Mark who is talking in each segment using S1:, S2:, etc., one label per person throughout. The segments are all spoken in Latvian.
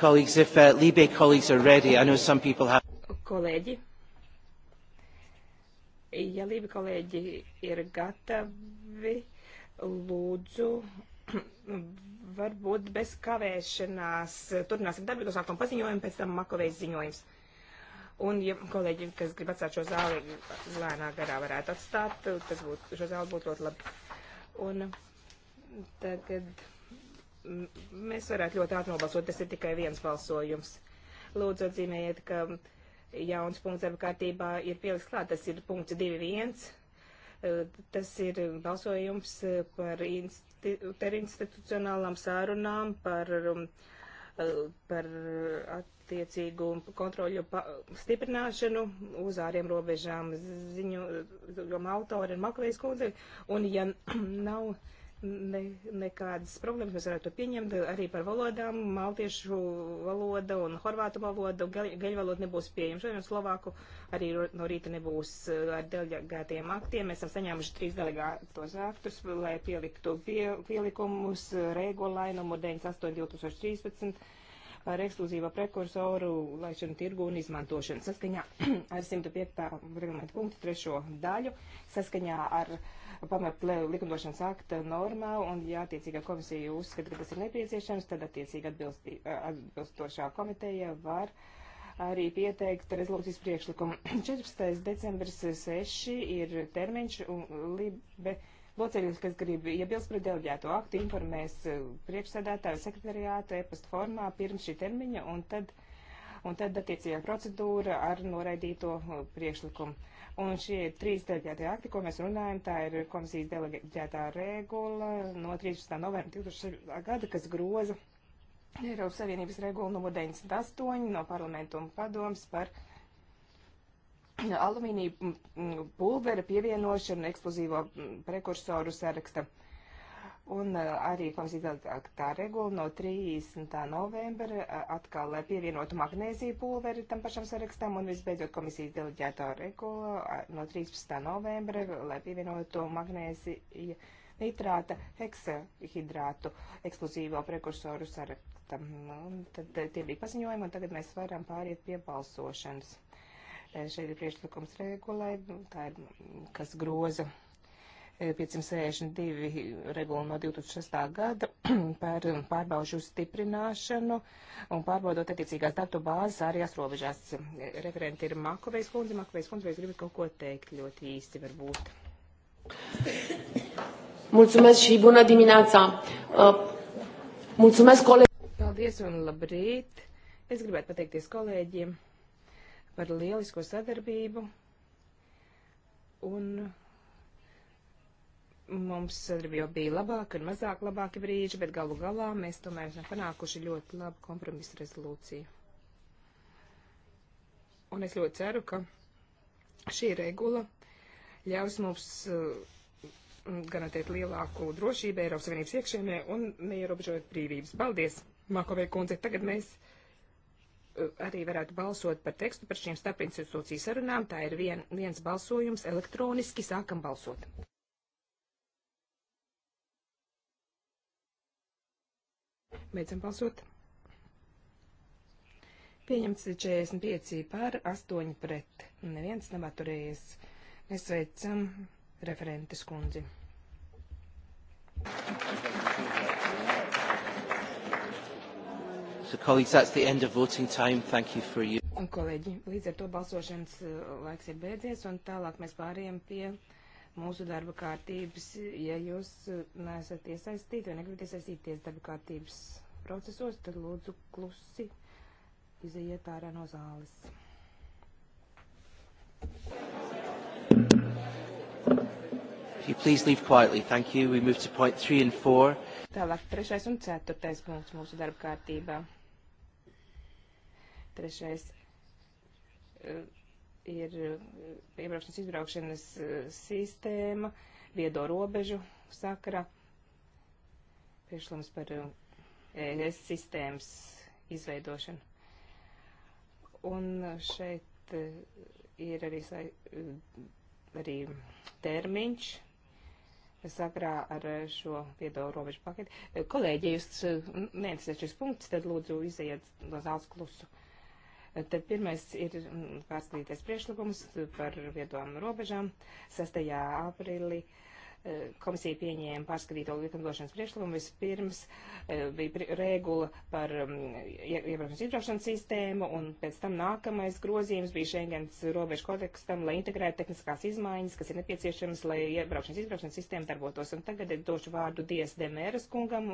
S1: Colleagues, if uh, Libe colleagues are ready, I know some people have...
S2: Kolēģi,
S3: ja Libe kolēģi ir gatavi, lūdzu, varbūt bez kavēšanās turpināsim darbu, to sākam paziņojumu, pēc tam Makovejs ziņojums. Un, ja kolēģi, kas grib atstāt šo zāli, lēnā garā varētu atstāt, tas būtu, šo zāli būtu ļoti labi. Un tagad mēs varētu ļoti ātri nobalsot, tas ir tikai viens balsojums. Lūdzu, atzīmējiet, ka jauns punkts darba kārtībā ir pieliks klāt, tas ir punkts 2.1. Tas ir balsojums par interinstitucionālām sārunām, par, um, par attiecīgu kontroļu stiprināšanu uz āriem robežām ziņu, jo autori ir Maklējs kundze, un ja nav ne, nekādas problēmas. Mēs varētu to pieņemt arī par valodām. Maltiešu valoda un horvātu valoda, gaļu valoda nebūs pieejama. Šodien slovāku arī no rīta nebūs eh, ar delegātiem aktiem. Mēs esam saņēmuši trīs delegātos aktus, lai pieliktu pie, pielikumus eh, regolainumu 98.2013 par ekskluzīvo prekursoru laišanu tirgu un izmantošanu. Saskaņā ar 105. reglamentu punktu trešo daļu, saskaņā ar pamat likumdošanas akta normā, un ja attiecīgā komisija uzskata, ka tas ir nepieciešams, tad attiecīgi atbilst, atbilstošā komiteja var arī pieteikt rezolūcijas priekšlikumu. 14. decembris 6 ir termiņš un Libe Locekļus, kas grib iebilst ja pret deleģēto aktu, informēs eh, priekšsēdētāju sekretariātu e-pasta formā pirms šī termiņa, un tad, un tad attiecīgā procedūra ar noraidīto eh, priekšlikumu. Un šie trīs deleģētie akti, ko mēs runājam, tā ir komisijas deleģētā regula no 13. novembra 2000. gada, kas groza Eiropas Savienības regula numur 98 no parlamentu un padoms par uh, alumīnija pulvera pievienošanu eksplozīvo prekursoru saraksta. Un uh, arī komisija regula no 30. novembra uh, atkal pievienotu magnēziju pulveri tam pašam sarakstam un visbeidzot komisijas deleģēto regula uh, no 13. novembra, lai pievienotu magnēziju nitrāta heksahidrātu ekskluzīvo prekursoru sarakstam. Un tad tie bija paziņojumi un tagad mēs varam pāriet pie balsošanas. Šeit ir priekšlikums regulai, nu, tā ir, mm, kas groza 562 regulu no 2006. gada par pārbaužu stiprināšanu un pārbaudot attiecīgās datu bāzes ārējās robežās. Referenti ir Makovejs kundze. Makovejs kundze, vai gribat kaut ko teikt ļoti īsti varbūt?
S4: Mulțumesc și bună dimineața! Mulțumesc, colegi!
S3: Paldies un labrīt! Es gribētu pateikties kolēģiem par lielisko sadarbību. Un mums sadarbība bija labāka un mazāk labāki brīži, bet galu galā mēs tomēr esam panākuši ļoti labu kompromisu rezolūciju. Un es ļoti ceru, ka šī regula ļaus mums uh, garantēt lielāku drošību Eiropas Savienības iekšēnē un neierobežot brīvības. Paldies, Makovei kundze. Tagad mēs arī varētu balsot par tekstu par šiem starpinstitūciju sarunām. Tā ir vien, viens balsojums elektroniski. Sākam balsot. Beidzam balsot. Pieņemts 45 pār 8 pret. Neviens nav atturējies. Mēs veicam referentes kundzi.
S2: Thank you.
S1: So colleagues, that's the end of voting time. Thank you for you.
S3: Un kolēģi, līdz ar to balsošanas uh, laiks ir beidzies, un tālāk mēs pārējām pie mūsu darba kārtības. Ja jūs uh, neesat iesaistīti vai negribat iesaistīties darba kārtības procesos, tad lūdzu klusi iziet ārā no zāles.
S1: If you please leave quietly, thank you. We move to point three and four.
S3: Tālāk trešais un ceturtais punkts mūsu darba kārtībā. Trešais e, ir e, iebraukšanas izbraukšanas e, sistēma viedo robežu sakra. Priekšlums par ES sistēmas izveidošanu. Un šeit ir arī, arī termiņš sakrā ar šo viedo robežu paketi. Kolēģi, ja jūs neinteresē šis punkts, tad lūdzu izējiet no zāles klusu. Uh, Tad pirmais ir mm, pārskatīties priekšlikums par viedām robežām. 6. aprīlī e, komisija pieņēma pārskatīto likumdošanas priekšlikumu. Vispirms e, bija regula par mm, iebraukšanas izbraukšanas sistēmu, un pēc tam nākamais grozījums bija Schengens robežu kodekstam, lai integrētu tehniskās izmaiņas, kas ir nepieciešamas, lai iebraukšanas izbraukšanas sistēma darbotos. Un tagad došu vārdu Dievs Demēras kungam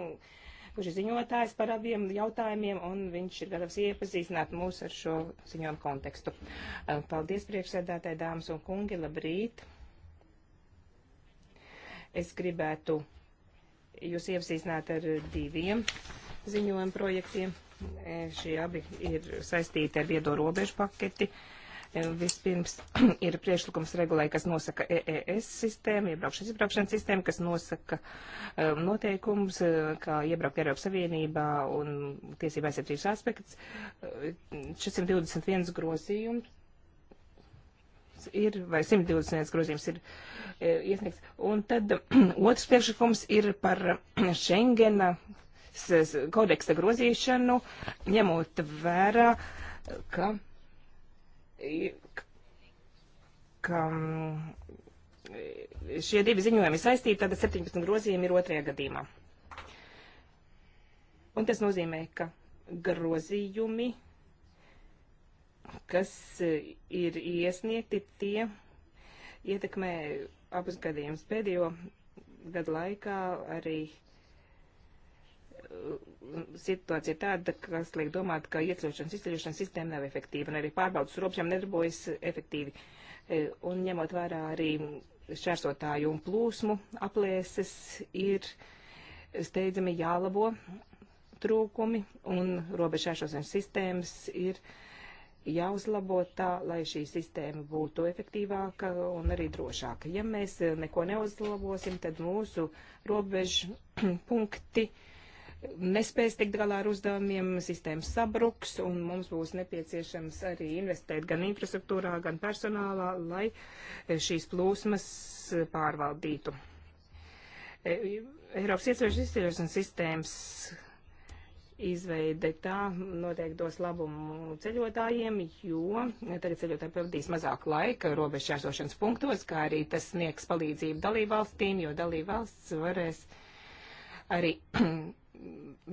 S3: kurš ir ziņotājs par abiem jautājumiem, un viņš ir gatavs iepazīstināt mūs ar šo ziņojumu kontekstu. Eh, paldies priekšsēdētāji, dāmas un kungi, labrīt! Es gribētu jūs iepazīstināt ar diviem ziņojumu projektiem. Eh, šie abi ir saistīti ar viedo robežu paketi. Uh, Vispirms ir priekšlikums regulē, kas nosaka EES sistēmu, iebraukšanas izbraukšanas sistēmu, kas nosaka um, noteikums, uh, kā iebraukt Eiropas Savienībā un tiesībā aizsardzības aspekts. 421 uh, grozījums ir, vai 121 grozījums ir uh, iesniegts. Un tad um, otrs priekšlikums ir par um, Schengena kodeksta grozīšanu, ņemot vērā, ka ka e, šie divi ziņojumi saistīti, tad 17 grozījumi ir otrajā gadījumā. Un tas nozīmē, ka grozījumi, kas e, ir iesniegti, tie ietekmē abus gadījumus. Pēdējo gadu laikā arī uh, situācija ir tāda, kas liek domāt, ka ieceļošanas izceļošanas sistēma nav efektīva un arī pārbaudas robežām nedarbojas efektīvi. E, un ņemot vērā arī šķērsotāju un plūsmu aplēses ir steidzami jālabo trūkumi un robežšķērsošanas sistēmas ir jāuzlabo tā, lai šī sistēma būtu efektīvāka un arī drošāka. Ja mēs neko neuzlabosim, tad mūsu robežu punkti uh, nespēs tikt galā ar uzdevumiem, sistēmas sabruks, un mums būs nepieciešams arī investēt gan infrastruktūrā, gan personālā, lai eh, šīs plūsmas pārvaldītu. E, Eiropas iecerošu izceļošanas sistēmas izveide tā noteikti dos labumu ceļotājiem, jo tagad ceļotāji pavadīs mazāk laika robežu šķērsošanas punktos, kā arī tas sniegs palīdzību dalībvalstīm, jo dalībvalsts varēs arī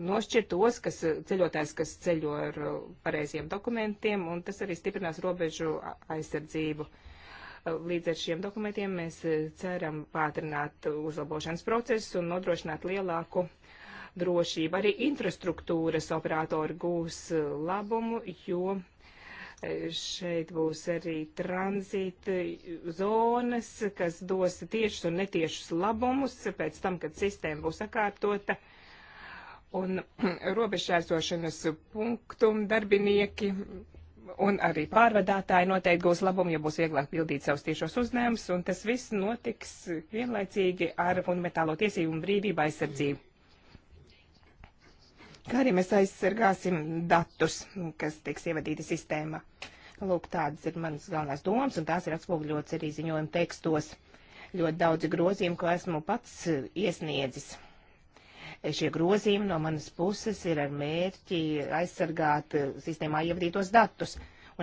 S3: nošķir tos, kas ceļotājs, kas ceļo ar uh, pareiziem dokumentiem, un tas arī stiprinās robežu aizsardzību. Uh, līdz ar šiem dokumentiem mēs uh, ceram pātrināt uzlabošanas procesu un nodrošināt lielāku drošību. Arī infrastruktūras operatori gūs labumu, jo šeit būs arī tranzīta zonas, kas dos tiešus un netiešus labumus pēc tam, kad sistēma būs sakārtota. Uh, un robežšķērsošanas punktu darbinieki un arī pārvadātāji noteikti gūs labumu, ja būs vieglāk pildīt savus tiešos uzņēmumus, un tas viss notiks vienlaicīgi ar fundamentālo tiesību un brīvību aizsardzību. Kā arī mēs aizsargāsim datus, kas tiks ievadīti sistēmā. Lūk, tādas ir manas galvenās domas, un tās ir atspoguļotas arī ziņojuma tekstos. Ļoti daudzi grozījumi, ko esmu pats iesniedzis. Šie grozījumi no manas puses ir ar mērķi aizsargāt eh, sistēmā ievadītos datus.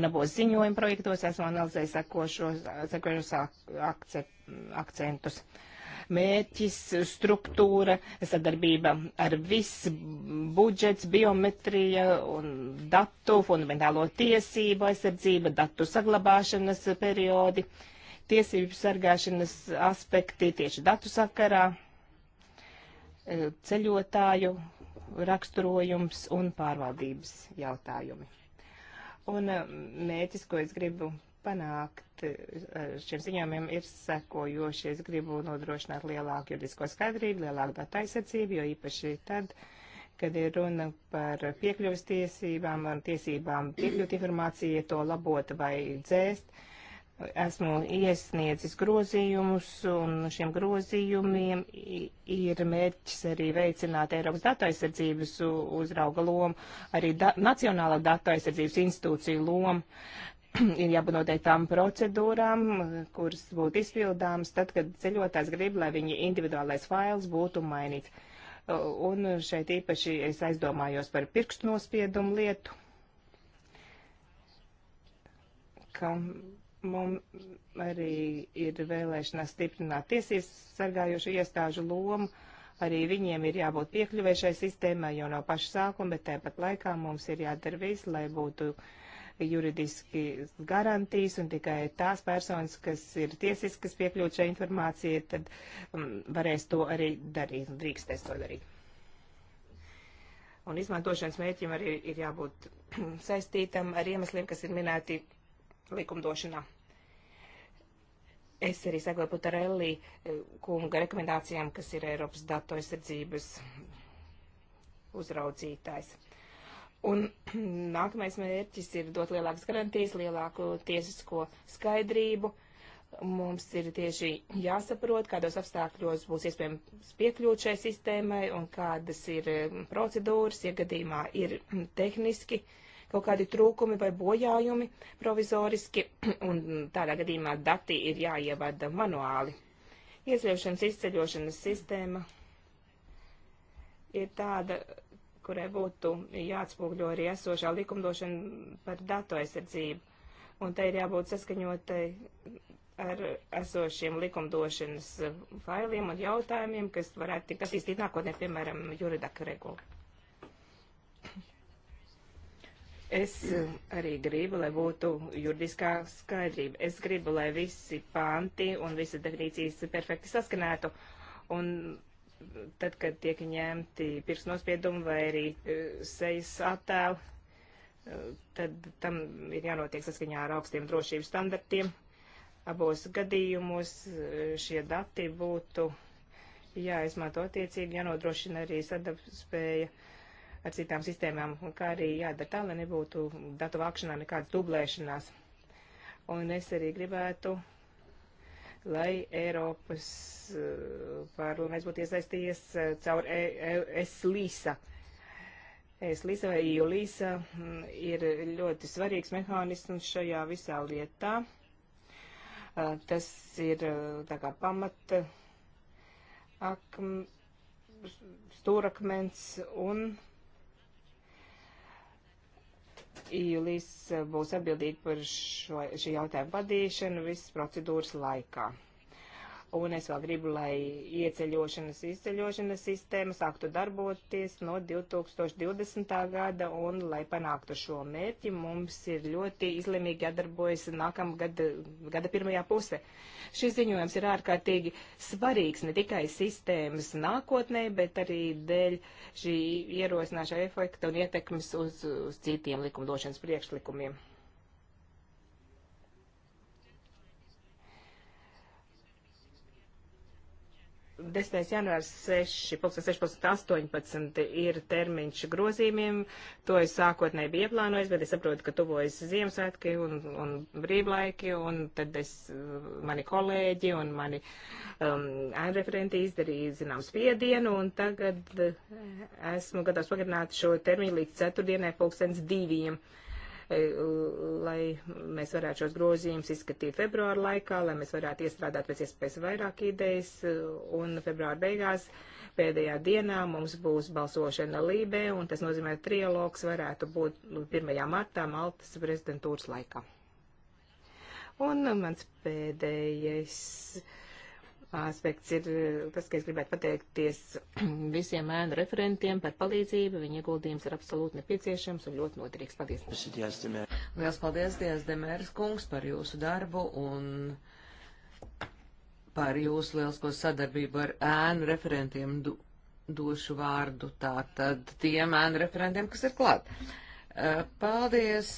S3: Un abos ziņojuma projektos esmu analizējis sekošos, sekošos akce, akcentus. Mērķis, struktūra, sadarbība ar viss budžets, biometrija un datu, fundamentālo tiesību aizsardzība, datu saglabāšanas periodi, tiesību sargāšanas aspekti tieši datu sakarā ceļotāju raksturojums un pārvaldības jautājumi. Un eh, mēķis, ko es gribu panākt eh, šiem ziņojumiem, ir sekojoši. Es gribu nodrošināt lielāku juridisko skaidrību, lielāku datu aizsardzību, jo īpaši tad, kad ir runa par piekļuvis tiesībām un tiesībām piekļūt informācijai, to labot vai dzēst. Uh, esmu iesniedzis grozījumus, un šiem grozījumiem ir mērķis arī veicināt Eiropas datu aizsardzības uzrauga lomu, arī da Nacionāla datu aizsardzības institūcija lomu. ir jābūt noteiktām procedūrām, kuras būtu izpildāmas tad, kad ceļotājs grib, lai viņa individuālais fails būtu mainīts. Un šeit īpaši es aizdomājos par pirkstu nospiedumu lietu, ka Mums arī ir vēlēšanās stiprināt tiesības sargājošu iestāžu lomu. Arī viņiem ir jābūt piekļuvēšai sistēmai jau no paša sākuma, bet tāpat laikā mums ir jādara viss, lai būtu juridiski garantijas un tikai tās personas, kas ir tiesiskas piekļūt šai informācijai, tad um, varēs to arī darīt un drīkstēs to darīt. Un izmantošanas mērķim arī ir jābūt saistītam ar iemesliem, kas ir minēti likumdošanā. Es arī sekoju Putarelli eh, kunga rekomendācijām, kas ir Eiropas datu aizsardzības uzraudzītājs. Un nākamais mērķis ir dot lielākas garantijas, lielāku tiesisko skaidrību. Mums ir tieši jāsaprot, kādos apstākļos būs iespējams piekļūt šai sistēmai un kādas ir eh, procedūras, ja gadījumā ir tehniski uh, kaut kādi trūkumi vai bojājumi provizoriski, un tādā gadījumā dati ir jāievada manuāli. Iesļaušanas izceļošanas sistēma ir tāda, kurai būtu jāatspūgļo arī esošā likumdošana par datu aizsardzību, un tai ir jābūt saskaņotai ar esošiem likumdošanas failiem un jautājumiem, kas varētu tikt attīstīt nākotnē, piemēram, juridaka regulu. Es eh, arī gribu, lai būtu juridiskā skaidrība. Es gribu, lai visi panti un visas definīcijas perfekti saskanētu. Un tad, kad tiek ņemti pirkstu nospiedumi vai arī eh, sejas attēli, eh, tad tam ir jānotiek saskaņā ar augstiem drošības standartiem. Abos gadījumos šie dati būtu jāizmanto attiecīgi, jānodrošina arī sadarbspēja ar citām sistēmām, kā arī jādara tā, lai nebūtu datu vākšanā nekādas dublēšanās. Un es arī gribētu, lai Eiropas eh, parlaments būtu iesaistījies eh, caur e, e, ESLISA. ESLISA vai IULISA mm, ir ļoti svarīgs mehānisms šajā visā lietā. Eh, tas ir tā kā pamata akm, stūrakmens un Iulis būs atbildīgi par šo, šī jautājuma vadīšanu visas procedūras laikā. Un es vēl gribu, lai ieceļošanas, izceļošanas sistēma sāktu darboties no 2020. gada, un, lai panāktu šo mērķi, mums ir ļoti izlēmīgi jādarbojas nākamgada gada pirmajā pusē. Šis ziņojums ir ārkārtīgi svarīgs ne tikai sistēmas nākotnē, bet arī dēļ šī ierosināšā efekta un ietekmes uz, uz citiem likumdošanas priekšlikumiem. 10. janvārs 6, 16.18 ir termiņš grozījumiem. To es sākotnēji biju ieplānojis, bet es saprotu, ka tuvojas Ziemassvētki un, un brīvlaiki, un tad es, mani kolēģi un mani um, referenti izdarīja, zinām, spiedienu, un tagad eh, esmu gatavs pagarināt šo termiņu līdz ceturtdienai pulkstens diviem. Uh, E, lai mēs varētu šos grozījumus izskatīt februāra laikā, lai mēs varētu iestrādāt pēc iespējas vairāk idejas, e, un februāra beigās pēdējā dienā mums būs balsošana Lībē, un tas nozīmē, ka trialogs varētu būt 1. martā Maltas prezidentūras laikā. Un mans pēdējais. Uh, aspekts ir eh, tas, ka es gribētu pateikties visiem ēnu referentiem par palīdzību. Viņa ieguldījums ir absolūti nepieciešams un ļoti
S4: noderīgs. Paldies! Lielas paldies, Dievs Demērs kungs, par jūsu darbu un par jūsu lielisko sadarbību ar ēnu referentiem. Du došu vārdu tātad tiem ēnu referentiem, kas ir klāt. Eh, paldies,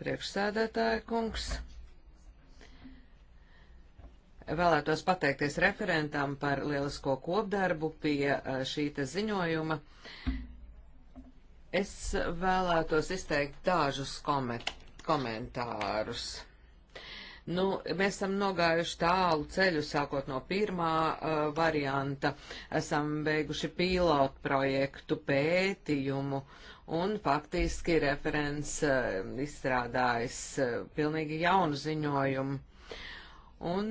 S4: priekšsēdētāja kungs. Vēlētos pateikties referentam par lielisko kopdarbu pie eh, šīta ziņojuma. Es vēlētos izteikt dažus komentārus. Nu, mēs esam nogājuši tālu ceļu, sākot no pirmā uh, varianta, esam beiguši pilotu projektu pētījumu un faktiski referents uh, izstrādājis uh, pilnīgi jaunu ziņojumu Un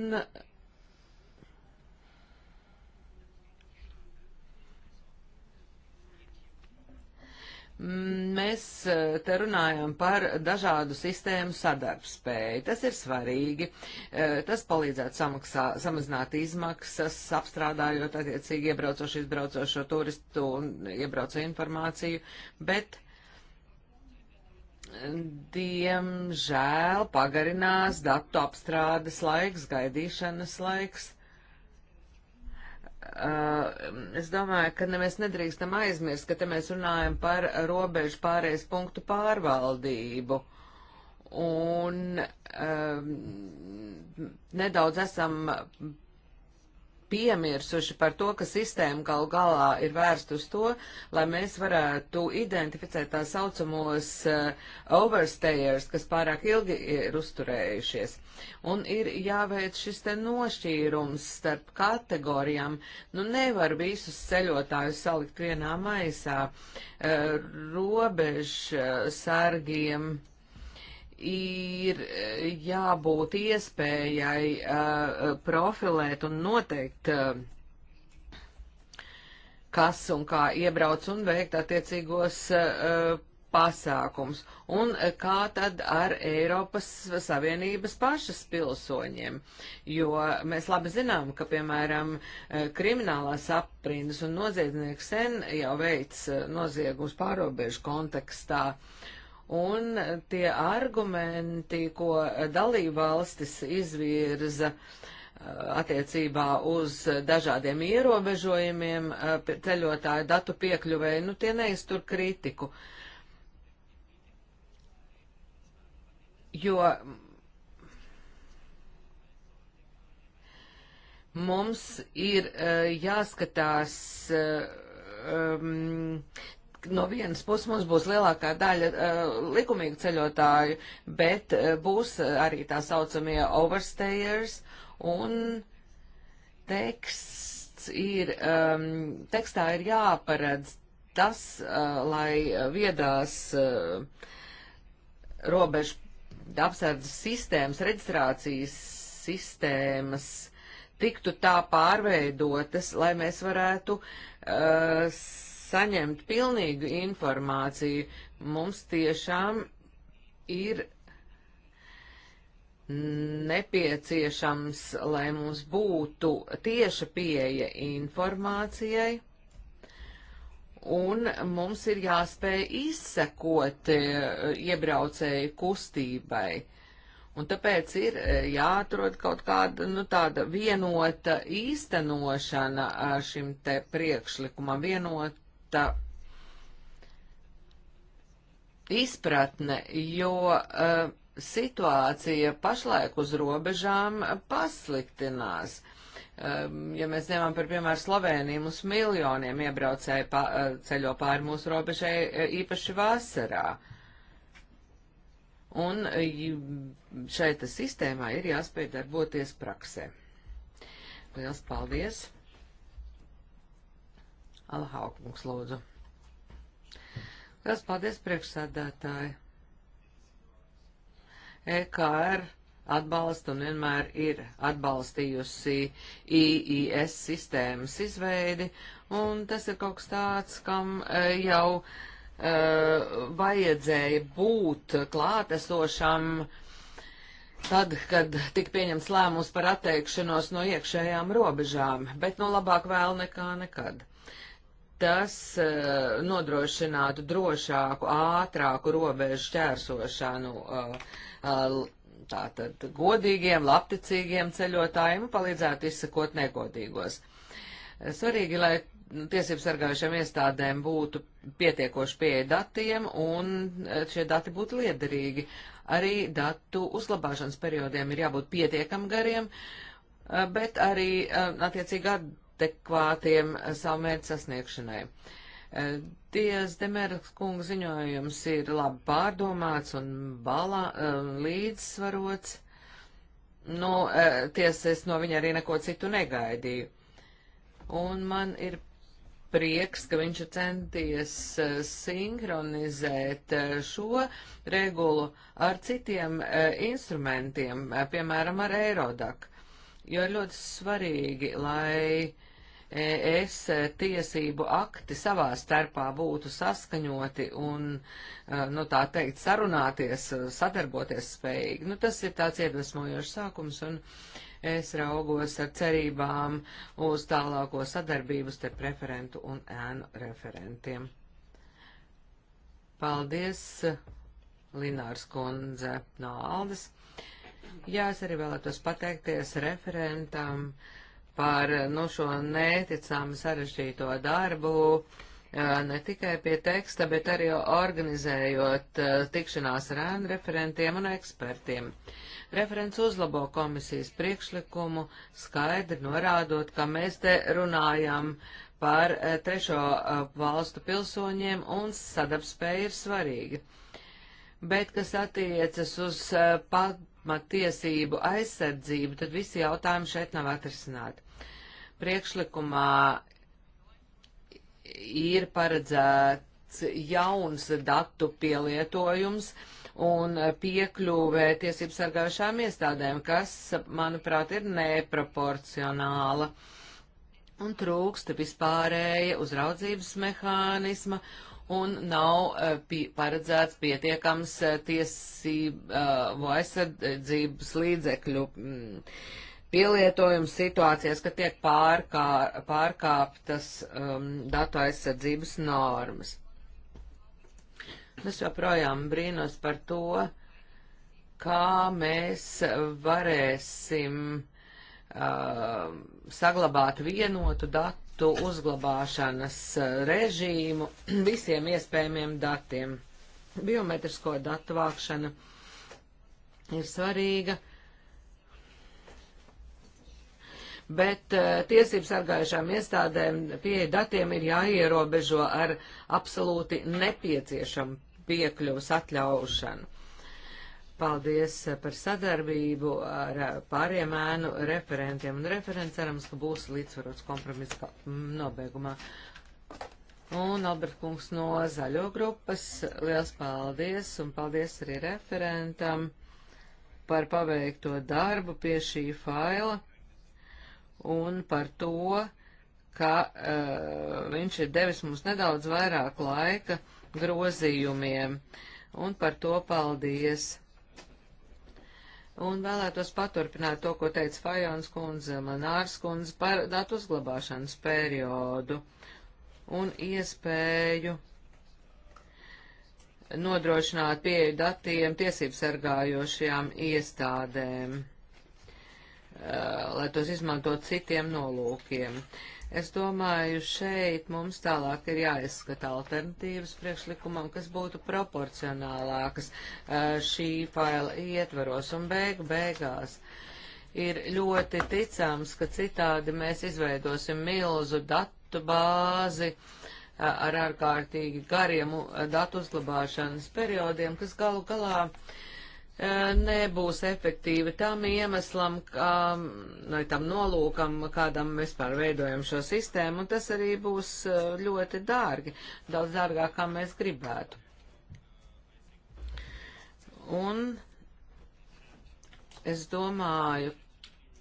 S4: mēs eh, te runājam par dažādu sistēmu sadarbspēju. Tas ir svarīgi. Eh, tas palīdzētu samaksā, samazināt izmaksas, apstrādājot attiecīgi iebraucošu, izbraucošo turistu un iebraucu informāciju, bet diemžēl pagarinās datu apstrādes laiks, gaidīšanas laiks. Uh, es domāju, ka ne mēs nedrīkstam aizmirst, ka te mēs runājam par robežu pārējais punktu pārvaldību. Un um, nedaudz esam piemirsuši par to, ka sistēma gal galā ir vērsta uz to, lai mēs varētu identificēt tā saucamos uh, overstayers, kas pārāk ilgi ir uzturējušies. Un ir jāveic šis te nošķīrums starp kategorijām. Nu nevar visus ceļotājus salikt vienā maisā. Uh, robežsargiem. Uh, ir eh, jābūt iespējai uh, profilēt un noteikt, uh, kas un kā iebrauc un veikt attiecīgos uh, pasākums, un kā tad ar Eiropas Savienības pašas pilsoņiem, jo mēs labi zinām, ka, piemēram, kriminālās aprindas un noziedznieks sen jau veids noziegums pārobežu kontekstā, uh, un tie argumenti, ko dalībvalstis izvirza eh, attiecībā uz dažādiem ierobežojumiem eh, ceļotāju datu piekļuvēju, nu tie neiztur kritiku. Jo mums ir eh, jāskatās um, no vienas puses mums būs lielākā daļa uh, likumīgu ceļotāju, bet uh, būs eh, arī tā saucamie overstayers un teksts ir, um, tekstā ir jāparedz tas, uh, lai viedās uh, robežu apsardzes sistēmas, reģistrācijas sistēmas tiktu tā pārveidotas, lai mēs varētu uh, saņemt pilnīgu informāciju. Mums tiešām ir nepieciešams, lai mums būtu tieša pieeja informācijai, un mums ir jāspēj izsekot e, iebraucēju kustībai. Un tāpēc ir e, jāatrod kaut kāda nu, tāda vienota īstenošana e, šim te priekšlikumam, vienot augsta izpratne, jo uh, situācija pašlaik uz robežām pasliktinās. Um, ja mēs ņemam par piemēru Sloveniju, mums miljoniem iebraucēju pa, eh, ceļo pāri mūsu robežai eh, īpaši vasarā. Un šai sistēmai ir jāspēj darboties praksē. Liels paldies! Alhaukums lūdzu. Liels paldies priekšsēdētāji. EKR atbalsta un vienmēr ir atbalstījusi IIS sistēmas izveidi, un tas ir kaut kas tāds, kam e, jau uh, vajadzēja būt klātesošam tad, kad tika pieņemts lēmums par atteikšanos no iekšējām robežām, bet nu labāk vēl nekā nekad tas uh, nodrošinātu drošāku, ātrāku robežu šķērsošanu uh, uh, tātad godīgiem, labticīgiem ceļotājiem un palīdzētu izsakot negodīgos. Svarīgi, lai tiesību sargājušiem iestādēm būtu pietiekoši pieeja datiem un šie dati būtu liederīgi. Arī datu uzlabāšanas periodiem ir jābūt pietiekam gariem, bet arī attiecīgi adekvātiem savu mērķu sasniegšanai. Eh, Dievs Demerks kunga ziņojums ir labi pārdomāts un balā, eh, līdzsvarots. Nu, eh, tiesa, es no viņa arī neko citu negaidīju. Un man ir prieks, ka viņš ir centies sinhronizēt šo regulu ar citiem instrumentiem, piemēram, ar Eirodaku jo ir ļoti svarīgi, lai es tiesību akti savā starpā būtu saskaņoti un, e, nu tā teikt, sarunāties, e, sadarboties spējīgi. Nu, tas ir tāds iedvesmojošs sākums un es raugos ar cerībām uz tālāko sadarbību starp referentu un ēnu referentiem. Paldies, Linārs Kundze no Aldes. Jā, es arī vēlētos pateikties referentam par no nu, šo neticami sarežģīto darbu, ne tikai pie teksta, bet arī organizējot tikšanās ar ēnu referentiem un ekspertiem. Referents uzlabo komisijas priekšlikumu, skaidri norādot, ka mēs te runājam par trešo valstu pilsoņiem un sadarbspēja ir svarīga. Bet, kas attiecas uz pat tiesību aizsardzību, tad visi jautājumi šeit nav atrisināti. Priekšlikumā ir paredzēts jauns datu pielietojums un piekļuvē tiesību sargājušām iestādēm, kas, manuprāt, ir neproporcionāla un trūksta vispārēja uzraudzības mehānisma un nav eh, pie, paredzēts pietiekams eh, tiesību eh, aizsardzības līdzekļu mm, pielietojums situācijās, ka tiek pārkā, pārkāptas um, datu aizsardzības normas. Es joprojām brīnos par to, kā mēs varēsim uh, saglabāt vienotu datu datu uzglabāšanas eh, režīmu visiem iespējamiem datiem. Biometrisko datu vākšana ir svarīga, bet uh, eh, tiesību sargājušām iestādēm pieeja datiem ir jāierobežo ar absolūti nepieciešamu piekļuvas atļaušanu. Paldies eh, par sadarbību ar eh, pāriem ēnu referentiem un referents cerams, ka būs līdzsvarots kompromiss nobeigumā. Un Albert kungs no zaļo grupas, liels paldies un paldies arī referentam par paveikto darbu pie šī faila un par to, ka uh, viņš ir devis mums nedaudz vairāk laika grozījumiem. Un par to paldies. Un vēlētos paturpināt to, ko teica Fajons kundze, Manārs kundze par datu uzglabāšanas periodu un iespēju nodrošināt pieeju datiem tiesību sargājošajām iestādēm, eh, lai tos izmantot citiem nolūkiem. Es domāju, šeit mums tālāk ir jāizskata alternatīvas priekšlikumam, kas būtu proporcionālākas šī faila ietvaros un beigu beigās. Ir ļoti ticams, ka citādi mēs izveidosim milzu datu bāzi ar ārkārtīgi gariem datu uzglabāšanas periodiem, kas galu galā uh, nebūs efektīva tam iemeslam, kā, vai nu, tam nolūkam, kādam mēs pārveidojam šo sistēmu, un tas arī būs ļoti dārgi, daudz dārgāk, kā mēs gribētu. Un es domāju,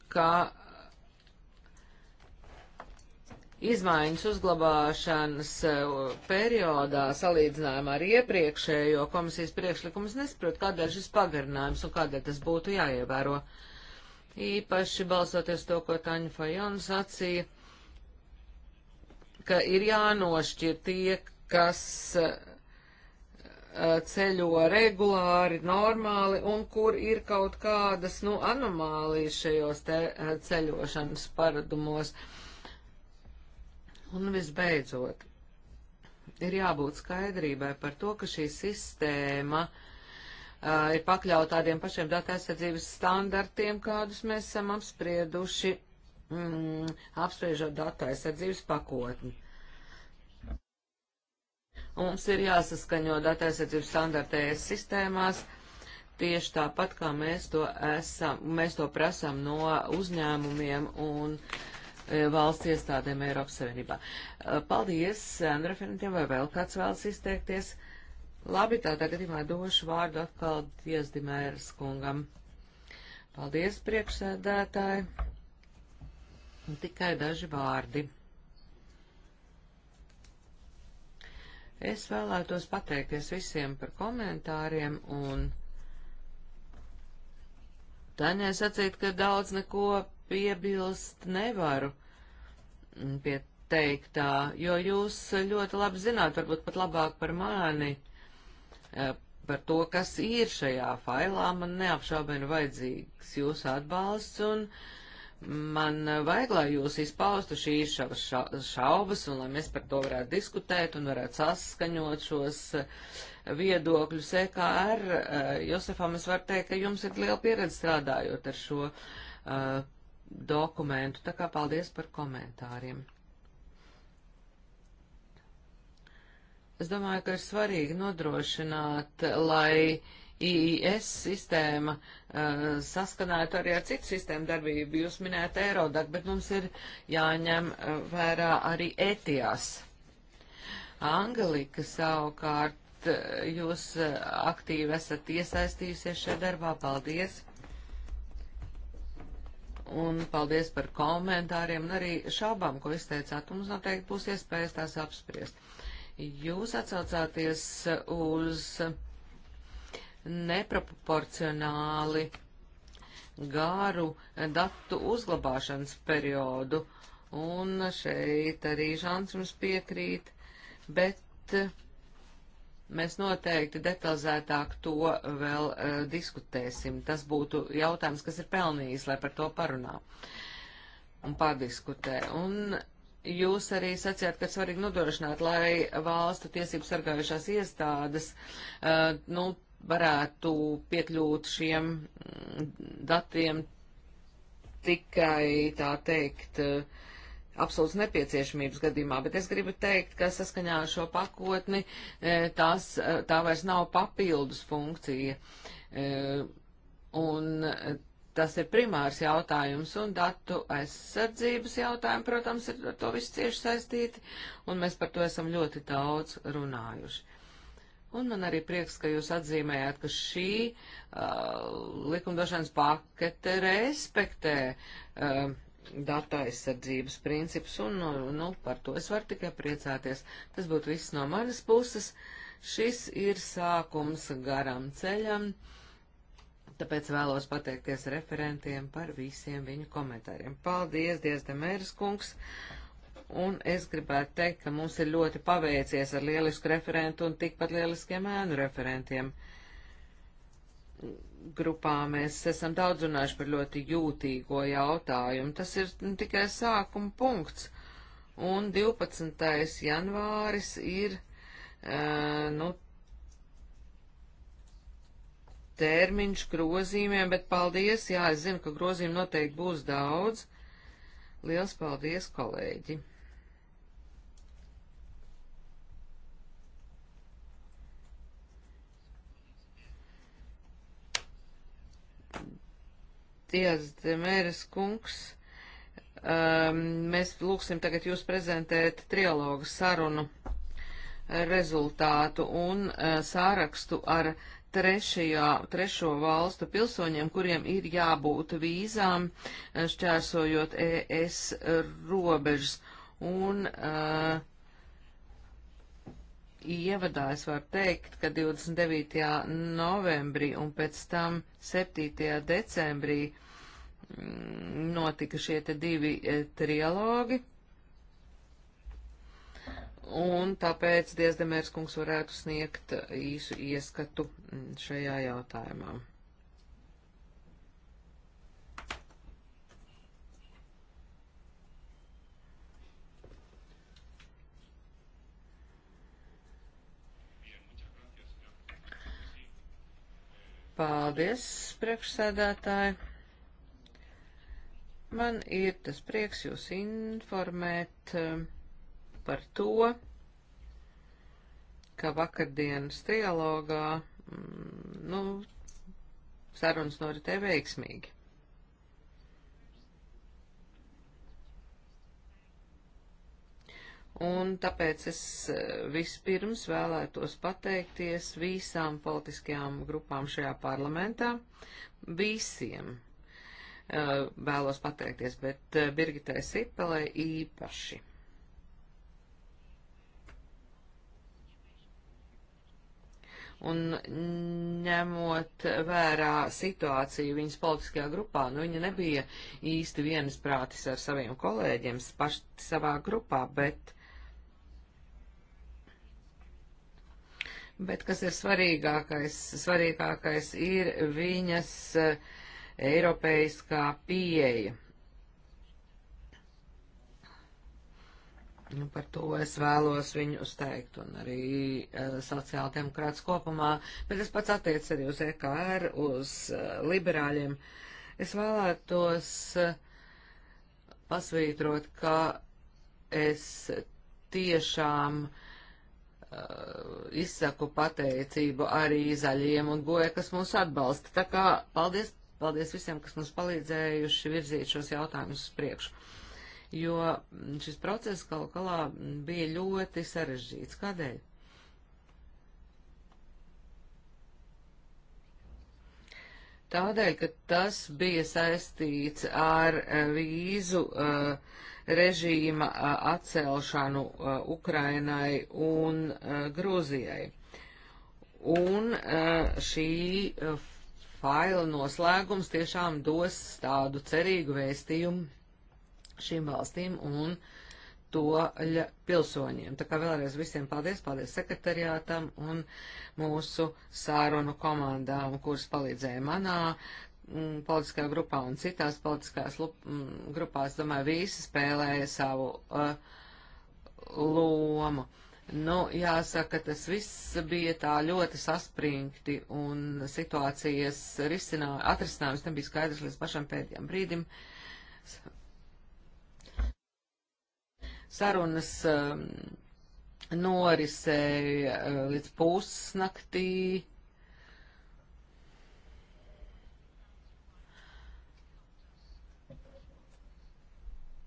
S4: ka izmaiņas uzglabāšanas eh, periodā salīdzinājumā ar iepriekšējo komisijas priekšlikumus nesaprot, kādēļ šis pagarinājums un kādēļ tas būtu jāievēro. Īpaši balsoties to, ko Taņa Fajona sacīja, ka ir jānošķir tie, kas eh, ceļo regulāri, normāli un kur ir kaut kādas, nu, anomālijas šajos te eh, ceļošanas paradumos. Uh, Un visbeidzot, ir jābūt skaidrībai par to, ka šī sistēma uh, ir pakļauta tādiem pašiem datu aizsardzības standartiem, kādus mēs esam apsprieduši, mm, apspriežot datu aizsardzības pakotni. Mums ir jāsaskaņo datu aizsardzības standartējas e sistēmās, tieši tāpat, kā mēs to, esam, mēs to prasam no uzņēmumiem un uh, E, valsts iestādēm Eiropas Savienībā. E, paldies, referentiem, vai vēl kāds vēlas izteikties? Labi, tādā gadījumā došu vārdu atkal Diezdimēras kungam. Paldies, priekšsēdētāji. Tikai daži vārdi. Es vēlētos pateikties visiem par komentāriem un Taņai sacīt, ka daudz neko piebilst nevaru pie teiktā, jo jūs ļoti labi zināt, varbūt pat labāk par mani, eh, par to, kas ir šajā failā. Man neapšaubēni vajadzīgs jūsu atbalsts un man vajag, lai jūs izpaustu šīs šaubas, šaubas un lai mēs par to varētu diskutēt un varētu saskaņot šos eh, viedokļus. EKR, eh, Josefam, es varu teikt, ka jums ir liela pieredze strādājot ar šo. Uh, dokumentu. Tā kā paldies par komentāriem. Es domāju, ka ir svarīgi nodrošināt, lai IIS sistēma uh, saskanētu arī ar citu sistēmu darbību. Jūs minējat Eirodak, bet mums ir jāņem uh, vērā arī ETIAS. Angelika savukārt, uh, jūs uh, aktīvi esat iesaistījusies šajā darbā. Paldies! un paldies par komentāriem un arī šābām, ko izteicāt. Mums noteikti būs iespējas tās apspriest. Jūs atsaucāties uz neproporcionāli garu datu uzglabāšanas periodu, un šeit arī Žants mums piekrīt, bet Mēs noteikti detalizētāk to vēl uh, diskutēsim. Tas būtu jautājums, kas ir pelnījis, lai par to parunā un pārdiskutē. Un jūs arī sacījāt, ka svarīgi nodrošināt, lai valstu tiesību sargājušās iestādes, uh, nu, varētu piekļūt šiem mm, datiem tikai, tā teikt, uh, absolūts nepieciešamības gadījumā, bet es gribu teikt, ka saskaņā ar šo pakotni e, tās, e, tā vairs nav papildus funkcija. E, un tas ir primārs jautājums, un datu aizsardzības jautājumi, protams, ir ar to viss cieši saistīti, un mēs par to esam ļoti daudz runājuši. Un man arī prieks, ka jūs atzīmējāt, ka šī uh, likumdošanas pakete respektē uh, data aizsardzības principus, un nu, nu, par to es varu tikai priecāties. Tas būtu viss no manas puses. Šis ir sākums garam ceļam, tāpēc vēlos pateikties referentiem par visiem viņu komentāriem. Paldies, Dievs, Demēras kungs! Un es gribētu teikt, ka mums ir ļoti paveicies ar lielisku referentu un tikpat lieliskiem ēnu referentiem grupā mēs esam daudz runājuši par ļoti jūtīgo jautājumu. Tas ir nu, tikai sākuma punkts. Un 12. janvāris ir, uh, nu, termiņš grozīmiem, bet paldies, jā, es zinu, ka grozīm noteikti būs daudz. Liels paldies, kolēģi! Dievs, Demēras kungs, um, mēs lūksim tagad jūs prezentēt trialogu sarunu rezultātu un uh, sārakstu ar trešajā, trešo valstu pilsoņiem, kuriem ir jābūt vīzām, uh, šķērsojot ES robežas. Un uh, ievadā es varu teikt, ka 29. novembrī un pēc tam 7. decembrī notika šie te divi e, trialogi. Un tāpēc Diezdemērs kungs varētu sniegt īsu ieskatu šajā jautājumā. Paldies, priekšsēdētāji. Man ir tas prieks jūs informēt um, par to, ka vakardienas trialogā, mm, nu, sarunas noritē veiksmīgi. Un tāpēc es uh, vispirms vēlētos pateikties visām politiskajām grupām šajā parlamentā, visiem Eh, vēlos pateikties, bet eh, Birgitai Sipelē īpaši. Un ņemot vērā situāciju viņas politiskajā grupā, nu viņa nebija īsti vienas prātis ar saviem kolēģiem paši savā grupā, bet, bet kas ir svarīgākais? Svarīgākais ir viņas uh, Eiropeiskā pieeja. Nu, par to es vēlos viņu uzteikt un arī uh, eh, sociāldemokrāts kopumā, bet es pats attiec arī uz EKR, uz uh, liberāļiem. Es vēlētos uh, pasvītrot, ka es tiešām uh, izsaku pateicību arī zaļiem un goja, kas mūs atbalsta. Tā kā paldies Paldies visiem, kas mums palīdzējuši virzīt šos jautājumus uz priekšu. Jo šis process galu galā bija ļoti sarežģīts. Kādēļ? Tādēļ, ka tas bija saistīts ar eh, vīzu uh, režīma uh, atcelšanu uh, Ukrainai un Grūzijai. Un šī faila noslēgums tiešām dos tādu cerīgu vēstījumu šīm valstīm un to pilsoņiem. Tā kā vēlreiz visiem paldies, paldies sekretariātam un mūsu sārunu komandām, kuras palīdzēja manā m, mm, politiskā grupā un citās politiskās lup, m, mm, grupās, domāju, visi spēlēja savu uh, lomu. Uh, Nu, jāsaka, tas viss bija tā ļoti saspringti un situācijas risinā, atrisinājums nebija skaidrs līdz pašam pēdējiem brīdim. Sarunas um, norisēja uh, līdz pusnaktī.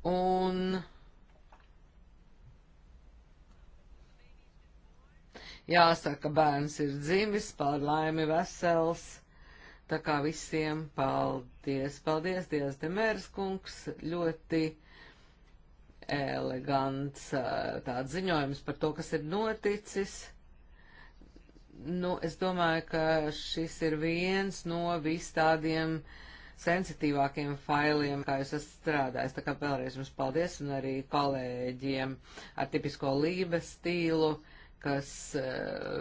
S4: Un jāsaka, bērns ir dzimis, pār laimi vesels. Tā kā visiem paldies, paldies, Dievs Demērs kungs, ļoti elegants tāds ziņojums par to, kas ir noticis. Nu, es domāju, ka šis ir viens no vis tādiem sensitīvākiem failiem, kā jūs esat strādājis. Tā kā vēlreiz jums paldies un arī kolēģiem ar tipisko lības stīlu. Uh, kas eh,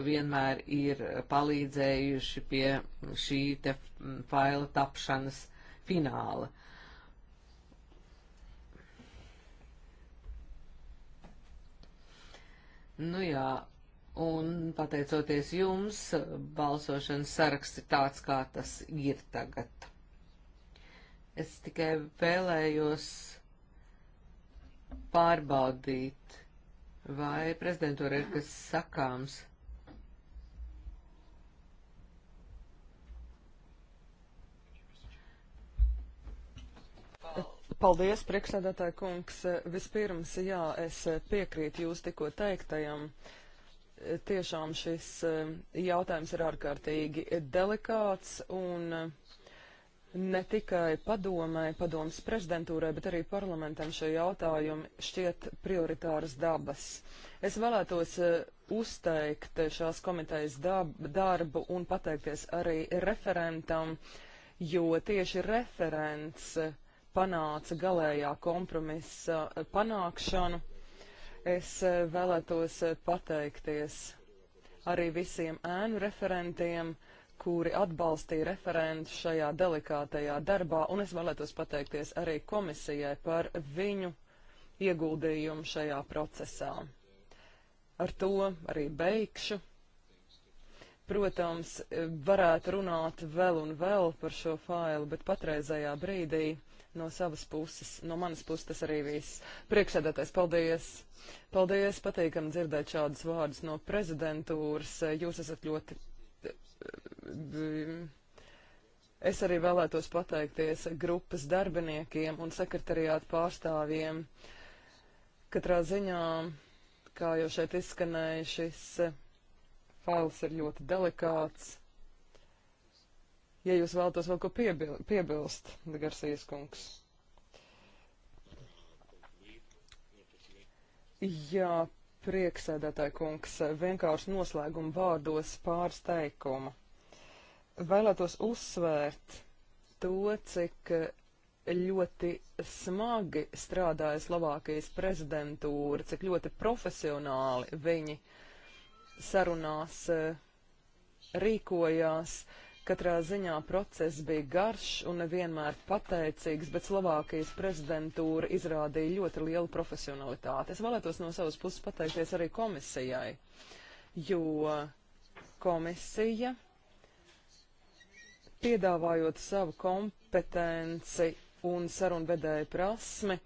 S4: vienmēr ir palīdzējuši pie šī te faila tapšanas fināla. Nu jā, un pateicoties jums, balsošanas saraksts ir tāds, kā tas ir tagad. Es tikai vēlējos pārbaudīt Vai prezidentūra ir kas sakāms?
S5: Paldies, priekšsēdētāji kungs. Vispirms, jā, es piekrītu jūs tikko teiktajam. Tiešām šis eh, jautājums ir ārkārtīgi delikāts un ne tikai padomai, padomas prezidentūrai, bet arī parlamentam šo jautājumu šķiet prioritāras dabas. Es vēlētos e, uzteikt šās komitejas darbu un pateikties arī referentam, jo tieši referents panāca galējā kompromisa e, panākšanu. Es e, vēlētos pateikties arī visiem ēnu referentiem, uh, kuri atbalstīja referentu šajā delikātajā darbā, un es vēlētos pateikties arī komisijai par viņu ieguldījumu šajā procesā. Ar to arī beigšu. Protams, varētu runāt vēl un vēl par šo failu, bet patreizajā brīdī no savas puses, no manas puses tas arī viss. Priekšsēdētais, paldies! Paldies, patīkam dzirdēt šādus vārdus no prezidentūras. Jūs esat ļoti Es arī vēlētos pateikties grupas darbiniekiem un sekretariātu pārstāvjiem. Katrā ziņā, kā jau šeit izskanēja, šis eh, fails ir ļoti delikāts. Ja jūs vēlatos vēl ko piebil piebilst, Garsijas kungs. Jā, Prieksēdētāji kungs, vienkārši noslēguma vārdos pāris teikumu. Vēlētos uzsvērt to, cik ļoti smagi strādāja Slovākijas prezidentūra, cik ļoti profesionāli viņi sarunās rīkojās. Uh, Katrā ziņā process bija garš un nevienmēr pateicīgs, bet Slovākijas prezidentūra izrādīja ļoti lielu profesionalitāti. Es vēlētos no savas puses pateikties arī komisijai, jo komisija, piedāvājot savu kompetenci un sarunvedēju prasmi,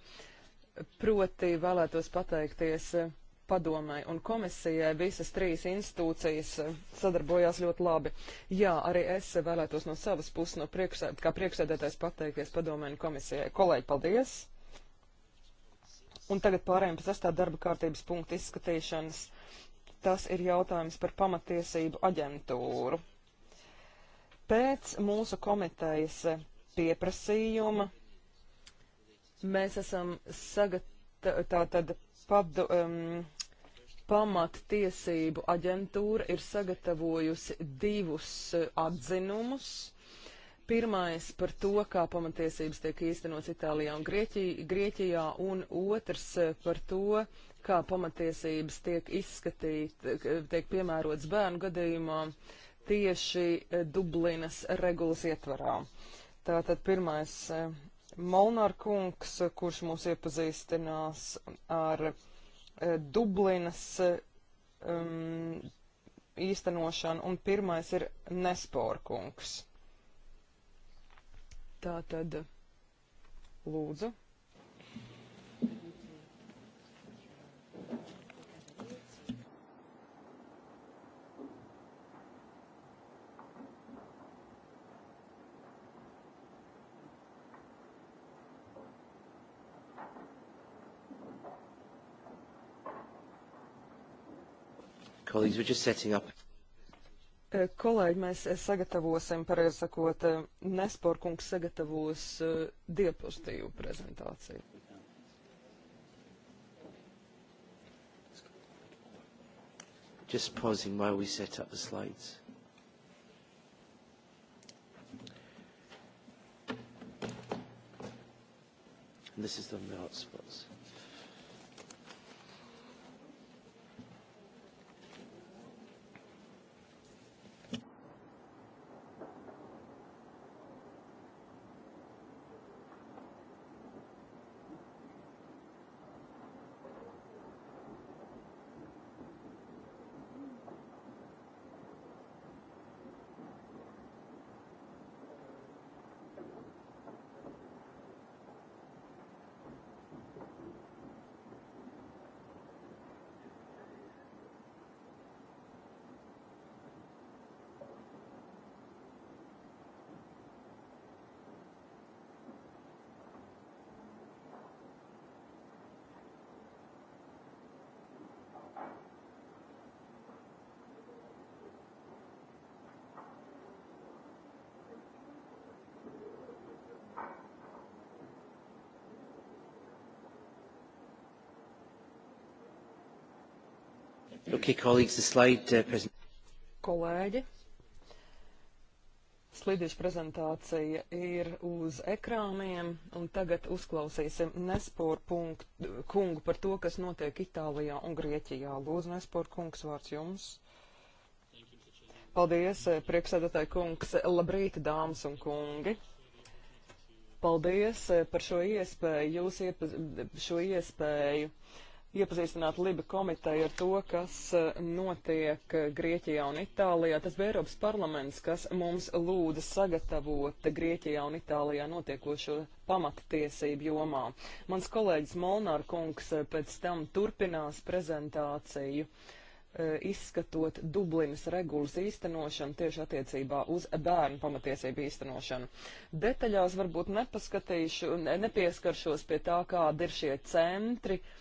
S5: proti vēlētos pateikties padomai un komisijai visas trīs institūcijas eh, sadarbojās ļoti labi. Jā, arī es vēlētos no savas puses, no priekšsēd, kā priekšsēdētājs pateikties padomai un komisijai. Kolēģi, paldies! Un tagad pārējiem pēc astā darba kārtības punktu izskatīšanas. Tas ir jautājums par pamatiesību aģentūru. Pēc mūsu komitejas pieprasījuma mēs esam sagatavojuši tātad padu, um, pamattiesību aģentūra ir sagatavojusi divus eh, atzinumus. Pirmais par to, kā pamatiesības tiek īstenots Itālijā un Grieķijā, Grieķijā un otrs eh, par to, kā pamatiesības tiek izskatīt, eh, tiek piemērots bērnu gadījumā tieši Dublinas regulas ietvarā. Tātad pirmais Molnar kungs, kurš mūs iepazīstinās ar Eh, Dublinas eh, um, īstenošanu, un pirmais ir Nesporkungs. Tā tad lūdzu.
S1: we're just setting up.
S5: Eh, kolēģi, mēs eh, sagatavosim, pareizi sakot, eh, Nesporkungs sagatavos diapozitīvu
S1: prezentāciju. Just pausing while we set up the slides. And this is on the hotspots. Okay, colleagues, the slide uh, presentation.
S5: Kolēģi, slidīšu prezentācija ir uz ekrāniem, un tagad uzklausīsim Nespor kungu par to, kas notiek Itālijā un Grieķijā. Lūdzu, Nespor kungs, vārds jums. Paldies, eh, priekšsēdētāji kungs, labrīt, dāmas un kungi. Paldies eh, par šo iespēju, jūs iepa, šo iespēju. Uh, iepazīstināt Liba komiteju ar to, kas e, notiek e, Grieķijā un Itālijā. Tas bija Eiropas parlaments, kas mums lūdza sagatavot Grieķijā un Itālijā notiekošo pamattiesību jomā. Mans kolēģis Molnār kungs e, pēc tam turpinās prezentāciju izskatot Dublinas regulas īstenošanu tieši attiecībā uz bērnu pamatiesību īstenošanu. Detaļās varbūt nepaskatīšu, ne, nepieskaršos pie tā, kāda ir šie centri, uh,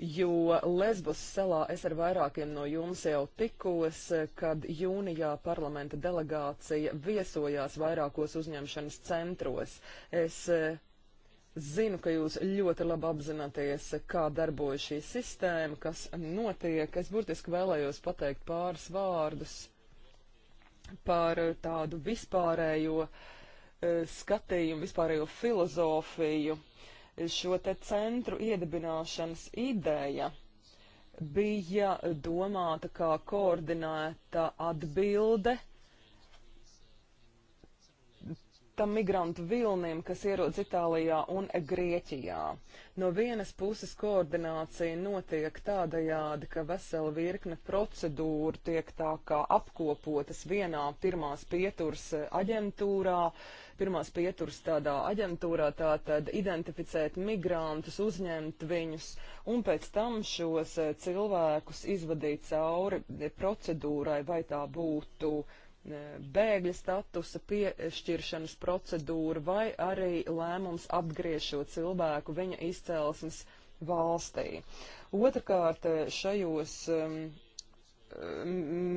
S5: jo Lesbos salā es ar vairākiem no jums jau tikos, kad jūnijā parlamenta delegācija viesojās vairākos uzņemšanas centros. Es eh, Zinu, ka jūs ļoti labi apzināties, kā darbojas šī sistēma, kas notiek. Es burtiski vēlējos pateikt pāris vārdus par tādu vispārējo eh, skatījumu, vispārējo filozofiju šo te centru iedibināšanas ideja bija domāta kā koordinēta atbilde tam migrantu vilnim, kas ierodas Itālijā un Grieķijā. No vienas puses koordinācija notiek tādajādi, ka vesela virkne procedūru tiek tā kā apkopotas vienā pirmās pieturas eh, aģentūrā, pirmās pieturas tādā aģentūrā, tātad identificēt migrantus, uzņemt viņus un pēc tam šos eh, cilvēkus izvadīt cauri eh, procedūrai, vai tā būtu E, bēgļa statusa piešķiršanas procedūra vai arī lēmums apgriešot cilvēku viņa izcelsmes valstī. Otrakārt, e, šajos um,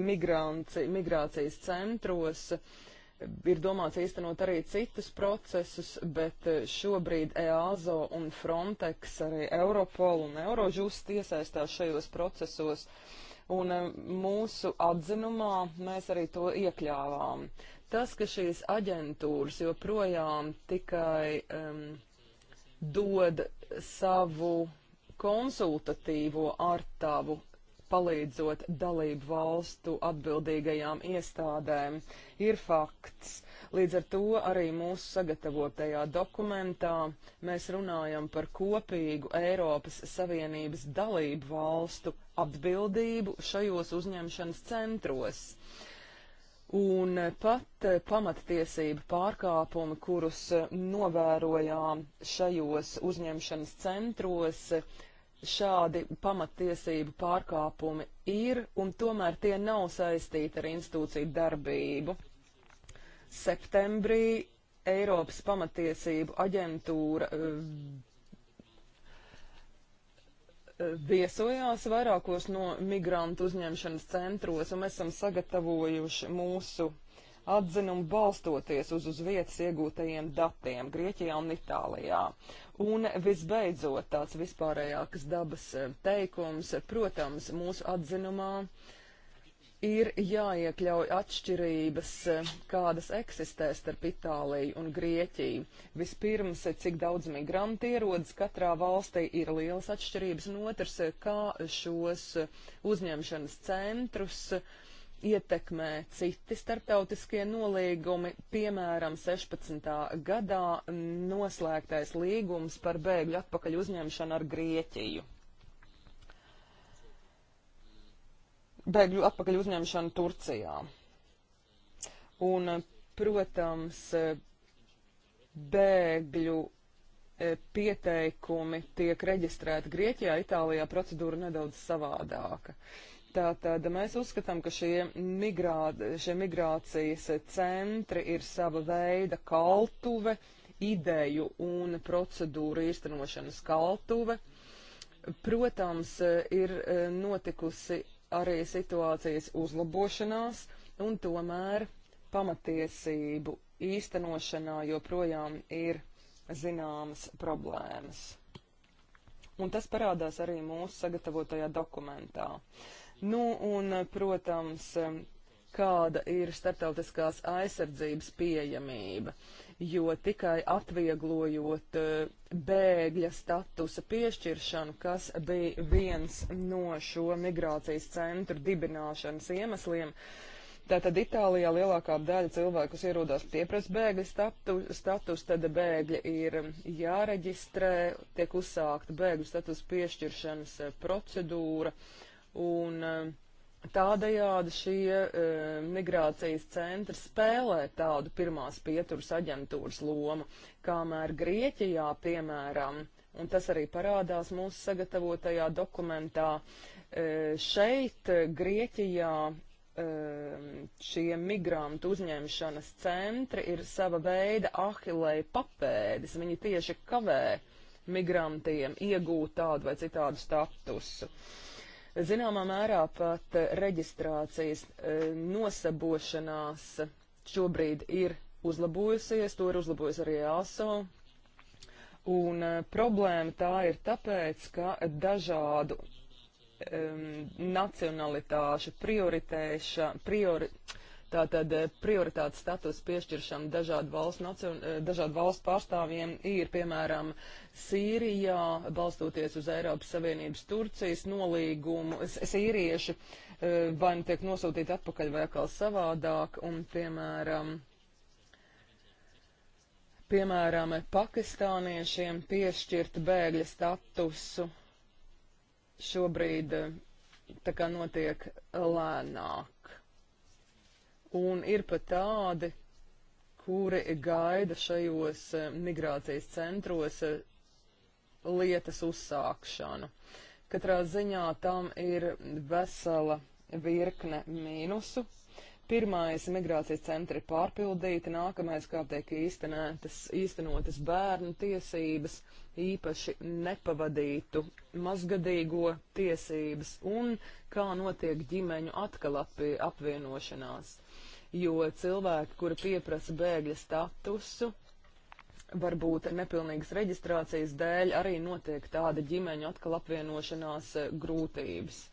S5: migranci, migrācijas centros ir domāts īstenot arī citus procesus, bet šobrīd EASO un Frontex, arī Europol un Eurožust iesaistās šajos procesos. Uh, un eh, mūsu atzinumā mēs arī to iekļāvām. Tas, ka šīs aģentūras joprojām tikai um, dod savu konsultatīvo artavu palīdzot dalību valstu atbildīgajām iestādēm, ir fakts. Līdz ar to arī mūsu sagatavotajā dokumentā mēs runājam par kopīgu Eiropas Savienības dalību valstu atbildību šajos uzņemšanas centros. Un pat pamatiesība pārkāpumi, kurus novērojām šajos uzņemšanas centros, šādi pamatiesību pārkāpumi ir, un tomēr tie nav saistīti ar institūciju darbību. Septembrī Eiropas pamatiesību aģentūra eh, eh, viesojās vairākos no migrantu uzņemšanas centros, un mēs esam sagatavojuši mūsu atzinumu balstoties uz uz vietas iegūtajiem datiem Grieķijā un Itālijā. Un visbeidzot tāds vispārējākas dabas eh, teikums, protams, mūsu atzinumā uh, ir jāiekļauj atšķirības, eh, kādas eksistē starp Itāliju un Grieķiju. Vispirms, eh, cik daudz migrantu ierodas katrā valstī, ir lielas atšķirības, un otrs, eh, kā šos uzņemšanas centrus ietekmē citi starptautiskie nolīgumi, piemēram, 16. gadā noslēgtais līgums par bēgļu atpakaļ uzņemšanu ar Grieķiju. bēgļu atpakaļ uzņemšanu Turcijā. Un, eh, protams, eh, bēgļu eh, pieteikumi tiek reģistrēti Grieķijā, Itālijā procedūra nedaudz savādāka. Tātad mēs uzskatām, ka šie, migrā, šie migrācijas centri ir sava veida kaltuve, ideju un procedūru īstenošanas kaltuve. Protams, ir notikusi arī situācijas uzlabošanās, un tomēr pamatiesību īstenošanā joprojām ir zināmas problēmas. Un tas parādās arī mūsu sagatavotajā dokumentā. Nu, un, protams, kāda ir starptautiskās aizsardzības pieejamība, jo tikai atvieglojot eh, bēgļa statusa piešķiršanu, kas bija viens no šo migrācijas centru dibināšanas iemesliem, Tātad Itālijā lielākā daļa cilvēku, kas ierodās pieprasa bēgļa status, status, tad bēgļi ir jāreģistrē, tiek uzsākta bēgļu status piešķiršanas eh, procedūra, un uh, Tādējādi šie e, migrācijas centri spēlē tādu pirmās pieturas aģentūras lomu, kamēr Grieķijā, piemēram, un tas arī parādās mūsu sagatavotajā dokumentā, e, šeit e, Grieķijā e, šie migrantu uzņemšanas centri ir sava veida ahilēja papēdis, viņi tieši kavē migrantiem iegūt tādu vai citādu statusu. Uh, zināmā mērā pat eh, reģistrācijas eh, nosabošanās šobrīd ir uzlabojusies, to ir uzlabojusi arī e ASO. Un eh, problēma tā ir tāpēc, ka dažādu um, nacionalitāšu prioritēša, priori, uh, Tātad eh, prioritātes status piešķiršana dažādu valstu, nacion, eh, dažādu valstu pārstāvjiem ir, piemēram, Sīrijā, balstoties uz Eiropas Savienības Turcijas nolīgumu, sīrieši eh, vai nu tiek nosūtīti atpakaļ vai atkal savādāk, un, piemēram, piemēram, pakistāniešiem piešķirt bēgļa statusu šobrīd tā kā notiek lēnāk un ir pat tādi, kuri gaida šajos e, migrācijas centros e, lietas uzsākšanu. Katrā ziņā tam ir vesela virkne mīnusu, Pirmais migrācijas centri ir pārpildīti, nākamais, kā tiek īstenētas, īstenotas bērnu tiesības, īpaši nepavadītu mazgadīgo tiesības un kā notiek ģimeņu atkal api, apvienošanās. Jo cilvēki, kuri pieprasa bēgļa statusu, varbūt nepilnīgas reģistrācijas dēļ arī notiek tāda ģimeņu atkal apvienošanās eh, grūtības.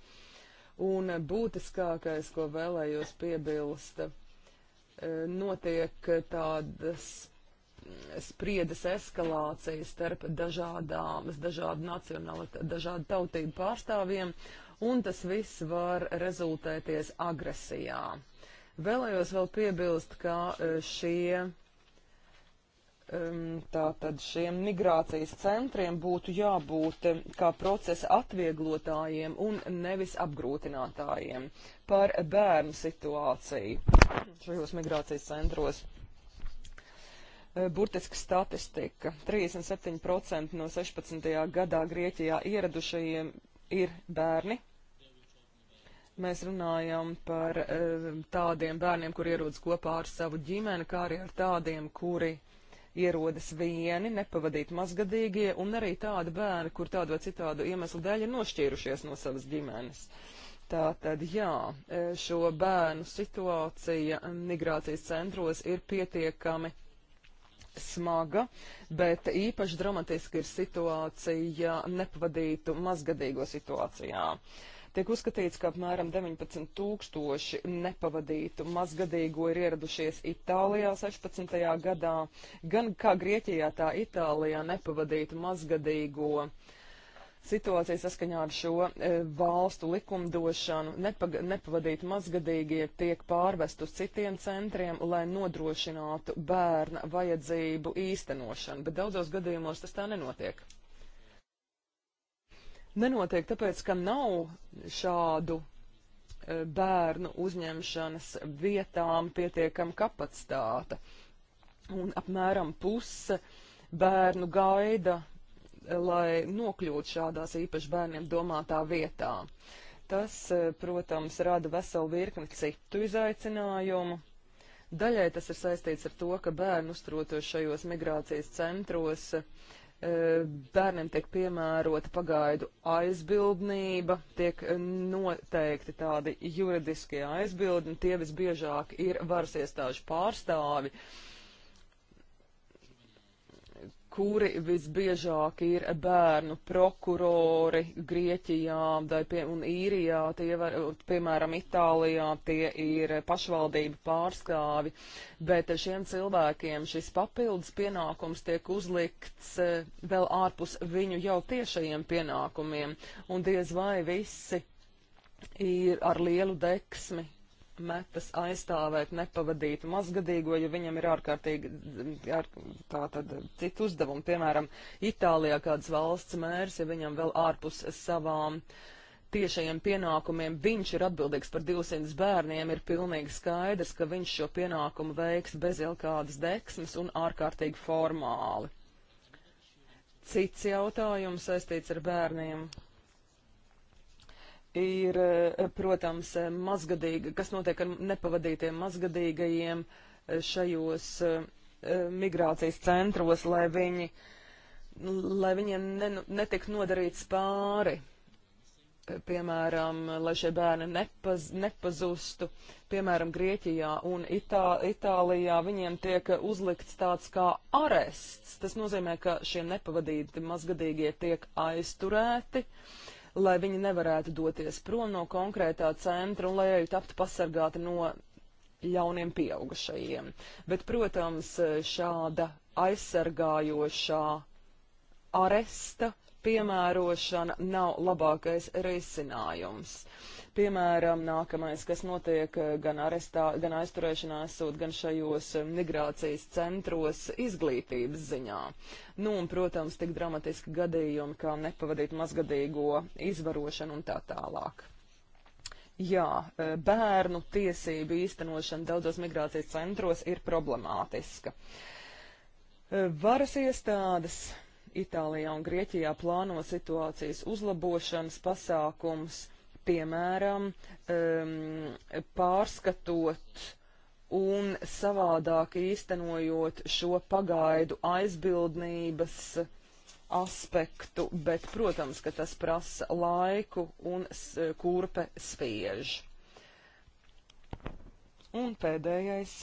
S5: Un būtiskākais, ko vēlējos piebilst, e, notiek tādas spriedas eskalācija starp dažādām, dažādu nacionalitāti, dažādu tautību pārstāvjiem, un tas viss var rezultēties agresijā. Vēlējos vēl piebilst, ka e, šie Tātad šiem migrācijas centriem būtu jābūt kā procesa atvieglotājiem un nevis apgrūtinātājiem par bērnu situāciju šajos migrācijas centros. Burtiski statistika. 37% no 16. gadā Grieķijā ieradušajiem ir bērni. Mēs runājam par tādiem bērniem, kur ierodas kopā ar savu ģimeni, kā arī ar tādiem, kuri ierodas vieni, nepavadīt mazgadīgie un arī tādi bērni, kur tādu vai citādu iemeslu dēļ ir nošķīrušies no savas ģimenes. Tātad, jā, e, šo bērnu situācija migrācijas centros ir pietiekami smaga, bet īpaši dramatiski ir situācija nepavadītu mazgadīgo situācijā. Uh, Tiek uzskatīts, ka apmēram 19 tūkstoši nepavadītu mazgadīgo ir ieradušies Itālijā 16. gadā, gan kā Grieķijā, tā Itālijā nepavadītu mazgadīgo situācija saskaņā ar šo e, valstu likumdošanu nepag, nepavadīti mazgadīgie tiek pārvest uz citiem centriem, lai nodrošinātu bērna vajadzību īstenošanu, bet daudzos gadījumos tas tā nenotiek nenotiek tāpēc, ka nav šādu e, bērnu uzņemšanas vietām pietiekama kapacitāte. Un apmēram puse bērnu gaida, e, lai nokļūtu šādās īpaši bērniem domātā vietā. Tas, e, protams, rada veselu virkni citu izaicinājumu. Daļai tas ir saistīts ar to, ka bērnu uzturotos šajos migrācijas centros uh, E, bērniem tiek piemērota pagaidu aizbildnība, tiek noteikti tādi juridiskie aizbildni, tie visbiežāk ir varas iestāžu pārstāvi. Uh, kuri visbiežāk ir bērnu prokurori Grieķijā pie, un Īrijā, tie var, piemēram, Itālijā, tie ir pašvaldību pārstāvi, bet šiem cilvēkiem šis papildus pienākums tiek uzlikts eh, vēl ārpus viņu jau tiešajiem pienākumiem, un diez vai visi ir ar lielu deksmi metas aizstāvēt nepavadītu mazgadīgo, ja viņam ir ārkārtīgi ar, tā tad citu uzdevumu. Piemēram, Itālijā kāds valsts mērs, ja viņam vēl ārpus savām tiešajiem pienākumiem viņš ir atbildīgs par 200 bērniem, ir pilnīgi skaidrs, ka viņš šo pienākumu veiks bez jau kādas deksmes un ārkārtīgi formāli. Cits jautājums saistīts ar bērniem ir, eh, protams, eh, mazgadīgi, kas notiek ar nepavadītiem mazgadīgajiem eh, šajos migrācijas centros, lai, viņi, lai viņiem ne, netik nodarīts pāri, piemēram, lai šie bērni nepaz, nepazustu. Piemēram, Grieķijā un Itā, Itālijā viņiem tiek uzlikts tāds kā arests. Tas nozīmē, ka šie nepavadīti mazgadīgie tiek aizturēti. Uh, lai viņi nevarētu doties prom no konkrētā centra un lai arī taptu pasargāti no ļauniem pieaugušajiem. Bet, protams, šāda aizsargājošā aresta piemērošana nav labākais risinājums. Piemēram, nākamais, kas notiek eh, gan, arestā, gan aizturēšanā esot, gan šajos eh, migrācijas centros izglītības ziņā. Nu, un, protams, tik dramatiski gadījumi, kā nepavadīt mazgadīgo izvarošanu un tā tālāk. Jā, eh, bērnu tiesību īstenošana daudzos migrācijas centros ir problemātiska. Varas iestādes Itālijā un Grieķijā plāno situācijas uzlabošanas pasākums, piemēram, um, pārskatot un savādāk īstenojot šo pagaidu aizbildnības aspektu, bet, protams, ka tas prasa laiku un kurpe spiež. Un pēdējais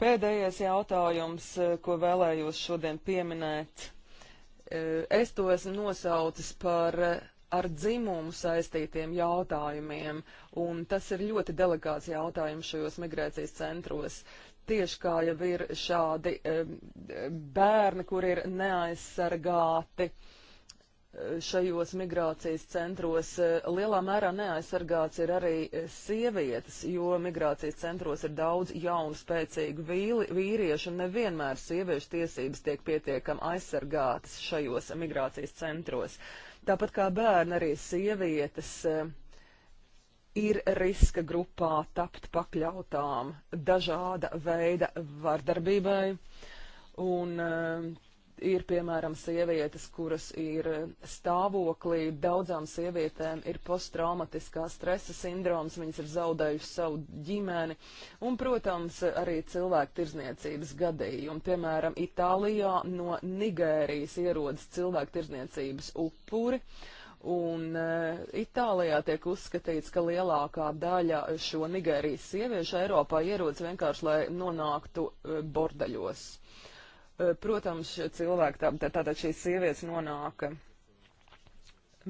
S5: Pēdējais jautājums, eh, ko vēlējos šodien pieminēt. Eh, es to esmu nosaucis par eh, ar dzimumu saistītiem jautājumiem, un tas ir ļoti delikāts jautājums šajos migrācijas centros. Tieši kā jau ir šādi e, bērni, kur ir neaizsargāti, uh, šajos migrācijas centros eh, lielā mērā neaizsargāts ir arī eh, sievietes, jo migrācijas centros ir daudz jaunu, spēcīgu vīli, vīriešu, un nevienmēr sieviešu tiesības tiek pietiekam aizsargātas šajos migrācijas centros. Tāpat kā bērni, arī sievietes eh, ir riska grupā tapt pakļautām dažāda veida vardarbībai. Un, uh, ir piemēram sievietes, kuras ir stāvoklī, daudzām sievietēm ir posttraumatiskā stresa sindroms, viņas ir zaudējušas savu ģimeni, un, protams, arī cilvēku tirzniecības gadījumi. Piemēram, Itālijā no Nigērijas ierodas cilvēku tirzniecības upuri. Un e, Itālijā tiek uzskatīts, ka lielākā daļa šo Nigērijas sieviešu Eiropā ierodas vienkārši, lai nonāktu e, eh, bordaļos. Eh, protams, cilvēki, tātad tā, tā, šīs sievietes nonāk eh,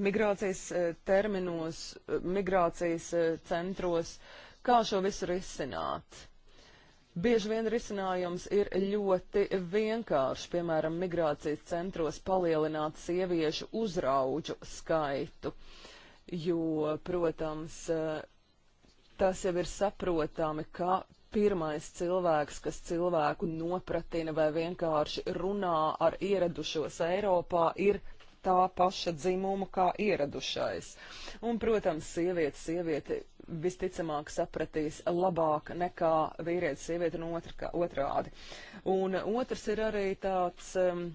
S5: migrācijas eh, terminos, migrācijas centros. Kā šo visu risināt? Bieži vien risinājums ir ļoti vienkāršs, piemēram, migrācijas centros palielināt sieviešu uzraugu skaitu, jo, protams, tas jau ir saprotami, ka pirmais cilvēks, kas cilvēku nopratina vai vienkārši runā ar ieradušos Eiropā, ir tā paša dzimuma kā ieradušais. Un, protams, sieviete, sieviete visticamāk sapratīs labāk nekā vīrietis, sieviete un otrā, otrādi. Un otrs ir arī tāds, um,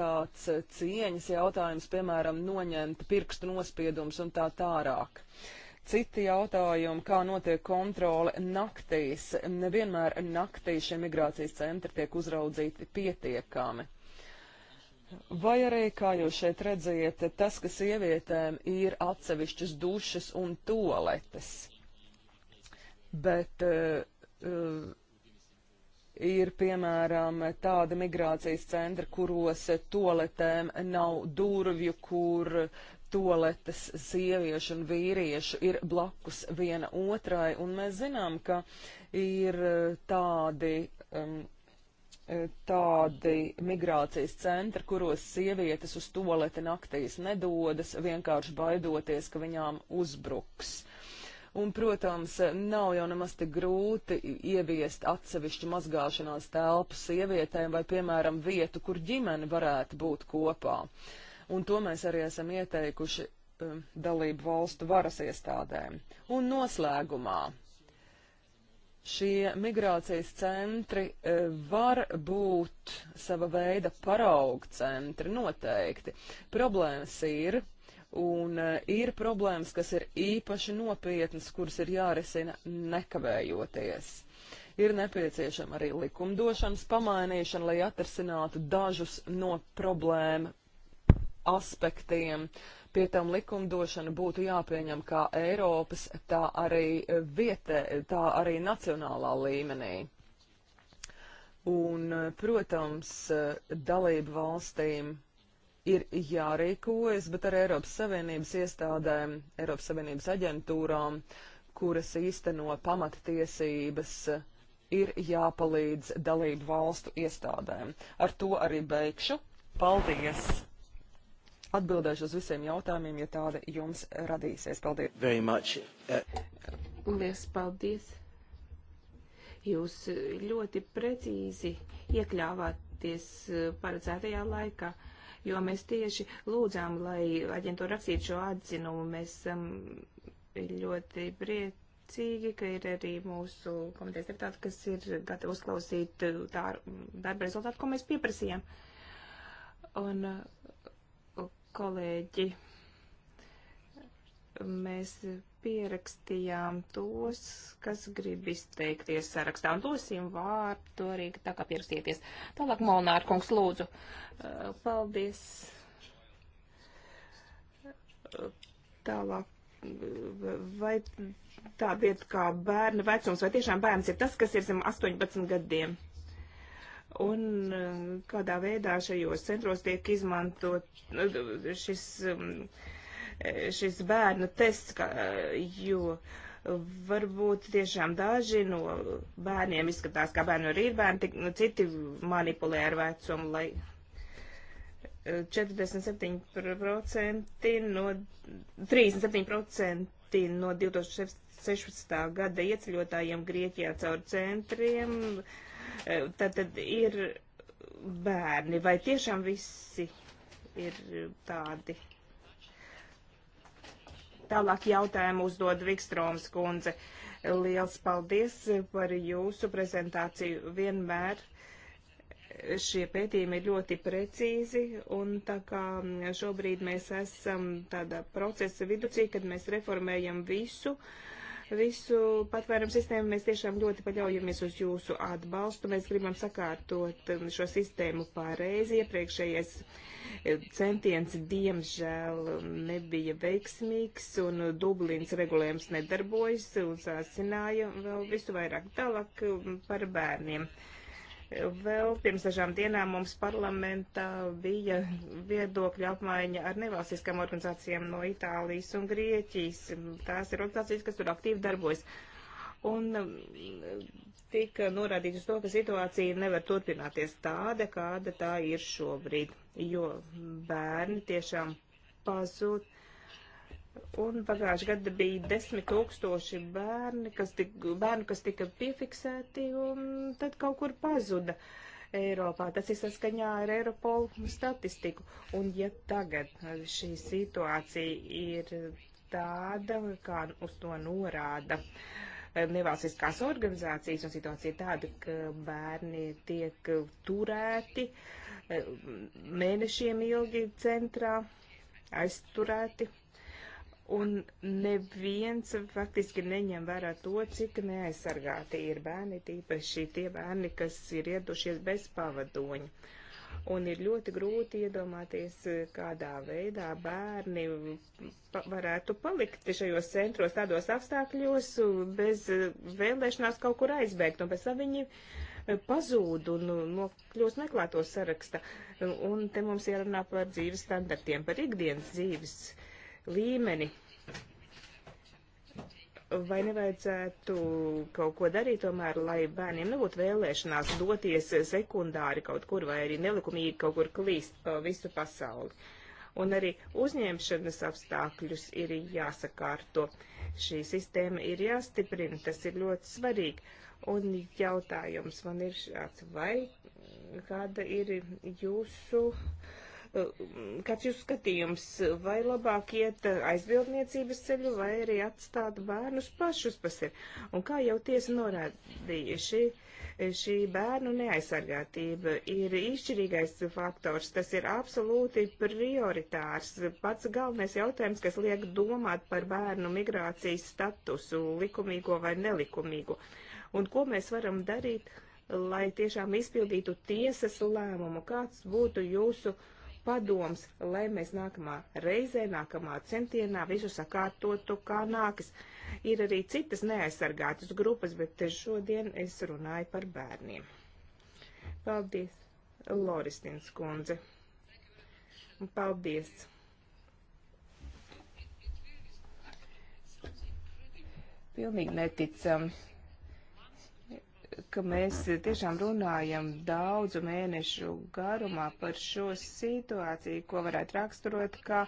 S5: tāds cieņas jautājums, piemēram, noņemt pirkstu nospiedums un tā tārāk. Uh, Citi jautājumi, kā notiek kontrole naktīs. Nevienmēr naktī šie migrācijas centri tiek uzraudzīti pietiekami. Vai arī, kā jūs šeit redziet, tas, ka sievietēm ir atsevišķas dušas un toaletes. Bet uh, ir, piemēram, tāda migrācijas centra, kuros toaletēm nav durvju, kur toaletes sieviešu un vīriešu ir blakus viena otrai, un mēs zinām, ka ir e, tādi, um, tādi migrācijas centri, kuros sievietes uz toaleti naktīs nedodas, vienkārši baidoties, ka viņām uzbruks. Un, protams, nav jau nemaz tik grūti ieviest atsevišķu mazgāšanās telpu sievietēm vai, piemēram, vietu, kur ģimene varētu būt kopā. Uh, un to mēs arī esam ieteikuši um, dalību valstu varas iestādēm. Un noslēgumā šie migrācijas centri eh, var būt sava veida paraugu centri noteikti. Problēmas ir, un eh, ir problēmas, kas ir īpaši nopietnas, kuras ir jārisina nekavējoties. Ir nepieciešama arī likumdošanas pamainīšana, lai atrisinātu dažus no problēma aspektiem. Pie tam likumdošana būtu jāpieņem kā Eiropas, tā arī vietē, tā arī nacionālā līmenī. Un, protams, dalību valstīm ir jārīkojas, bet ar Eiropas Savienības iestādēm, Eiropas Savienības aģentūrām, kuras īsteno pamatiesības, ir jāpalīdz dalību valstu iestādēm. Ar to arī beigšu. Paldies! Atbildēšu uz visiem jautājumiem, ja tāda jums radīsies. Paldies!
S1: Very much. Uh,
S5: Lies
S3: paldies! Jūs ļoti precīzi iekļāvāties uh, paredzētajā laikā jo mēs tieši lūdzām, lai aģentūra rakstītu šo atzinumu. Mēs esam um, ļoti priecīgi, ka ir arī mūsu komitejas deputāti, kas ir gatavi uzklausīt uh, tā darba rezultātu, ko mēs pieprasījām. Un kolēģi, mēs pierakstījām tos, kas grib izteikties sarakstā, un dosim vārdu arī tā kā pierakstieties. Tālāk Molnāra kungs lūdzu. Paldies. Tālāk. Vai tā vieta kā bērna vecums, vai tiešām bērns ir tas, kas ir zem 18 gadiem? un eh, kādā veidā šajos centros tiek izmantot eh, šis, mm, eh, šis bērnu tests, kā, jo varbūt tiešām daži no bērniem izskatās, kā bērnu ir bērni, nu, citi manipulē ar vecumu, lai 47% no, 37% no 2016. gada ieceļotājiem Grieķijā caur centriem uh, Eh, tad, tad ir bērni, vai tiešām visi ir tādi? Tālāk jautājumu uzdod Vikstroms kundze. Liels paldies par jūsu prezentāciju. Vienmēr šie pētījumi ir ļoti precīzi, un tā kā šobrīd mēs esam tādā procesa viducī, kad mēs reformējam visu, uh, visu patvērumu sistēmu. Mēs tiešām ļoti paļaujamies uz jūsu atbalstu. Mēs gribam sakārtot um, šo sistēmu pareizi. Iepriekšējais eh, centiens, diemžēl, um, nebija veiksmīgs un Dublīns regulējums nedarbojas un sāsināja vēl visu vairāk tālāk um, par bērniem. Uh, Vēl pirms dažām dienām mums parlamentā bija viedokļu apmaiņa ar nevalstiskām organizācijām no Itālijas un Grieķijas. Tās ir organizācijas, kas tur aktīvi darbojas. Un um, tika norādīts uz to, ka situācija nevar turpināties tāda, kāda tā ir šobrīd, jo bērni tiešām pazūd Un pagājušajā gadā bija desmit tūkstoši bērni, kas tika, bērnu, kas tika piefiksēti un tad kaut kur pazuda Eiropā. Tas ir saskaņā ar Eiropolu statistiku. Un ja tagad šī situācija ir tāda, kā uz to norāda eh, nevalstiskās organizācijas, un situācija ir tāda, ka bērni tiek turēti eh, mēnešiem ilgi centrā, aizturēti Un neviens faktiski neņem vērā to, cik neaizsargāti ir bērni, tīpaši tie bērni, kas ir iedušies bez pavadoņa. Un ir ļoti grūti iedomāties, kādā veidā bērni pa varētu palikt šajos centros tādos apstākļos, bez vēlēšanās kaut kur aizbēgt. Un pēc tam viņi eh, pazūd un nokļūst meklēto saraksta. Un te mums jārunā par dzīves standartiem, par ikdienas dzīves līmeni. Vai nevajadzētu kaut ko darīt tomēr, lai bērniem nebūtu vēlēšanās doties sekundāri kaut kur vai arī nelikumīgi kaut kur klīst pa visu pasauli? Un arī uzņemšanas apstākļus ir jāsakārto. Šī sistēma ir jāstiprina, tas ir ļoti svarīgi. Un jautājums man ir šāds, vai kāda ir jūsu uh, Kāds jūs skatījums, vai labāk iet aizbildniecības ceļu, vai arī atstāt bērnus pašus pa sevi? Un kā jau tiesa norādīja, šī, šī bērnu neaizsargātība ir izšķirīgais faktors, tas ir absolūti prioritārs, pats galvenais jautājums, kas liek domāt par bērnu migrācijas statusu, likumīgo vai nelikumīgo. Un ko mēs varam darīt? lai tiešām izpildītu tiesas lēmumu. Kāds būtu jūsu uh, padoms, lai mēs nākamā reizē, nākamā centienā visu sakārtotu kā nākas. Ir arī citas neaizsargātas grupas, bet šodien es runāju par bērniem. Paldies, Loristins kundze. Paldies. Pilnīgi neticami ka mēs tiešām runājam daudzu mēnešu garumā par šo situāciju, ko varētu raksturot kā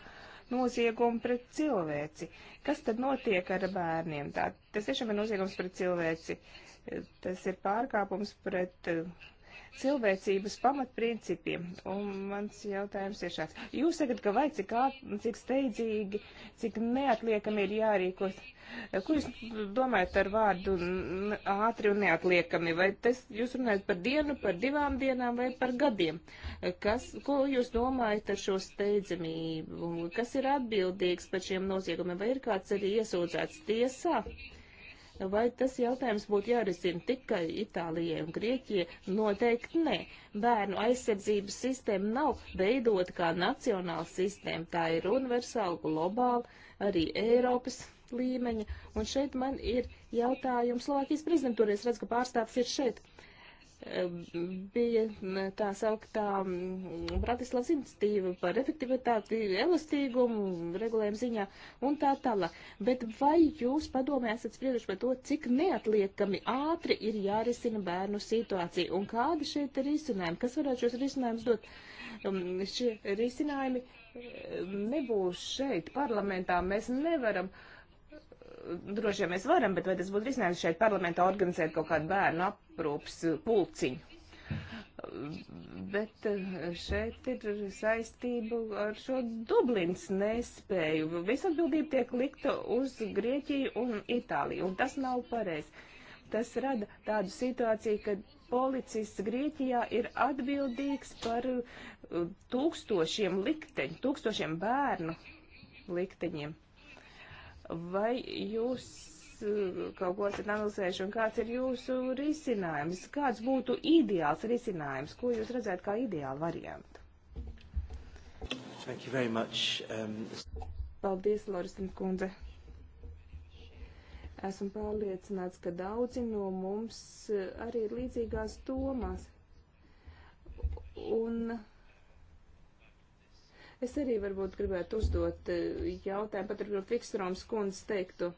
S3: noziegumu pret cilvēci. Kas tad notiek ar bērniem? Tā, tas tiešām ir noziegums pret cilvēci. Tas ir pārkāpums pret eh, cilvēcības pamatprincipiem. Un mans jautājums ir šāds. Jūs sakat, ka vai cik, cik steidzīgi, cik neatliekami ir jārīkos Ko jūs domājat ar vārdu ātri un neatliekami? Vai tas jūs runājat par dienu, par divām dienām vai par gadiem? Kas, ko jūs domājat ar šo steidzamību? Kas ir atbildīgs par šiem noziegumiem? Vai ir kāds arī iesūdzēts tiesā? Vai tas jautājums būtu jārisina tikai Itālijai un Grieķijai? Noteikti nē. Bērnu aizsardzības sistēma nav veidota kā nacionāla sistēma. Tā ir universāla, globāla, arī Eiropas līmeņa. Un šeit man ir jautājums Slovākijas prezidentūrai. Es redzu, ka pārstāvs ir šeit. Bija tā sauktā Bratislavas iniciatīva par efektivitāti, elastīgumu, regulējumu ziņā un tā tālāk. Bet vai jūs padomē esat sprieduši par to, cik neatliekami ātri ir jārisina bērnu situācija un kādi šeit ir risinājumi? Kas varētu šos risinājumus dot? Šie risinājumi nebūs šeit parlamentā. Mēs nevaram uh, droši vien mēs varam, bet vai tas būtu risinājums šeit parlamentā organizēt kaut kādu bērnu aprūpas pulciņu? Bet eh, šeit ir saistība ar šo Dublins nespēju. Visa atbildība tiek likta uz Grieķiju un Itāliju, un tas nav pareizi. Tas rada tādu situāciju, ka policists Grieķijā ir atbildīgs par eh, tūkstošiem likteņu, tūkstošiem bērnu likteņiem. Vai jūs e, kaut ko esat analizējuši un kāds ir jūsu risinājums? Kāds būtu ideāls risinājums? Ko jūs redzētu kā ideālu variantu?
S1: Thank you very much. Um...
S3: Paldies, Loristin kundze. Esmu pārliecināts, ka daudzi no mums e, arī ir līdzīgās domās. Un Es arī varbūt gribētu uzdot eh, jautājumu, paturpinot Vikstroms kundzes teiktu.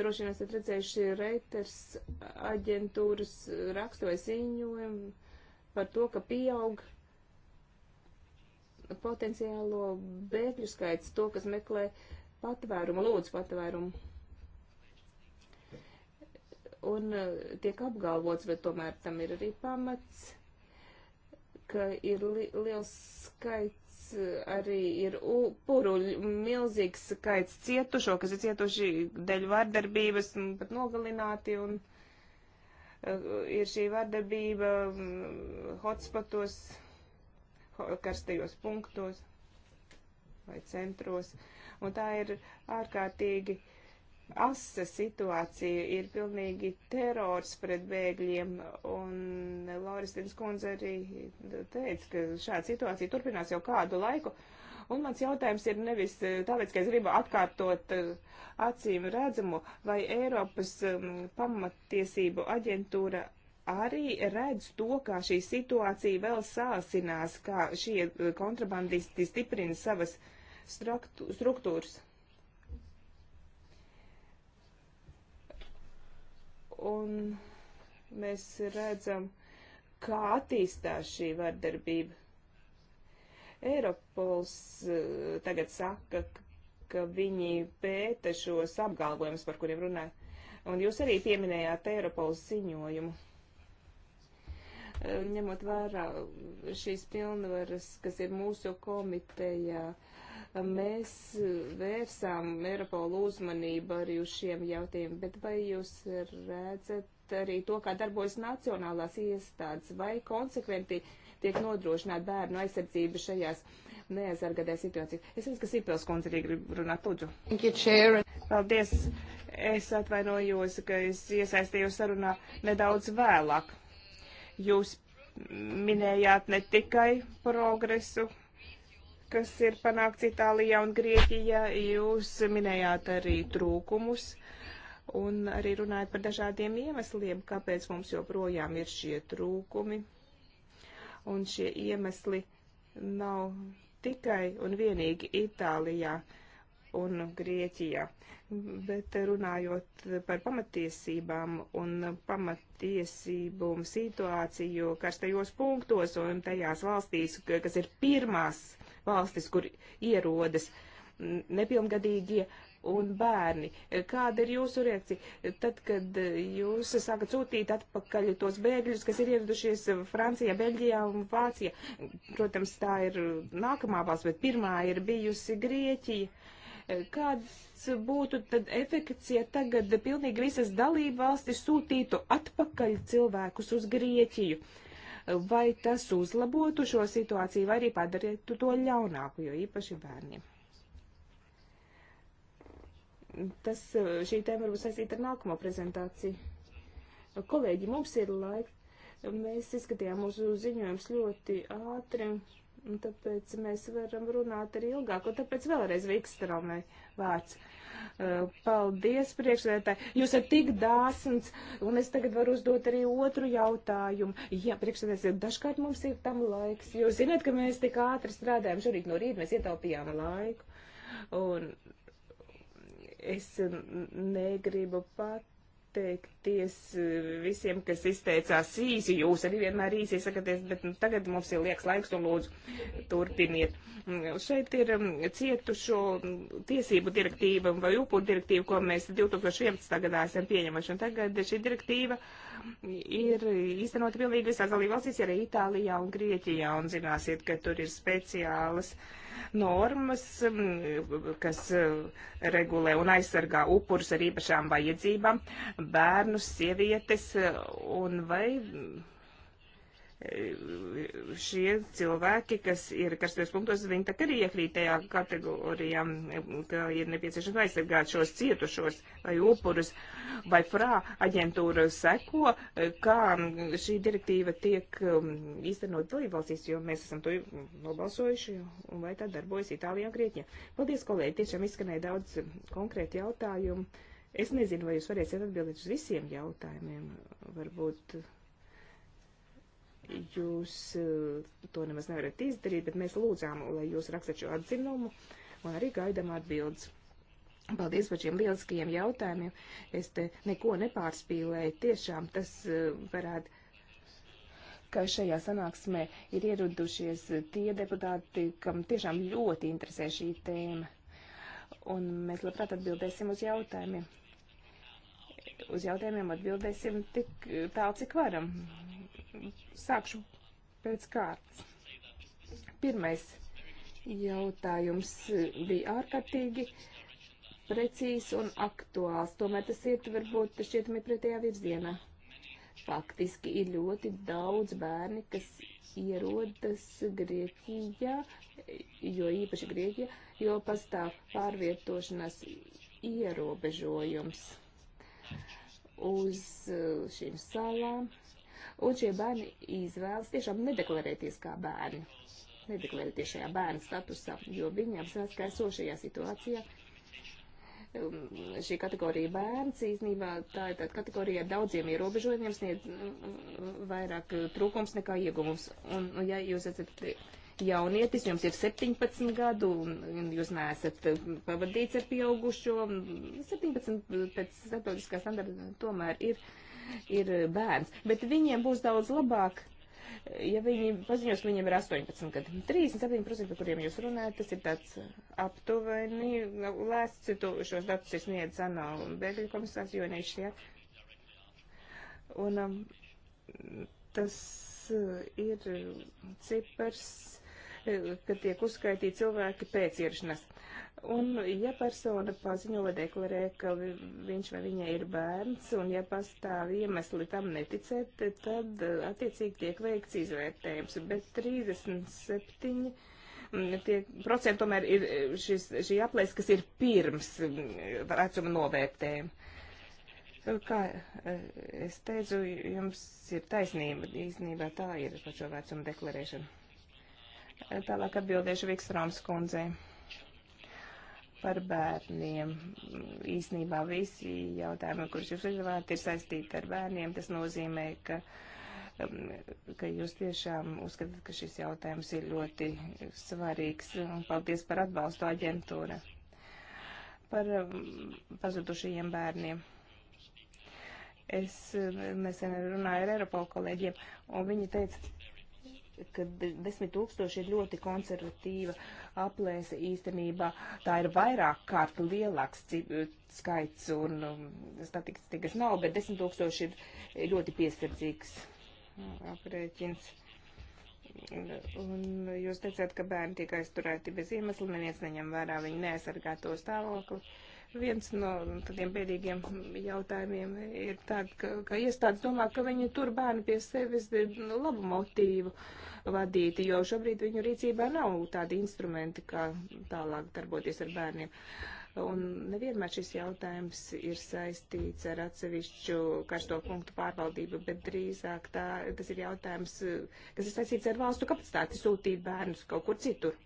S3: Droši vien esat redzējuši Reuters aģentūras rakstu vai ziņojumu par to, ka pieaug potenciālo bēgļu skaits, to, kas meklē patvērumu, lūdzu patvērumu. Un eh, tiek apgalvots, bet tomēr tam ir arī pamats, ka ir li liels skaits arī ir upuruļi, milzīgs skaits cietušo, kas ir cietuši dēļ vardarbības un pat nogalināti. Un, e, ir šī vardarbība mm, hotspotos, karstajos punktos vai centros. Un tā ir ārkārtīgi uh, asa situācija, ir pilnīgi terors pret bēgļiem, un Lauristins kundze arī teica, ka šāda situācija turpinās jau kādu laiku. Un mans jautājums ir nevis eh, tāpēc, ka es gribu atkārtot eh, acīm redzamu, vai Eiropas um, pamatiesību aģentūra arī redz to, kā šī situācija vēl sāsinās, kā šie eh, kontrabandisti stiprina savas struktūras. un mēs redzam, kā attīstās šī vardarbība. Eiropols eh, tagad saka, ka viņi pēta šos apgalvojumus, par kuriem runāja. Un jūs arī pieminējāt Eiropols ziņojumu. Eh, ņemot vērā šīs pilnvaras, kas ir mūsu komitejā, uh, Mēs e, vērsām Eiropolu uzmanību arī uz šiem jautājumiem, bet vai jūs redzat arī to, kā darbojas nacionālās iestādes, vai konsekventi tiek nodrošināta bērnu aizsardzība šajās neaizargadē situācijā. Es redzu, ka Sipels kundze arī grib runāt, lūdzu. Paldies. Es atvainojos, ka es iesaistījos sarunā nedaudz vēlāk. Jūs minējāt ne tikai progresu, kas ir panākts Itālijā un Grieķijā. Jūs minējāt arī trūkumus un arī runājat par dažādiem iemesliem, kāpēc mums joprojām ir šie trūkumi. Un šie iemesli nav tikai un vienīgi Itālijā un Grieķijā, bet runājot par pamatiesībām un pamatiesību situāciju karstajos punktos un tajās valstīs, kas ir pirmās valstis, kur ierodas nepilngadīgie un bērni. Kāda ir jūsu reakcija? Tad, kad jūs sākat sūtīt atpakaļ tos bēgļus, kas ir ieradušies Francijā, Beļģijā un Vācijā, protams, tā ir nākamā valsts, bet pirmā ir bijusi Grieķija. Kāds būtu tad efekts, ja tagad pilnīgi visas dalība valstis sūtītu atpakaļ cilvēkus uz Grieķiju? Uh, vai tas uzlabotu šo situāciju, vai arī padarītu to ļaunāku, jo īpaši bērniem. Tas, eh, šī tēma varbūt saistīta ar nākamo prezentāciju. Kolēģi, mums ir laiks. Mēs izskatījām mūsu ziņojums ļoti ātri, un tāpēc mēs varam runāt arī ilgāk, un tāpēc vēlreiz Vikstromai vārds. Uh, Eh, paldies, priekšsēdētāji. Jūs esat tik dāsns, un es tagad varu uzdot arī otru jautājumu. Jā, priekšsēdētāji, dažkārt mums ir tam laiks. Jūs zināt, ka mēs tik ātri strādājam. Šorīt no rīta mēs ietaupījām laiku. Un es negribu pat pateikties eh, visiem, kas izteicās īsi. Jūs arī vienmēr īsi izsakaties, bet nu, tagad mums ir liekas laiks un lūdzu turpiniet. Mm, šeit ir mm, cietušo mm, tiesību direktīva vai upuru direktīva, ko mēs 2011. gadā esam pieņemuši. Un tagad šī direktīva uh, ir īstenot pilnīgi visās dalībvalstīs, arī Itālijā un Grieķijā, un zināsiet, ka tur ir speciālas normas, mm, kas eh, regulē un aizsargā upurus ar īpašām vajadzībām, bērnus, sievietes, eh, un vai šie cilvēki, kas ir karstos punktos, viņi tā arī iekrīt tajā kategorijā, ka ir nepieciešams aizsargāt šos cietušos vai upurus, vai frā aģentūra seko, kā šī direktīva tiek um, īstenot dalībvalstīs, jo mēs esam to nobalsojuši, un vai tā darbojas Itālijā un Grieķijā. Paldies, kolēģi, tiešām izskanēja daudz konkrēti jautājumu. Es nezinu, vai jūs varēsiet atbildēt uz visiem jautājumiem, varbūt. Jūs eh, to nemaz nevarat izdarīt, bet mēs lūdzām, lai jūs rakstat šo atzinumu un arī gaidām atbildes. Paldies par šiem lieliskajiem jautājumiem. Es te neko nepārspīlēju. Tiešām tas eh, parāda, ka šajā sanāksmē ir ieradušies eh, tie deputāti, kam tiešām ļoti interesē šī tēma. Un mēs labprāt atbildēsim uz jautājumiem. Uz jautājumiem atbildēsim tik tālu, cik varam. Sākšu pēc kārtas. Pirmais jautājums bija ārkārtīgi precīzs un aktuāls, tomēr tas iet varbūt šķietami pretējā virzienā. Faktiski ir ļoti daudz bērni, kas ierodas Grieķijā, jo īpaši Grieķijā, jo pastāv pārvietošanās ierobežojums uz uh, šīm salām un šie bērni izvēlas tiešām nedeklarēties kā bērni, nedeklarēties šajā bērna statusā, jo viņi apzinās, ka esošajā situācijā um, šī kategorija bērns īstenībā tā ir tāda kategorija ar daudziem ierobežojumiem, sniedz mm, vairāk uh, trūkums nekā ieguvums. Un, ja jūs esat jaunietis, jums ir 17 gadu, un jūs neesat uh, pavadīts ar pieaugušo, 17 pēc starptautiskā standarta tomēr ir uh, ir bērns, bet viņiem būs daudz labāk. Ja viņi paziņos, ka viņiem ir 18 gadi, 37%, par kuriem jūs runājat, tas ir tāds aptuveni lēsts, tu šos datus ir sniedz ANO bēgļu komisārs Jonīšs, jā. Un um, tas uh, ir cipars, uh, kad tiek uzskaitīti cilvēki pēc ierašanās. Uh, Un, ja persona paziņo vai deklarē, ka viņš vai viņa ir bērns, un ja pastāv iemesli tam neticēt, tad eh, attiecīgi tiek veikts izvērtējums. Bet 37 mm, tie procenti tomēr ir eh, šis, šī aplēs, kas ir pirms mm, vecuma novērtējuma. Kā eh, es teicu, jums ir taisnība, īstenībā tā ir par šo vecumu deklarēšanu. Tālāk atbildēšu Vikstroms kundzei par bērniem. Īsnībā visi jautājumi, kurus jūs uzdevāt, ir saistīti ar bērniem. Tas nozīmē, ka, um, ka jūs tiešām uzskatāt, ka šis jautājums ir ļoti svarīgs. Un paldies par atbalstu aģentūra par um, pazudušajiem bērniem. Es um, nesen runāju ar Eiropolu kolēģiem, un viņi teica, ka desmit tūkstoši ir ļoti konservatīva aplēse īstenībā tā ir vairāk kārt lielāks skaits un um, statistikas nav, bet 10 tūkstoši ir ļoti piesardzīgs mm, aprēķins. Un jūs teicāt, ka bērni tiek aizturēti bez iemesla, neviens neņem vērā viņu neaizsargāto stāvokli. Viens no tādiem bēdīgiem jautājumiem ir tāds, ka, ka iestādes domā, ka viņi tur bērnu pie sevis e, labu motīvu vadīti, jo šobrīd viņu rīcībā nav tādi instrumenti, kā tālāk darboties ar bērniem. Un nevienmēr šis jautājums ir saistīts ar atsevišķu karsto punktu pārvaldību, bet drīzāk tā, tas ir jautājums, e, kas ir saistīts ar valstu kapacitāti sūtīt bērnus kaut kur citur.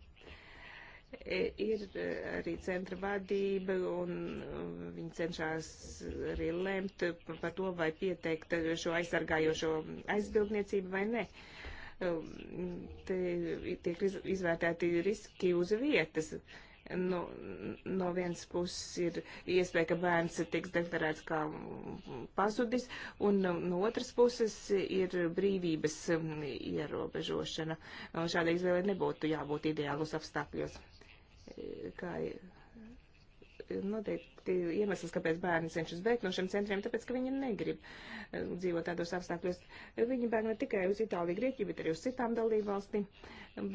S3: E, ir e, arī centra vadība, un e, viņi cenšas arī lemt par to, vai pieteikt šo aizsargājošo aizbildniecību vai ne. Te tiek izvērtēti riski uz vietas. No, no vienas puses ir iespēja, ka bērns tiks deklarēts kā pazudis, un no otras puses ir brīvības ierobežošana. Šādai izvēlei nebūtu jābūt ideālus apstākļos kā ir noteikti iemesls, kāpēc bērni cenšas bēgt no šiem centriem, tāpēc, ka viņi negrib eh, dzīvot tādos apstākļos. Viņi bēg ne tikai uz Itāliju, Grieķiju, bet arī uz citām dalībvalstīm,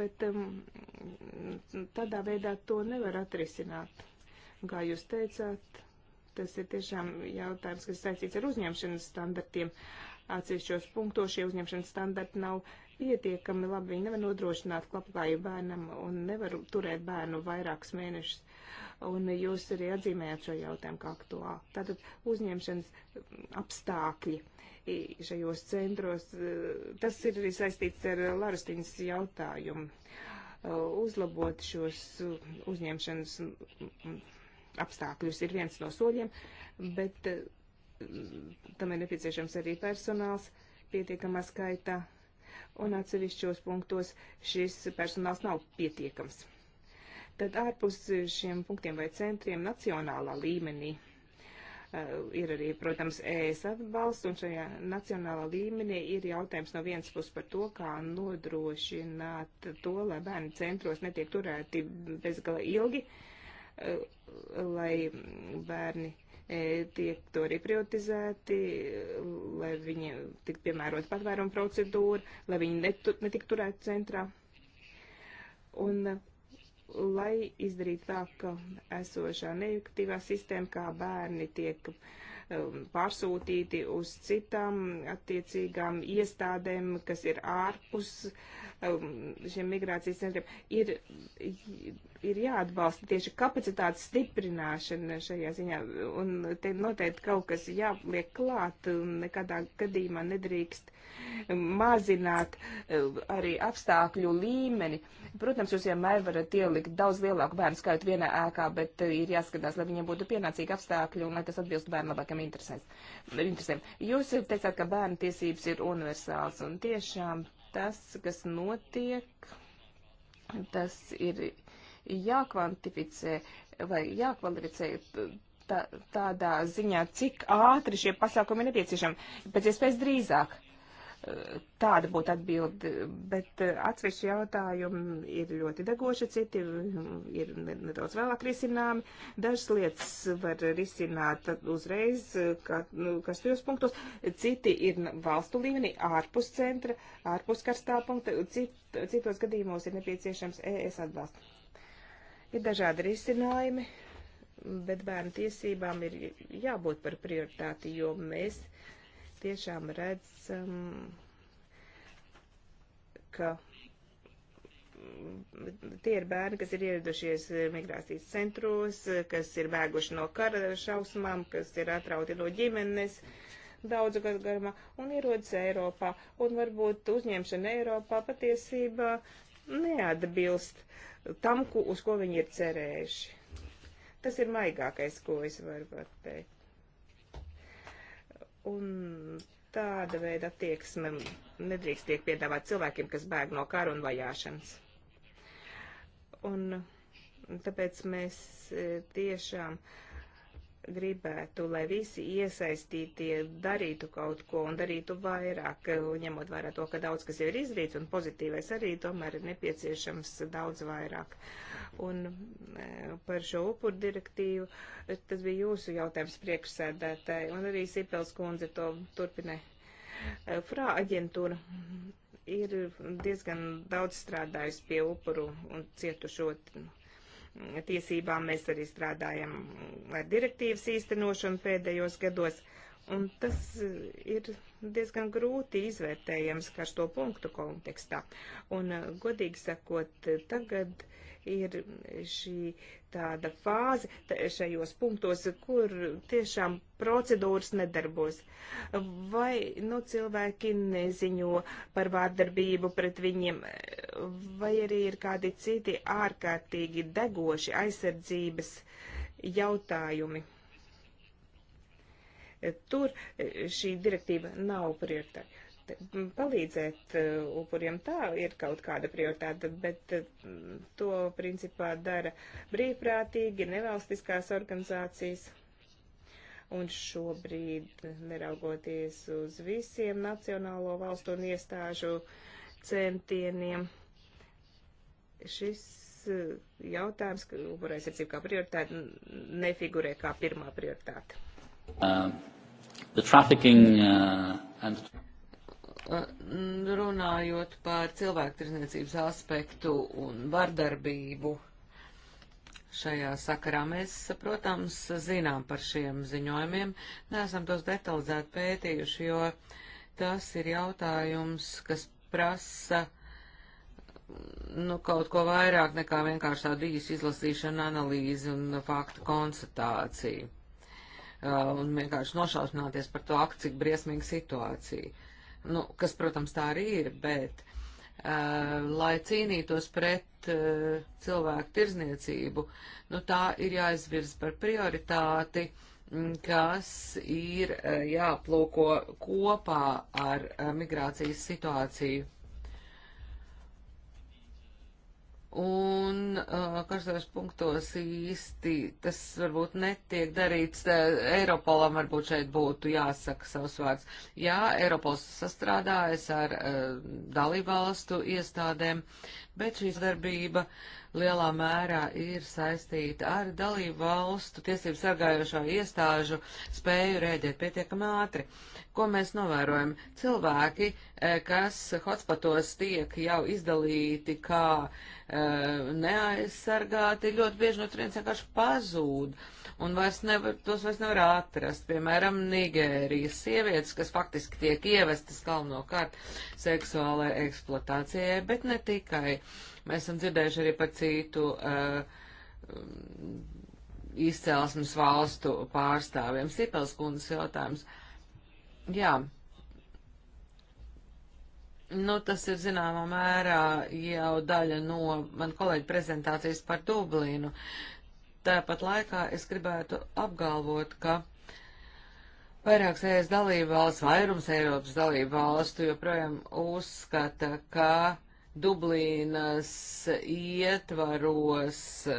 S3: bet um, tādā veidā to nevar atrisināt. Kā jūs teicāt, tas ir tiešām jautājums, kas saistīts ar uzņemšanas standartiem. Atsevišķos punktos šie uzņemšanas standarti nav pietiekami labi. Viņi nevar nodrošināt labklājību bērnam un nevar turēt bērnu vairākus mēnešus. Un jūs arī atzīmējāt šo jautājumu kā aktuālu. Tātad uzņemšanas apstākļi šajos centros, e, tas ir arī saistīts ar Larastiņas jautājumu. E, uzlabot šos uzņemšanas apstākļus ir viens no soļiem, bet e, tam ir nepieciešams arī personāls pietiekamā skaitā un atsevišķos punktos šis personāls nav pietiekams. Tad ārpus šiem punktiem vai centriem nacionālā līmenī Uh, ir arī, protams, ES atbalsts, un šajā nacionālā līmenī ir jautājums no vienas puses par to, kā nodrošināt to, lai bērni centros netiek turēti bezgala ilgi, uh, lai bērni uh, E, tiek to arī prioritizēti, lai viņi tiktu piemērot patvērumu procedūru, lai viņi netu, netiktu turēt centrā. Un lai izdarītu tā, ka esošā neaktīvā sistēma, kā bērni tiek uh, Um, pārsūtīti uz citām attiecīgām iestādēm, kas ir ārpus um, šiem migrācijas centriem. Ir, ir jāatbalsta tieši kapacitātes stiprināšana šajā ziņā, un te noteikti kaut kas jāpliek klāt, nekādā gadījumā nedrīkst mazināt eh, arī apstākļu līmeni. Protams, jūs vienmēr varat ielikt daudz lielāku bērnu skaitu vienā ēkā, bet eh, ir jāskatās, lai viņiem būtu pienācīgi apstākļi un lai tas atbilstu bērnu labākam interesēm. Jūs teicāt, ka bērnu tiesības ir universāls un tiešām tas, kas notiek, tas ir jākvantificē vai jākvalificē tā, tādā ziņā, cik ātri šie pasākumi ir nepieciešami, pēc iespējas drīzāk. Tāda būtu atbilde, bet eh, atsevišķi jautājumi ir ļoti degoši, citi ir nedaudz vēlāk risināmi. Dažas lietas var risināt uzreiz, kā, nu, kas tajos punktos, citi ir valstu līmenī, ārpus centra, ārpus karstā punkta, cit, citos gadījumos ir nepieciešams ES atbalsts. Ir dažādi risinājumi, bet bērnu tiesībām ir jābūt par prioritāti, jo mēs tiešām redzam, ka tie ir bērni, kas ir ieradušies migrācijas centros, kas ir bēguši no kara šausmām, kas ir atrauti no ģimenes daudzu gadu garumā un ierodas Eiropā. Un varbūt uzņemšana Eiropā patiesībā neatbilst tam, ku, uz ko viņi ir cerējuši. Tas ir maigākais, ko es varu pateikt. Un tāda veida attieksme nedrīkst tiek piedāvāt cilvēkiem, kas bēg no kara un vajāšanas. Un tāpēc mēs e, tiešām uh, gribētu, lai visi iesaistītie darītu kaut ko un darītu vairāk, ņemot vērā to, ka daudz kas jau ir izdarīts un pozitīvais arī tomēr ir nepieciešams daudz vairāk. Un e, par šo upuru direktīvu, tas bija jūsu jautājums priekšsēdētāji, un arī Sipels kundze to turpinē. E, Frā aģentūra ir diezgan daudz strādājusi pie upuru un cietušot tiesībām. Mēs arī strādājam ar direktīvas īstenošanu pēdējos gados. Un tas eh, ir diezgan grūti izvērtējams karsto punktu kontekstā. Un, eh, godīgi sakot, tagad ir šī tāda fāze šajos punktos, kur tiešām procedūras nedarbos. Vai nu, cilvēki neziņo par vārdarbību pret viņiem, vai arī ir kādi citi ārkārtīgi degoši aizsardzības jautājumi. Tur šī direktīva nav prioritāra palīdzēt eh, upuriem tā ir kaut kāda prioritāte, bet eh, to principā dara brīvprātīgi nevalstiskās organizācijas. Un šobrīd, neraugoties uz visiem nacionālo valstu un iestāžu centieniem, šis eh, jautājums, kurais ir kā prioritāte, nefigurē kā
S4: pirmā prioritāte.
S2: Uh, the trafficking uh, and
S4: runājot par cilvēktirdzniecības aspektu un vardarbību šajā sakarā, mēs, protams, zinām par šiem ziņojumiem, neesam tos detalizēti pētījuši, jo tas ir jautājums, kas prasa nu, kaut ko vairāk nekā vienkārši tādu īsu izlasīšanu, analīzi un faktu konstatāciju. Uh, un vienkārši nošausmināties par to, ak, cik briesmīga situācija. Uh, nu, kas, protams, tā arī ir, bet, uh, lai cīnītos pret uh, cilvēku tirzniecību, nu, tā ir jāizvirz par prioritāti, mm, kas ir uh, jāplūko kopā ar migrācijas situāciju. Un uh, karstos punktos īsti tas varbūt netiek darīts. Eiropolam varbūt šeit būtu jāsaka savs vārds. Jā, Eiropols sastrādājas ar uh, dalībvalstu iestādēm, bet šī sadarbība uh, lielā mērā ir saistīta ar dalību valstu tiesību sargājošo iestāžu spēju rēģēt pietiekami ātri. Ko mēs novērojam? Cilvēki, eh, kas hotspatos tiek jau izdalīti kā eh, neaizsargāti, ļoti bieži no turienes vienkārši pazūd un vairs nevar, tos vairs nevar atrast. Piemēram, Nigērijas sievietes, kas faktiski tiek ievestas galvenokārt seksuālajai eksploatācijai, bet ne tikai. Mēs esam dzirdējuši arī par citu uh, izcelsmes valstu pārstāvjiem. Sipels kundas jautājums. Jā. Nu, tas ir zināmā mērā jau daļa no man kolēģa prezentācijas par Dublīnu. Tāpat laikā es gribētu apgalvot, ka vairākas ES dalību valsts, vairums Eiropas dalību valstu joprojām uzskata, ka Dublīnas ietvaros eh,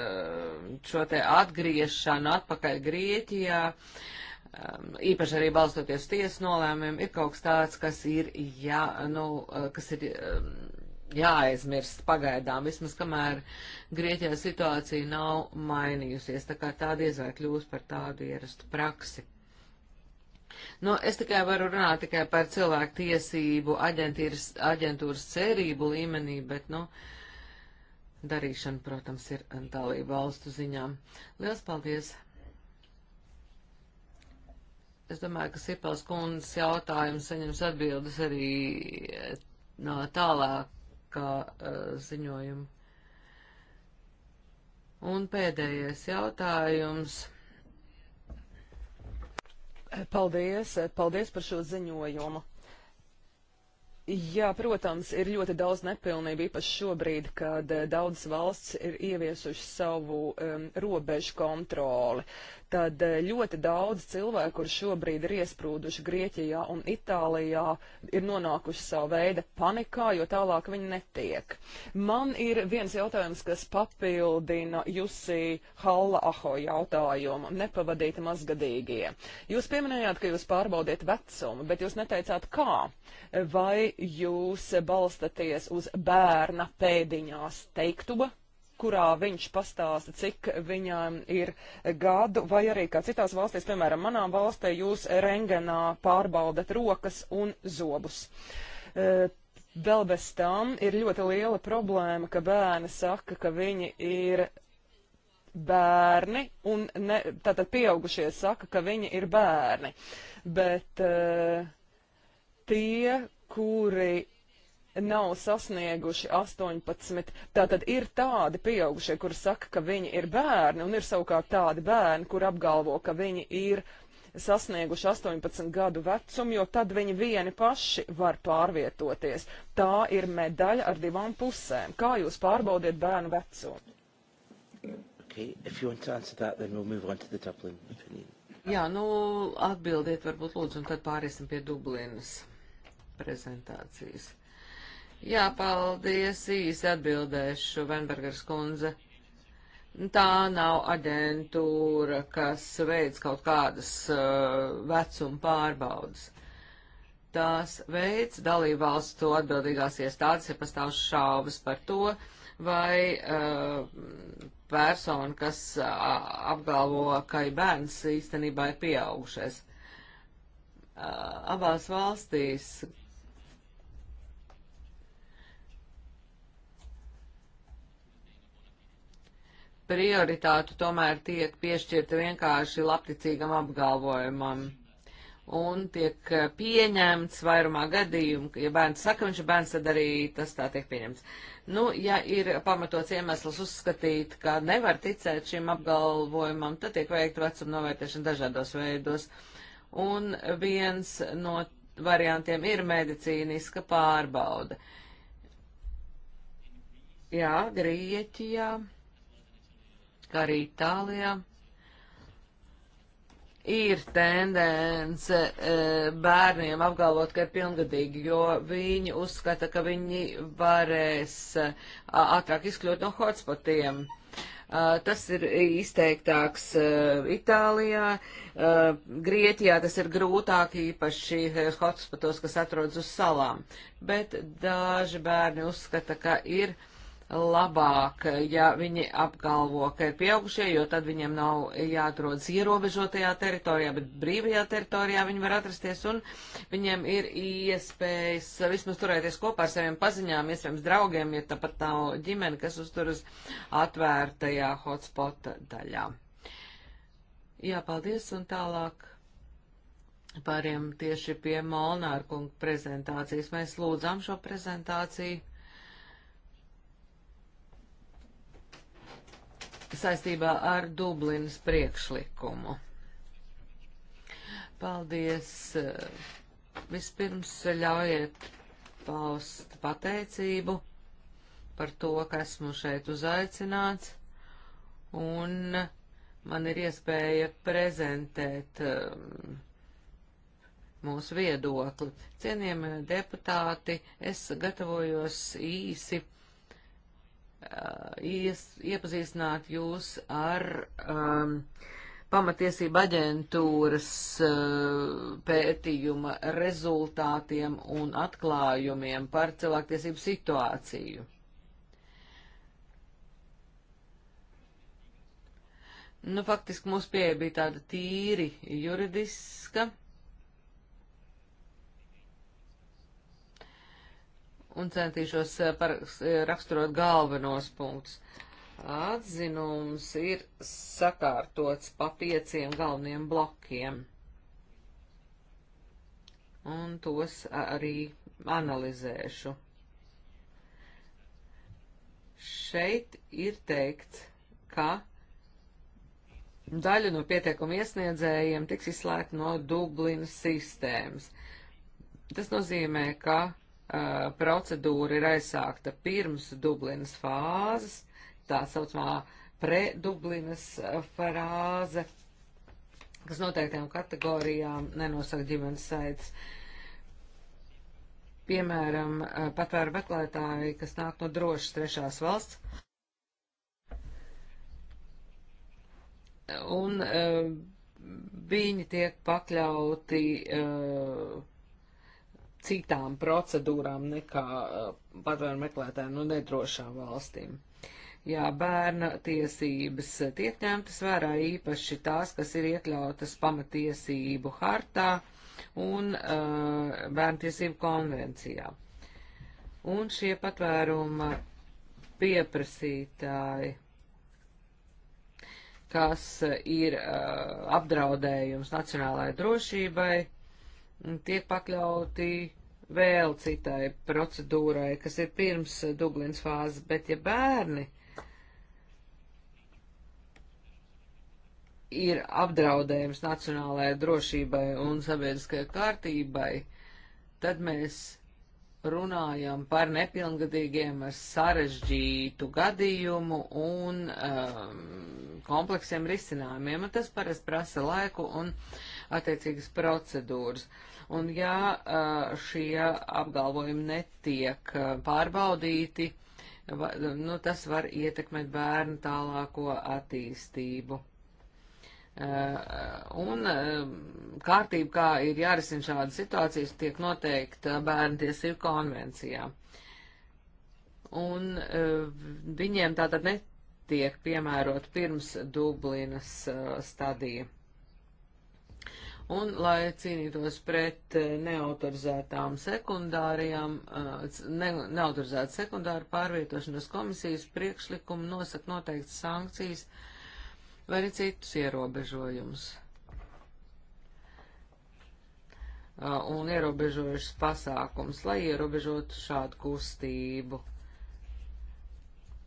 S4: šo te atgriešanu atpakaļ Grieķijā, ehm, īpaši arī balstoties tiesu nolēmumiem, ir kaut kas tāds, kas ir, jā, nu, eh, kas ir ehm, jāaizmirst pagaidām, vismaz kamēr Grieķijā situācija nav mainījusies, tā kā tā diez vai kļūs par tādu ierastu praksi. Nu, es tikai varu runāt tikai par cilvēku tiesību aģentūras, aģentūras cerību līmenī, bet, nu, darīšana, protams, ir dalība valstu ziņām. Lielas paldies! Es domāju, ka Sipels kundzes jautājums saņems atbildes arī eh, no tālākā uh, ziņojuma. Un pēdējais jautājums.
S5: Paldies, paldies par šo ziņojumu. Jā, protams, ir ļoti daudz nepilnību, īpaši šobrīd, kad eh, daudzas valsts ir ieviesušas savu um, robežu kontroli tad eh, ļoti daudz cilvēku, kur šobrīd ir iesprūduši Grieķijā un Itālijā, ir nonākuši savu veidu panikā, jo tālāk viņi netiek. Man ir viens jautājums, kas papildina Jusī Halla Aho jautājumu - nepavadīti mazgadīgie. Jūs pieminējāt, ka jūs pārbaudiet vecumu, bet jūs neteicāt kā. Vai jūs balstaties uz bērna pēdiņās teiktuba kurā viņš pastāsta, cik viņām ir gadu, vai arī kā citās valstīs, piemēram, manām valstī jūs rengenā pārbaudat rokas un zobus. E, Vēl bez tam ir ļoti liela problēma, ka bērni saka, ka viņi ir bērni, un ne, tātad pieaugušie saka, ka viņi ir bērni. Bet uh, tie, kuri nav sasnieguši 18. Tātad ir tādi pieaugušie, kur saka, ka viņi ir bērni, un ir savukārt tādi bērni, kur apgalvo, ka viņi ir sasnieguši 18 gadu vecumu, jo tad viņi vieni paši var pārvietoties. Tā ir medaļa ar divām pusēm. Kā jūs pārbaudiet bērnu vecumu?
S1: Okay, that, we'll
S4: Jā, nu atbildiet varbūt lūdzu, un tad pāriesim pie Dublinas prezentācijas. Jā, paldies, īsi atbildēšu, Venbergers kundze. Tā nav aģentūra, kas veids kaut kādas uh, vecuma pārbaudas. Tās veids dalībvalstu atbildīgās iestādes, ja pastāv šaubas par to, vai uh, persona, kas uh, apgalvo, ka bērns īstenībā ir pieaugušais. Uh, abās valstīs prioritātu tomēr tiek piešķirta vienkārši labticīgam apgalvojumam. Un tiek eh, pieņemts vairumā gadījumu, ja bērns saka, viņš ir bērns, tad arī tas tā tiek pieņemts. Nu, ja ir pamatots iemesls uzskatīt, ka nevar ticēt šim apgalvojumam, tad tiek veikta vecuma novērtēšana dažādos veidos. Un viens no variantiem ir medicīniska pārbauda. Jā, Grieķijā. Ja kā arī Itālijā ir tendence e, bērniem apgalvot, ka ir pilngadīgi, jo viņi uzskata, ka viņi varēs e, ātrāk izkļūt no hotspotiem. E, tas ir izteiktāks Itālijā, Grieķijā tas ir grūtāk īpaši hotspotos, kas atrodas uz salām, bet daži bērni uzskata, ka ir uh, labāk, ja viņi apgalvo, ka ir pieaugušie, jo tad viņiem nav jāatrodas ierobežotajā teritorijā, bet brīvajā teritorijā viņi var atrasties un viņiem ir iespējas vismaz turēties kopā ar saviem paziņām, iespējams draugiem, ja tāpat nav ģimene, kas uzturas atvērtajā hotspota daļā. Jā, paldies un tālāk. Pāriem tieši pie Molnārkunga prezentācijas. Mēs lūdzām šo prezentāciju saistībā ar Dublinas priekšlikumu. Paldies! Vispirms ļaujiet paust pateicību par to, ka esmu šeit uzaicināts, un man ir iespēja prezentēt um, mūsu viedokli. Cienījamie deputāti, es gatavojos īsi Uh, ies, iepazīstināt jūs ar um, pamatiesība aģentūras uh, pētījuma rezultātiem un atklājumiem par cilvēktiesību situāciju. Nu, faktiski mūsu pieeja bija tāda tīri juridiska. un centīšos eh, par, eh, raksturot galvenos punktus. Atzinums ir sakārtots pa pieciem galveniem blokiem, un tos arī analizēšu. Šeit ir teikts, ka daļa no pieteikumu iesniedzējiem tiks izslēgta no Dublinas sistēmas. Tas nozīmē, ka Eh, procedūra ir aizsākta pirms Dublinas fāzes, tā saucamā pre-Dublinas eh, frāze, kas noteiktām kategorijām nenosaka ģimenes saites. Piemēram, eh, patvēru meklētāji, kas nāk no drošas trešās valsts. Un uh, viņi tiek pakļauti uh, citām procedūrām nekā eh, patvērumu meklētājiem no nedrošām valstīm. Jā, bērna tiesības tiek ņemtas vērā īpaši tās, kas ir iekļautas pamatiesību hartā un uh, bērnu tiesību konvencijā. Un šie patvēruma pieprasītāji, kas ir uh, apdraudējums nacionālajai drošībai, tiek pakļauti vēl citai procedūrai, kas ir pirms Dublins fāzes, bet ja bērni ir apdraudējums nacionālajai drošībai un sabiedriskajai kārtībai, tad mēs runājam par nepilngadīgiem ar sarežģītu gadījumu un um, kompleksiem risinājumiem, un tas parasti prasa laiku un uh, attiecīgas procedūras. Un ja šie apgalvojumi netiek pārbaudīti, nu, tas var ietekmēt bērnu tālāko attīstību. Un kārtība, kā ir jārisina šādas situācijas, tiek noteikta bērnu tiesību konvencijā. Un viņiem tātad netiek piemērot pirms Dublinas stadija un lai cīnītos pret eh, neautorizētām sekundārajām, eh, ne, neautorizētu sekundāru pārvietošanas komisijas priekšlikumu nosaka noteikts sankcijas vai arī citus ierobežojumus. Eh, un ierobežojušas pasākums, lai ierobežotu šādu kustību.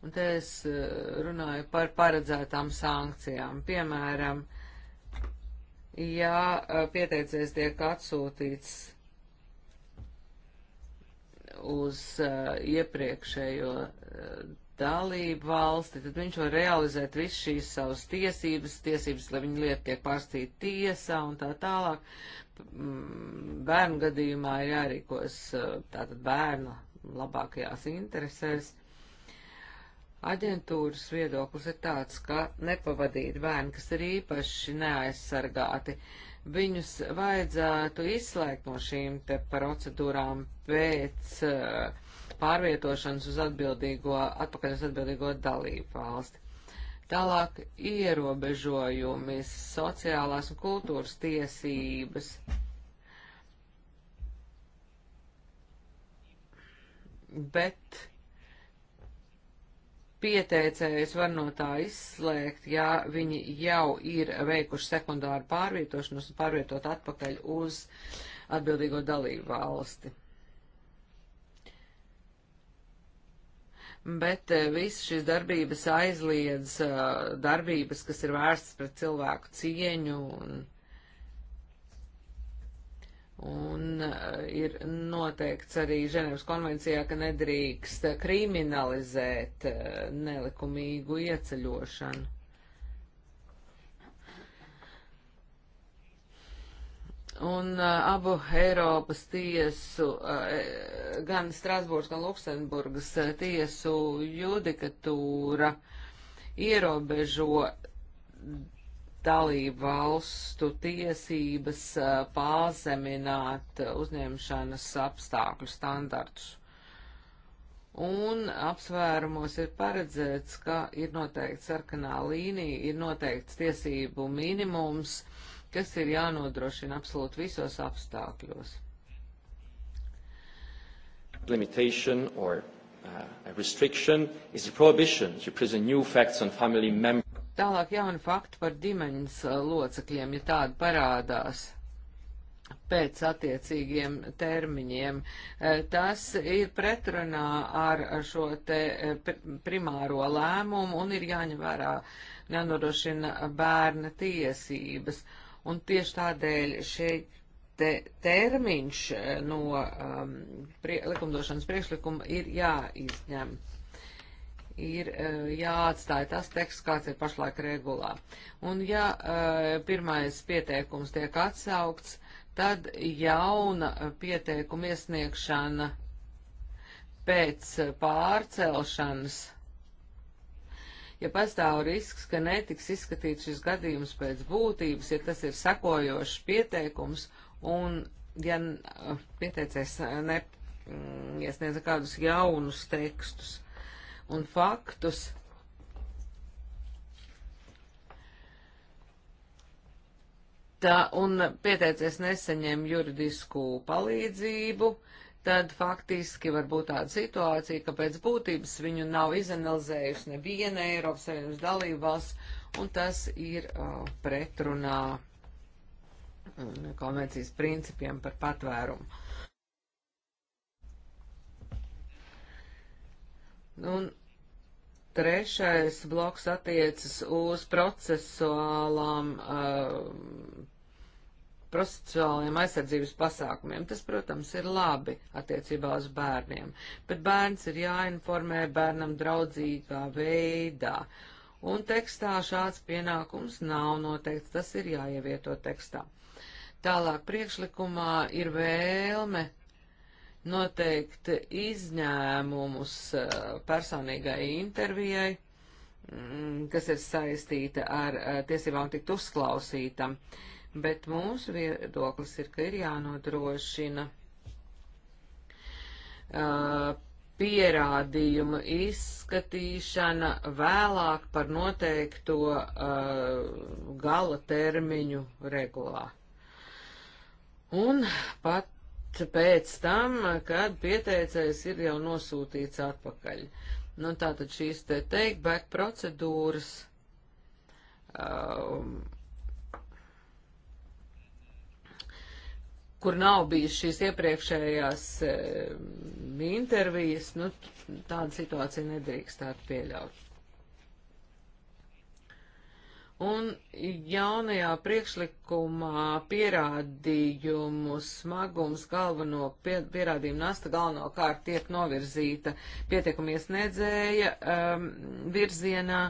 S4: Un te es runāju par paredzētām sankcijām, piemēram, ja pieteicies tiek atsūtīts uz uh, iepriekšējo uh, dalību valsti, tad viņš var realizēt visu šīs savas tiesības, tiesības, lai viņa lieta tiek pārstīta tiesā un tā tālāk. Mm, bērnu gadījumā ir jārīkos uh, tātad bērna labākajās interesēs. Aģentūras viedoklis ir tāds, ka nepavadīt bērni, kas ir īpaši neaizsargāti, viņus vajadzētu izslēgt no šīm te procedūrām pēc uh, pārvietošanas uz atbildīgo, atpakaļ uz atbildīgo dalību valsti. Tālāk ierobežojumi, sociālās un kultūras tiesības. Bet pieteicējus var no tā izslēgt, ja viņi jau ir veikuši sekundāru pārvietošanos un pārvietot atpakaļ uz atbildīgo dalību valsti. Bet eh, visas šīs darbības aizliedz eh, darbības, kas ir vērstas pret cilvēku cieņu un Un eh, ir noteikts arī Ženevas konvencijā, ka nedrīkst kriminalizēt eh, nelikumīgu ieceļošanu. Un uh, abu Eiropas tiesu, uh, gan Strasbūras, gan Luksemburgas uh, tiesu judikatūra ierobežo dalību valstu tiesības pāzemināt uzņemšanas apstākļu standartus. Un apsvērumos ir paredzēts, ka ir noteikts sarkanā līnija, ir noteikts tiesību minimums, kas ir jānodrošina absolūti visos apstākļos.
S2: Limitation or uh, a restriction is a prohibition to present new facts on family members.
S4: Tālāk jauni fakti par ģimeņas eh, locekļiem, ja tādi parādās pēc attiecīgiem termiņiem. Eh, tas ir pretrunā ar šo te eh, primāro lēmumu un ir jāņem vērā nenorošina bērna tiesības. Un tieši tādēļ šeit te termiņš no um, prie, likumdošanas priekšlikuma ir jāizņem. Uh, ir eh, jāatstāja tas teksts, kāds ir pašlaik regulā. Un ja eh, pirmais pieteikums tiek atsaukts, tad jauna eh, pieteikuma iesniegšana pēc pārcelšanas, ja pastāv risks, ka netiks izskatīts šis gadījums pēc būtības, ja tas ir sekojošs pieteikums un ja pieteicēs ne mm, iesniedz kādus jaunus tekstus un faktus. Tā, un pieteicies neseņem juridisku palīdzību, tad faktiski var būt tāda situācija, ka pēc būtības viņu nav izanalizējusi neviena Eiropas Savienības dalībvalsts, un tas ir uh, pretrunā konvencijas principiem par patvērumu. Un trešais bloks attiecas uz procesuālām, uh, procesuāliem aizsardzības pasākumiem. Tas, protams, ir labi attiecībā uz bērniem, bet bērns ir jāinformē bērnam draudzīgā veidā. Un tekstā šāds pienākums nav noteikts, tas ir jāievieto tekstā. Tālāk priekšlikumā ir vēlme noteikti izņēmumus eh, personīgai intervijai, mm, kas ir saistīta ar eh, tiesībām tikt uzklausītam, bet mūsu viedoklis ir, ka ir jānodrošina eh, pierādījumu izskatīšana vēlāk par noteikto uh, gala termiņu regulā. Un pat pēc tam, kad pieteicējs ir jau nosūtīts atpakaļ. Nu, tātad šīs te take-back procedūras. Um, kur nav bijis šīs iepriekšējās e, intervijas, nu, tāda situācija nedrīkstētu pieļaut. Un jaunajā priekšlikumā pierādījumu smagums galveno, pie, pierādījumu nasta galvenokārt tiek novirzīta pietiekami iesniedzēja um, virzienā,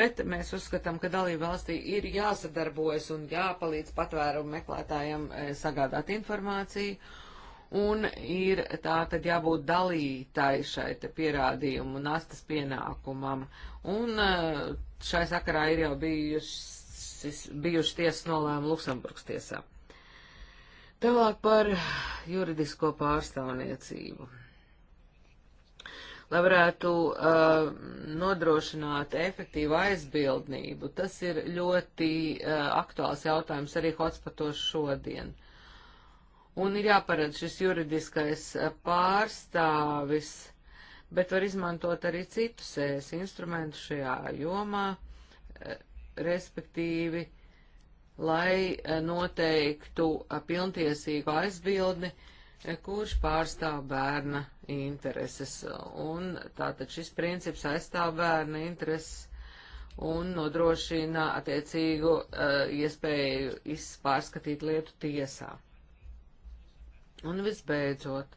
S4: bet mēs uzskatām, ka dalību valstī ir jāsadarbojas un jāpalīdz patvērumu meklētājiem eh, sagādāt informāciju. Un ir tā tad jābūt dalītai šai pierādījumu nastas pienākumam Un eh, šai sakarā ir jau bijušas, bijuši tiesas nolēma Luksemburgas tiesā. Tālāk par juridisko pārstāvniecību. Lai varētu uh, nodrošināt efektīvu aizbildnību, tas ir ļoti uh, aktuāls jautājums arī hotspatos šodien. Un ir jāparedz šis juridiskais pārstāvis bet var izmantot arī citus ES instrumentus šajā jomā, eh, respektīvi, lai eh, noteiktu eh, pilntiesīgu aizbildni, kurš pārstāv bērna intereses. Un tātad šis princips aizstāv bērna intereses un nodrošina attiecīgu uh, iespēju izpārskatīt lietu tiesā. Un visbeidzot,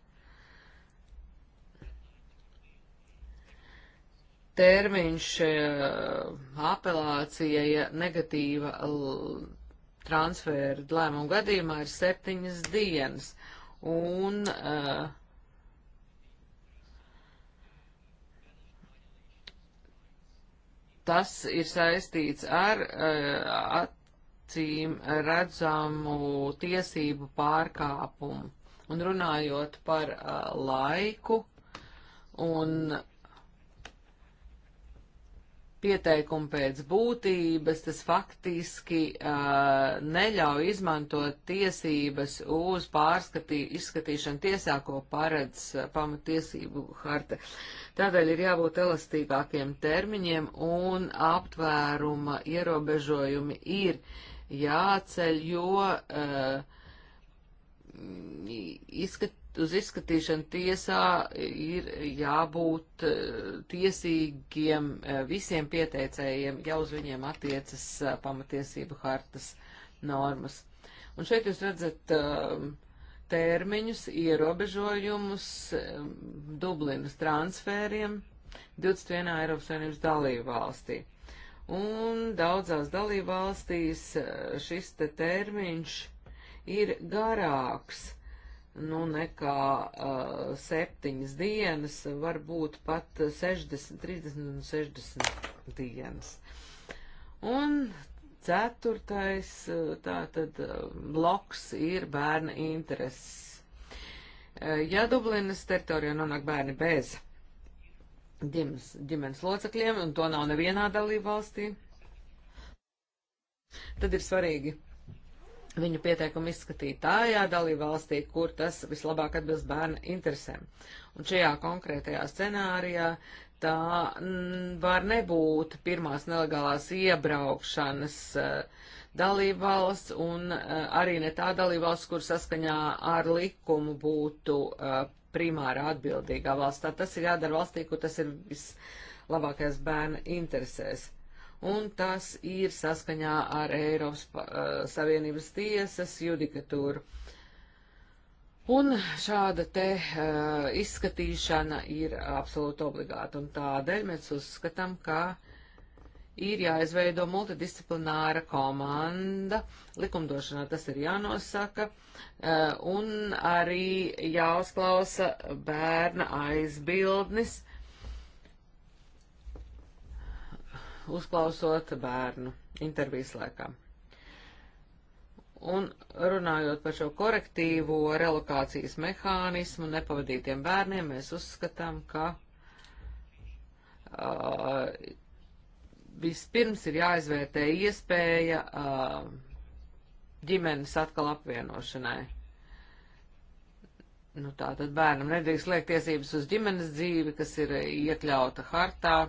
S4: termiņš eh, apelācijai ja negatīva transfēra lēmuma gadījumā ir septiņas dienas. Un uh, tas ir saistīts ar uh, acīm redzamu tiesību pārkāpumu. Un runājot par uh, laiku un pieteikumu pēc būtības, tas faktiski uh, neļauj izmantot tiesības uz pārskatī, izskatīšanu tiesā, ko paredz uh, pamatiesību harta. Tādēļ ir jābūt elastīgākiem termiņiem un aptvēruma ierobežojumi ir jāceļ, jo uh, izskat uz izskatīšanu tiesā ir jābūt eh, tiesīgiem eh, visiem pieteicējiem, ja uz viņiem attiecas eh, pamatiesību hartas normas. Un šeit jūs redzat ehm, termiņus, ierobežojumus ehm, Dublinas transfēriem 21. Eiropas Savienības dalību valstī. Un daudzās dalību valstīs šis te termiņš ir garāks nu, nekā uh, septiņas dienas, varbūt pat 60, 30 un 60 dienas. Un ceturtais tātad bloks ir bērna intereses. Ja Dublinas teritorijā nonāk bērni bez ģimenes, ģimenes locekļiem, un to nav nevienā dalība valstī, tad ir svarīgi viņu pieteikumu izskatīt tājā dalībvalstī, kur tas vislabāk atbilst bērna interesēm. Un šajā konkrētajā scenārijā tā var nebūt pirmās nelegālās iebraukšanas eh, dalībvalsts un eh, arī ne tā dalībvalsts, kur saskaņā ar likumu būtu eh, primāra atbildīgā valsts. Tā tas ir jādara valstī, kur tas ir vislabākais bērna interesēs un tas ir saskaņā ar Eiropas eh, Savienības tiesas judikatūru. Un šāda te uh, izskatīšana ir absolūti obligāta, un tādēļ mēs uzskatām, ka ir jāizveido multidisciplināra komanda, likumdošanā tas ir jānosaka, uh, un arī jāuzklausa bērna aizbildnis, uzklausot bērnu intervijas laikā. Un runājot par šo korektīvo relokācijas mehānismu nepavadītiem bērniem, mēs uzskatām, ka uh, vispirms ir jāizvērtē iespēja uh, ģimenes atkal apvienošanai. Nu, tā tad bērnam nedrīkst liekt tiesības uz ģimenes dzīvi, kas ir iekļauta hartā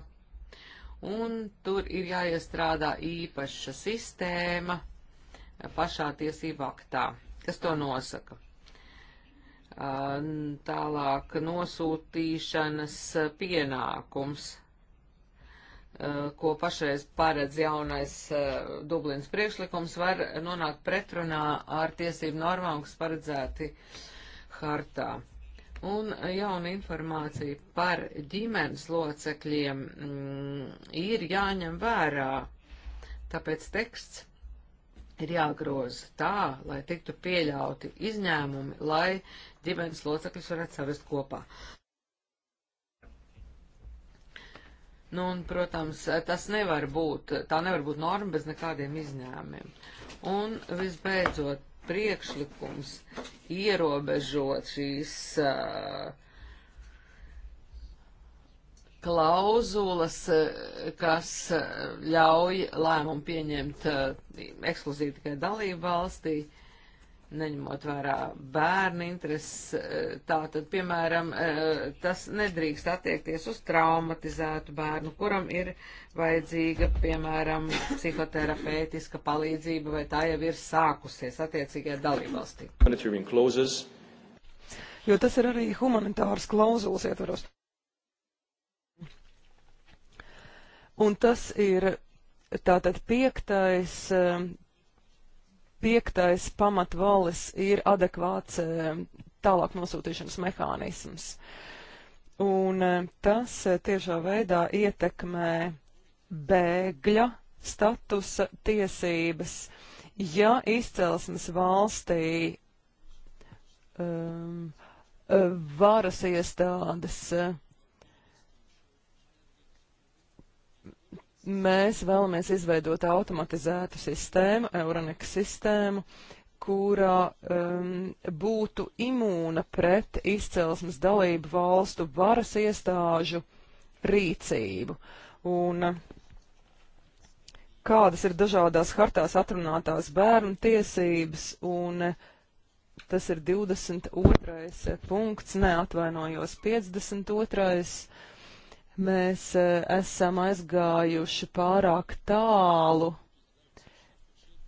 S4: un tur ir jāiestrādā īpaša sistēma pašā tiesību aktā, kas to nosaka. Tālāk nosūtīšanas pienākums, ko pašreiz paredz jaunais Dublins priekšlikums, var nonākt pretrunā ar tiesību normām, kas paredzēti hartā. Un jauna informācija par ģimenes locekļiem mm, ir jāņem vērā, tāpēc teksts ir jāgroza tā, lai tiktu pieļauti izņēmumi, lai ģimenes locekļus varētu savest kopā. Nu, un, protams, tas nevar būt, tā nevar būt norma bez nekādiem izņēmumiem. Un, visbeidzot, priekšlikums ierobežot šīs uh, klauzulas, uh, kas uh, ļauj lēmumu pieņemt uh, ekskluzīvi tikai dalību valstī. Uh, neņemot vērā bērnu intereses. Eh, tā tad, piemēram, eh, tas nedrīkst attiekties uz traumatizētu bērnu, kuram ir vajadzīga, piemēram, psihoterapeitiska palīdzība, vai tā jau ir sākusies
S5: attiecīgajā dalībvalstī. Jo tas ir arī humanitārs klauzulas ietvaros. Un tas ir tātad piektais eh, piektais pamatvalis ir adekvāts e, tālāk nosūtīšanas mehānisms. Un e, tas e, tiešā veidā ietekmē bēgļa statusa tiesības. Ja izcelsmes valstī um, varas iestādes uh, Mēs vēlamies izveidot automatizētu sistēmu, Euronika sistēmu, kurā um, būtu imūna pret izcelsmes dalību valstu varas iestāžu rīcību. Un kādas ir dažādās hartās atrunātās bērnu tiesības, un tas ir 22. punkts, neatvainojos 52 Mēs e, esam aizgājuši pārāk tālu.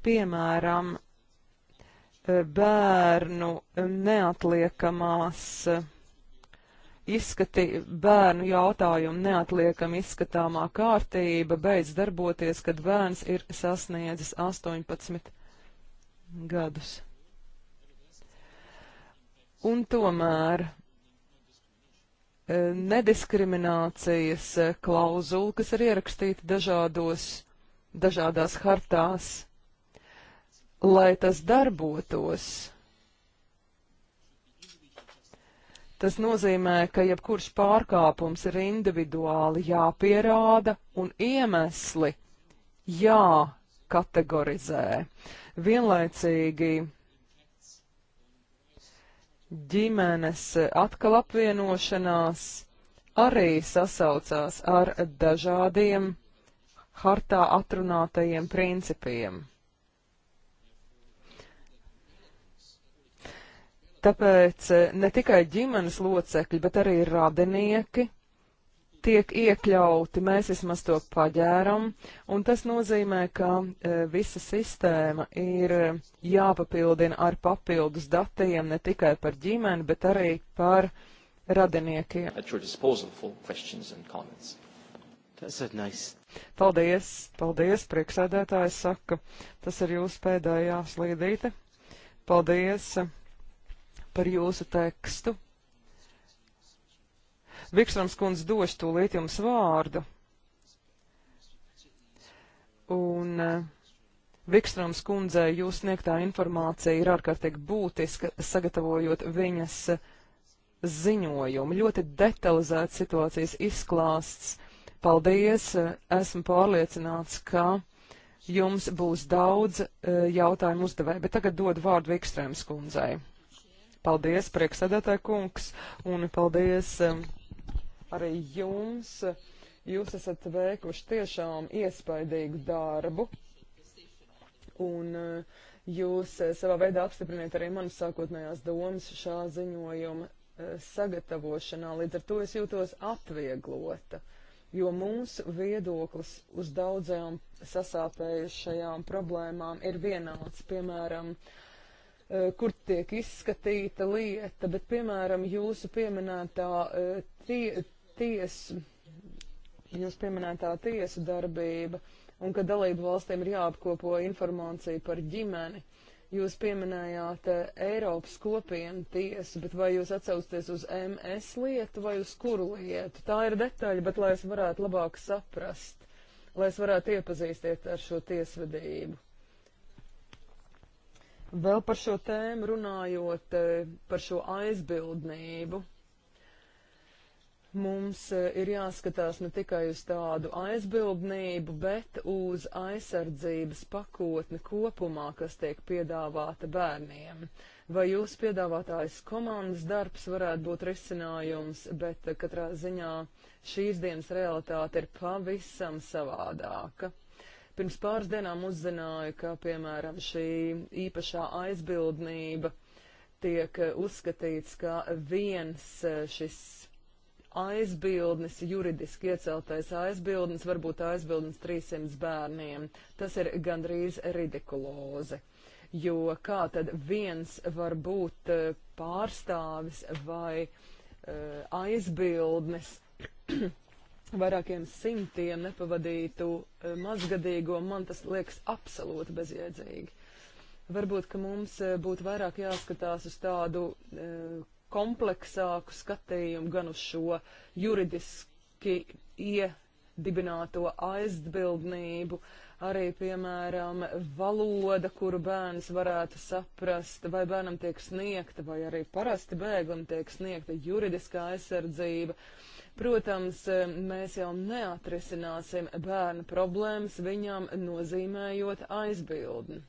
S5: Piemēram, e, bērnu neatliekamās e, izskati, bērnu jautājumu neatliekam izskatāmā kārtība beidz darboties, kad bērns ir sasniedzis 18 gadus. Un tomēr E, nediskriminācijas e, klauzulu, kas ir ierakstīta dažādos, dažādās hartās, lai tas darbotos. Tas nozīmē, ka jebkurš pārkāpums ir individuāli jāpierāda un iemesli jākategorizē. Vienlaicīgi ģimenes eh, atkal apvienošanās arī sasaucās ar dažādiem hartā atrunātajiem principiem. Tāpēc eh, ne tikai ģimenes locekļi, bet arī radinieki tiek iekļauti, mēs vismaz to paģēram, un tas nozīmē, ka e, visa sistēma ir e, jāpapildina ar papildus datiem ne tikai par ģimeni, bet arī par radiniekiem. Nice. Paldies, paldies, priekšsēdētājs saka, tas ir jūsu pēdējā slīdīte. Paldies par jūsu tekstu, Vikstrams kundze došu tūlīt jums vārdu. Un e, Vikstrams kundzei jūs sniegtā informācija ir ārkārtīgi būtiska, sagatavojot viņas e, ziņojumu. Ļoti detalizēts situācijas izklāsts. Paldies! E, esmu pārliecināts, ka jums būs daudz jautājumu uzdevēju, bet tagad dod vārdu Vikstrēms kundzei. Paldies, prieksēdētāji kungs, un paldies arī jums. Jūs esat veikuši tiešām iespaidīgu darbu, un eh, jūs eh, savā veidā apstipriniet arī manas sākotnējās domas šā ziņojuma eh, sagatavošanā. Līdz ar to es jūtos atvieglota, jo mūsu viedoklis uz daudzajām sasāpējušajām problēmām ir vienāds, piemēram, kur tiek izskatīta lieta, bet, piemēram, jūsu pieminētā tie, tiesu, jūs pieminētā tiesu darbība un ka dalību valstīm ir jāapkopo informācija par ģimeni. Jūs pieminējāt eh, Eiropas kopienu tiesu, bet vai jūs atsaucaties uz MS lietu vai uz kuru lietu? Tā ir detaļa, bet lai es varētu labāk saprast, lai es varētu iepazīstiet ar šo tiesvedību. Vēl par šo tēmu runājot, eh, par šo aizbildnību. Mums eh, ir jāskatās ne tikai uz tādu aizbildnību, bet uz aizsardzības pakotni kopumā, kas tiek piedāvāta bērniem. Vai jūsu piedāvātājs komandas darbs varētu būt risinājums, bet eh, katrā ziņā šīs dienas realitāte ir pavisam savādāka. Pirms pāris dienām uzzināju, ka, piemēram, šī īpašā aizbildnība tiek eh, uzskatīts, ka viens šis aizbildnis, juridiski ieceltais aizbildnis, varbūt aizbildnis 300 bērniem. Tas ir gandrīz ridikulozi. Jo kā tad viens var būt eh, pārstāvis vai uh, eh, aizbildnis vairākiem simtiem nepavadītu uh, mazgadīgo, man tas liekas absolūti bezjēdzīgi. Varbūt, ka mums uh, būtu vairāk jāskatās uz tādu kompleksāku skatījumu gan uz šo juridiski iedibināto aizbildnību, arī, piemēram, valoda, kuru bērns varētu saprast, vai bērnam tiek sniegta, vai arī parasti bēglim tiek sniegta juridiskā aizsardzība. Protams, mēs jau neatrisināsim bērnu problēmas viņam nozīmējot aizbildni.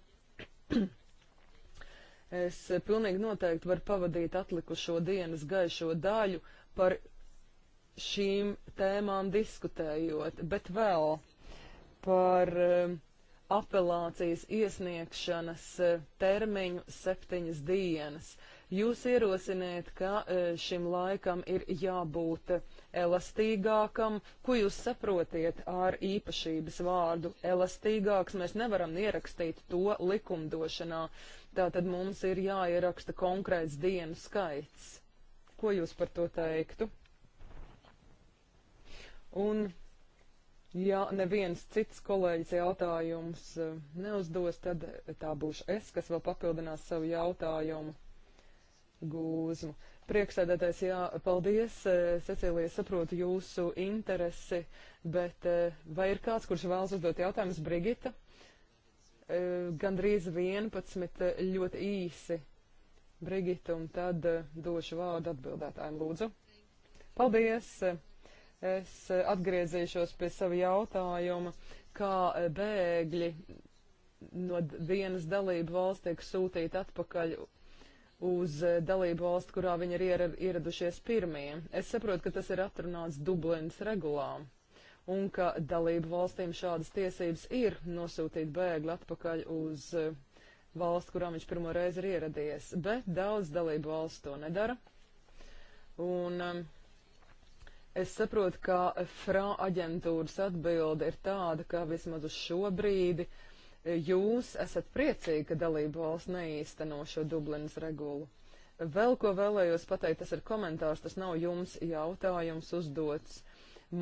S5: Es pilnīgi noteikti varu pavadīt atlikušo dienas gaišo daļu par šīm tēmām diskutējot, bet vēl par eh, apelācijas iesniegšanas eh, termiņu septiņas dienas. Jūs ierosiniet, ka eh, šim laikam ir jābūt uh, elastīgākam. Ko jūs saprotiet ar īpašības vārdu elastīgāks? Mēs nevaram ierakstīt to likumdošanā. Tātad mums ir jāieraksta konkrēts dienu skaits. Ko jūs par to teiktu? Un Ja neviens cits kolēģis jautājums eh, neuzdos, tad tā būšu es, kas vēl papildinās savu jautājumu gūzmu. Prieksēdētais, jā, paldies, Cecīlija, saprotu jūsu interesi, bet eh, vai ir kāds, kurš vēlas uzdot jautājumus, Brigita? Eh, gandrīz 11, eh, ļoti īsi. Brigita, un tad došu vārdu atbildētājiem, lūdzu. Paldies! Es atgriezīšos pie sava jautājuma, kā bēgļi no vienas dalību valsts tiek sūtīti atpakaļ uz eh, dalību valstu, kurā viņi ir ieradušies pirmie. Es saprotu, ka tas ir atrunāts Dublinas regulā un ka dalību valstīm šādas tiesības ir nosūtīt bēgli atpakaļ uz eh, valsts, kurā viņš pirmo reizi ir ieradies, bet daudz dalību valsts to nedara. Un um, es saprotu, ka FRA aģentūras atbilde ir tāda, ka vismaz uz šo brīdi uh, jūs esat priecīgi, ka dalību valsts neīsteno šo Dublinas regulu. Vēl ko vēlējos pateikt, tas ir komentārs, tas nav jums jautājums uzdots.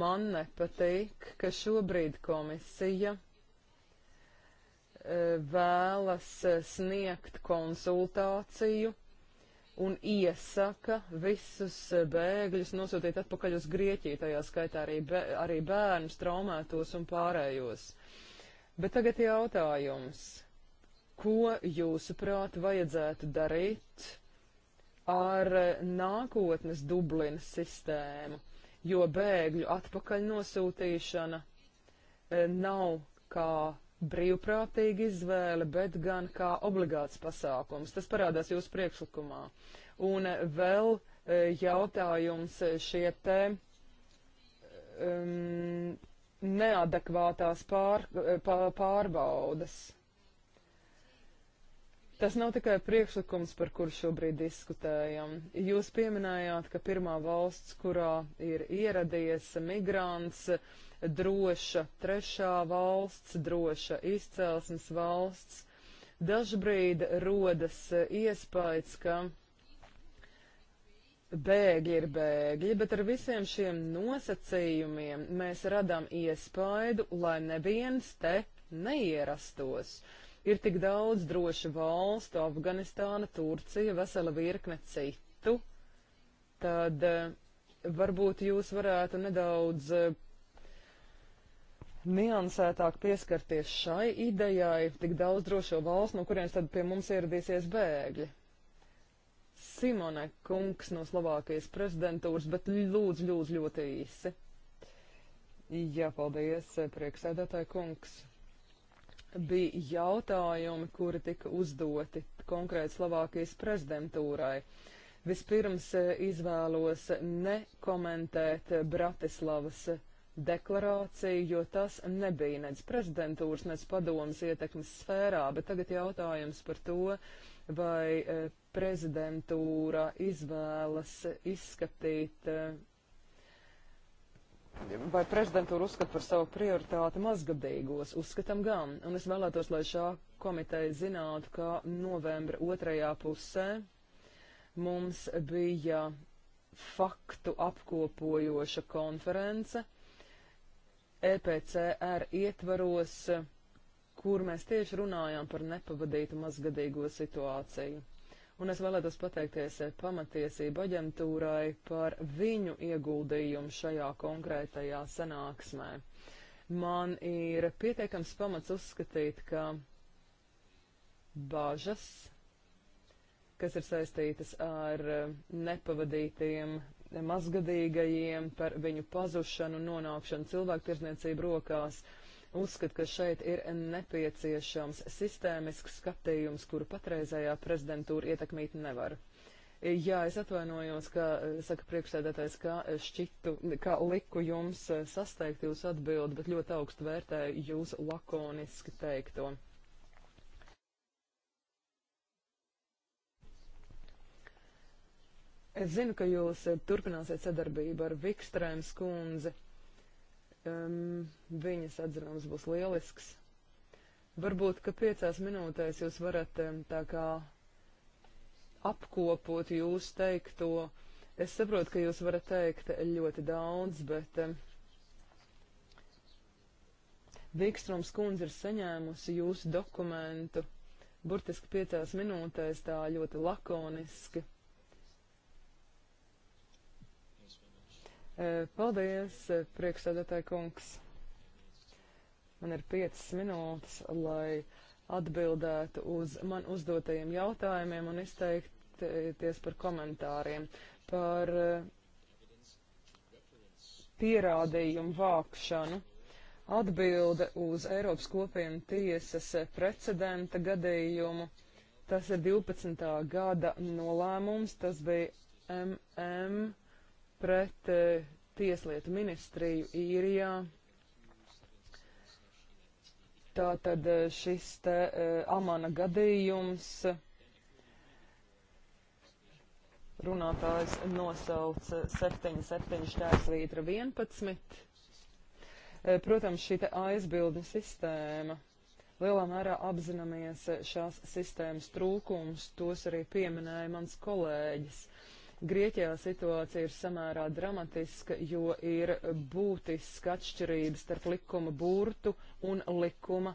S5: Man nepatīk, ka šobrīd komisija e, vēlas e, sniegt konsultāciju un iesaka visus e, bēgļus nosūtīt atpakaļ uz Grieķiju, tajā skaitā arī, bē, arī bērnus, traumētos un pārējos. Uh, Bet tagad jautājums, ko jūsuprāt vajadzētu darīt ar nākotnes Dublinas sistēmu, jo bēgļu atpakaļ nosūtīšana e, nav kā brīvprātīga izvēle, bet gan kā obligāts pasākums. Tas parādās jūsu priekšlikumā. Un vēl e, jautājums e, šie te um, neadekvātās pār, eh, pārbaudas. Tas nav tikai priekšlikums, par kuru šobrīd diskutējam. Jūs pieminējāt, ka pirmā valsts, kurā ir ieradies migrants, droša trešā valsts, droša izcelsmes valsts, dažbrīd rodas iespējas, ka bēgļi ir bēgļi, bet ar visiem šiem nosacījumiem mēs radām iespaidu, lai neviens te neierastos. Ir tik daudz drošu valstu, Afganistāna, Turcija, vesela virkne citu, tad eh, varbūt jūs varētu nedaudz eh, niansētāk pieskarties šai idejai, tik daudz drošo valstu, no kurienes tad pie mums ieradīsies bēgļi. Simone Kungs no Slovākijas prezidentūras, bet lūdzu, lūdzu, ļoti īsi. Jā, paldies, prieksēdētāji kungs. Bija jautājumi, kuri tika uzdoti konkrēti Slovākijas prezidentūrai. Vispirms eh, izvēlos nekomentēt Bratislavas deklarāciju, jo tas nebija nec prezidentūras, nec padomas ietekmes sfērā, bet tagad jautājums par to, vai eh, prezidentūra izvēlas izskatīt, eh, vai prezidentūra uzskata par savu prioritāti mazgadīgos, uzskatam gan. Un es vēlētos, lai šā komiteja zinātu, ka novembra otrajā pusē mums bija faktu apkopojoša konference EPCR ietvaros kur mēs tieši runājām par nepavadītu mazgadīgo situāciju un es vēlētos pateikties eh, pamatiesību aģentūrai par viņu ieguldījumu šajā konkrētajā sanāksmē. Man ir pietiekams pamats uzskatīt, ka bažas, kas ir saistītas ar eh, nepavadītiem mazgadīgajiem, par viņu pazušanu, nonākšanu cilvēku tirzniecību rokās, uh, uzskata, ka šeit ir nepieciešams sistēmisks skatījums, kuru patreizējā prezidentūra ietekmīt nevar. Jā, es atvainojos, ka, saka priekšsēdētājs, ka šķitu, ka liku jums eh, sasteigt jūsu atbildi, bet ļoti augstu vērtēju jūsu lakoniski teikto. Es zinu, ka jūs eh, turpināsiet sadarbību ar Vikstrēms kundzi, Um, viņas atzinums būs lielisks. Varbūt, ka piecās minūtēs jūs varat um, tā kā apkopot jūs teikto. Es saprotu, ka jūs varat teikt ļoti daudz, bet um, Vīkstroms kundze ir saņēmusi jūsu dokumentu burtiski piecās minūtēs tā ļoti lakoniski Paldies, priekšsēdētāji kungs. Man ir piecas minūtes, lai atbildētu uz man uzdotajiem jautājumiem un izteikties par komentāriem. Par pierādījumu vākšanu. Atbilde uz Eiropas kopienu tiesas precedenta gadījumu. Tas ir 12. gada nolēmums, tas bija MM pret eh, Tieslietu ministriju īrijā. Tātad eh, šis te eh, amana gadījums runātājs nosauca 77 šķērslītra 11. Protams, šī te aizbildņa sistēma. Lielā mērā apzināmies šās sistēmas trūkums, tos arī pieminēja mans kolēģis. Uh, Grieķijā situācija ir samērā dramatiska, jo ir būtiska atšķirība starp likuma burtu un likuma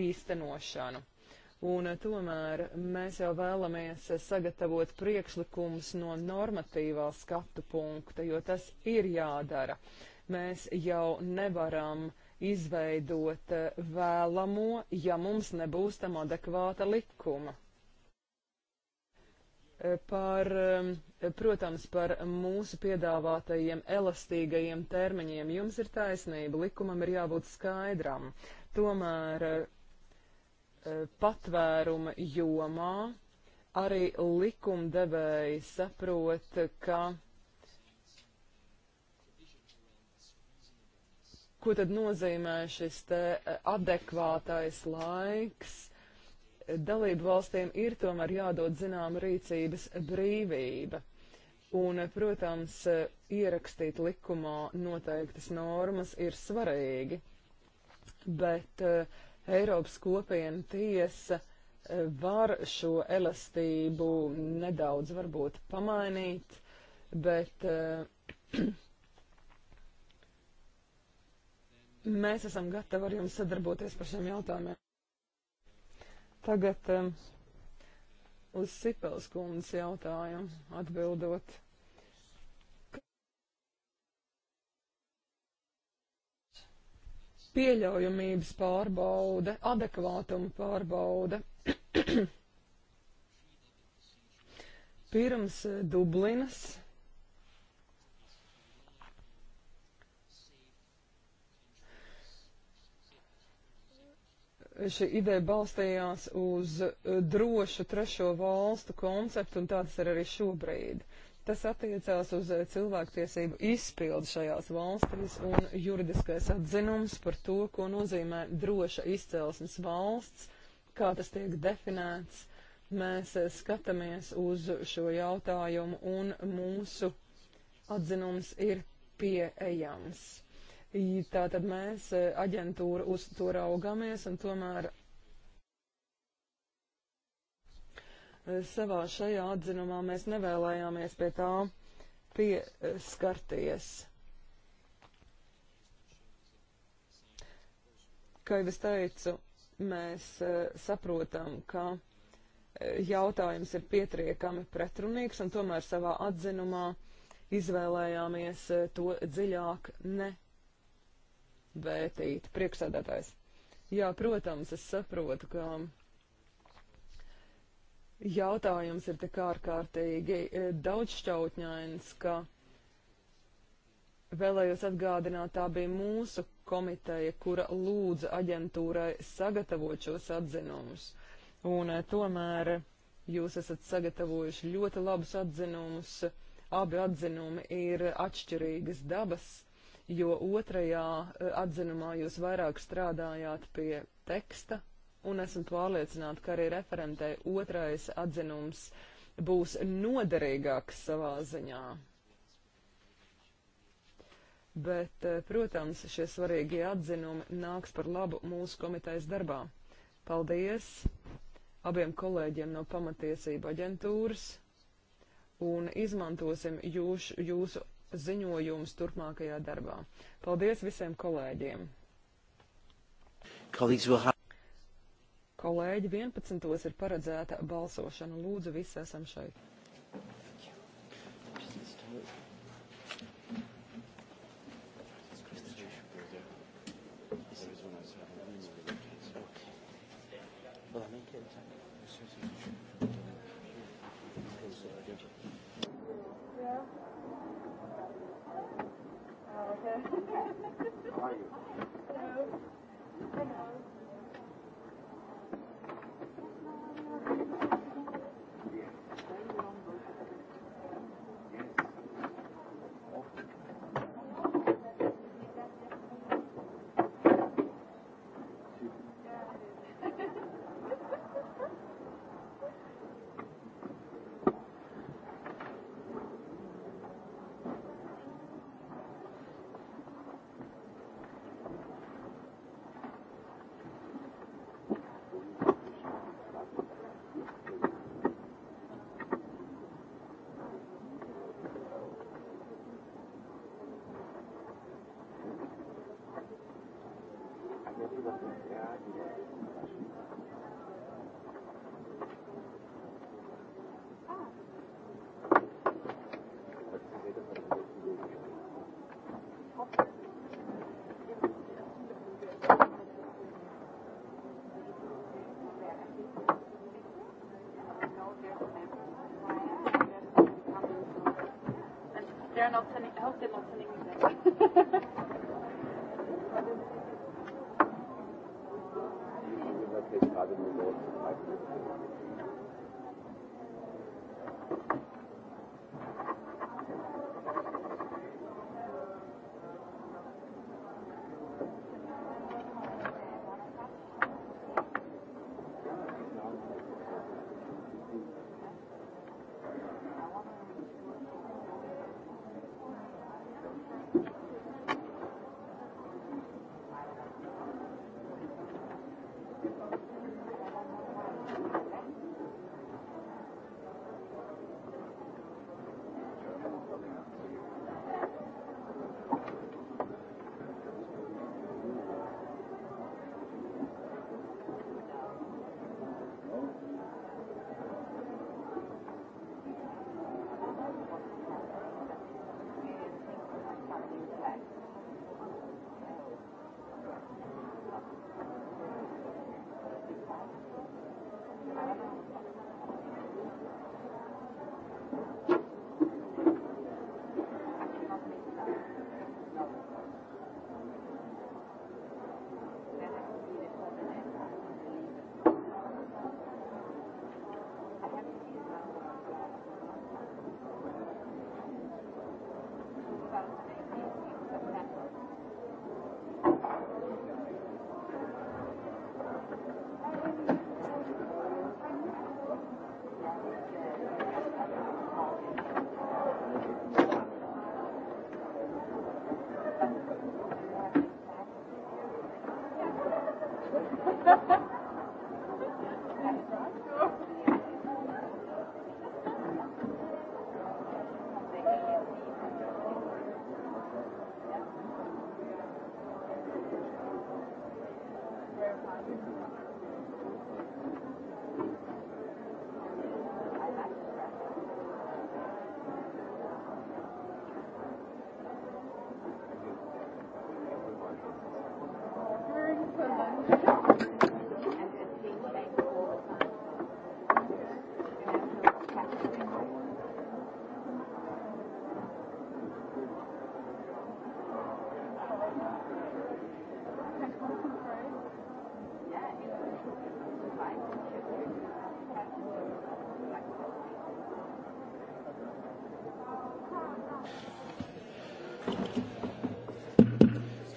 S5: īstenošanu. Un eh, tomēr mēs jau vēlamies eh, sagatavot priekšlikumus no normatīvā skatu punkta, jo tas ir jādara. Mēs jau nevaram izveidot eh, vēlamo, ja mums nebūs tam adekvāta likuma par, um, protams, par mūsu piedāvātajiem elastīgajiem termiņiem. Jums ir taisnība, likumam ir jābūt skaidram. Tomēr uh, patvēruma jomā arī likumdevēji saprot, ka ko tad nozīmē šis te uh, adekvātais laiks dalību valstīm ir tomēr jādod zināma rīcības brīvība. Un, protams, ierakstīt likumā noteiktas normas ir svarīgi, bet eh, Eiropas kopiena tiesa eh, var šo elastību nedaudz varbūt pamainīt, bet eh, mēs esam gatavi ar jums sadarboties par šiem jautājumiem. Tagad um, uz Sipels kundas jautājumu atbildot. Pieļaujamības pārbaude, adekvātuma pārbaude. Pirms Dublinas šī ideja balstījās uz eh, drošu trešo valstu konceptu, un tāds ir arī šobrīd. Tas attiecās uz eh, cilvēktiesību izpildu šajās valstīs un juridiskais atzinums par to, ko nozīmē droša izcelsmes valsts, kā tas tiek definēts. Mēs eh, skatāmies uz šo jautājumu un mūsu atzinums ir pieejams. Tātad mēs e, aģentūra uz to raugamies un tomēr e, savā šajā atzinumā mēs nevēlējāmies pie tā pieskarties. Kā jau es teicu, mēs e, saprotam, ka jautājums ir pietriekami pretrunīgs un tomēr savā atzinumā izvēlējāmies to dziļāk ne vētīt. Priekšsēdētājs. Jā, protams, es saprotu, ka jautājums ir tik ārkārtīgi e, daudzšķautņains, ka vēlējos atgādināt, tā bija mūsu komiteja, kura lūdza aģentūrai sagatavot šos atzinumus. Un e, tomēr jūs esat sagatavojuši ļoti labus atzinumus. Abi atzinumi ir atšķirīgas dabas jo otrajā e, atzinumā jūs vairāk strādājāt pie teksta, un esmu pārliecināta, ka arī referentē otrais atzinums būs noderīgāks savā ziņā. Bet, e, protams, šie svarīgie atzinumi nāks par labu mūsu komitejas darbā. Paldies abiem kolēģiem no pamatiesība aģentūras un izmantosim jūs, jūsu ziņojumus turpmākajā darbā. Paldies visiem kolēģiem! Kolēģi 11. ir paredzēta balsošana. Lūdzu, visi esam šeit!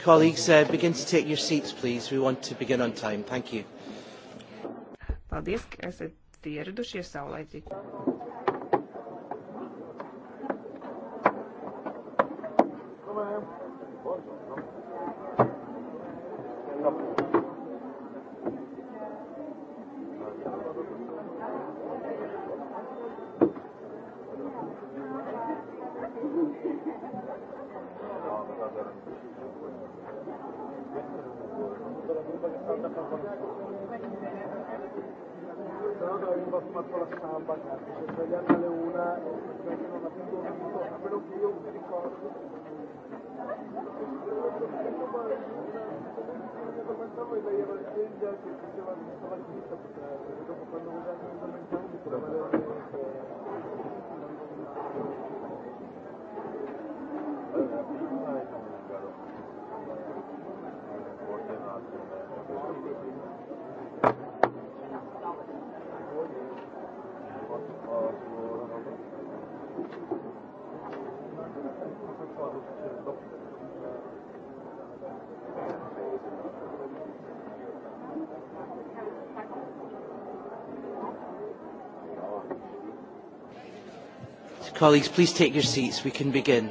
S1: Colleagues, uh, begin to take your seats, please. We want to begin on time. Thank you.
S3: Paldies, ka esat ieradušies saulaicīgi.
S1: Colleagues, please take your seats. We can begin.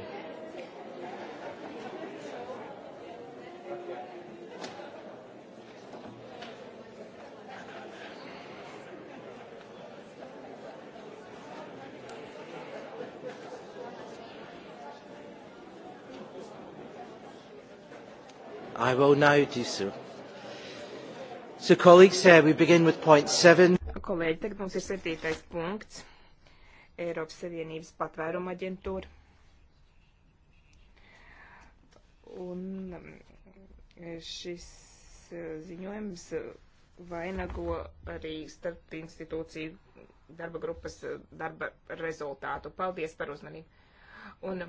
S1: I will now do so. So, colleagues, uh, we begin with point seven.
S3: Kolēģi, tagad mums ir septītais punkts Eiropas Savienības patvēruma aģentūra. Un eh, šis eh, ziņojums vainago arī starp institūciju darba grupas eh, darba rezultātu. Paldies par uzmanību. Un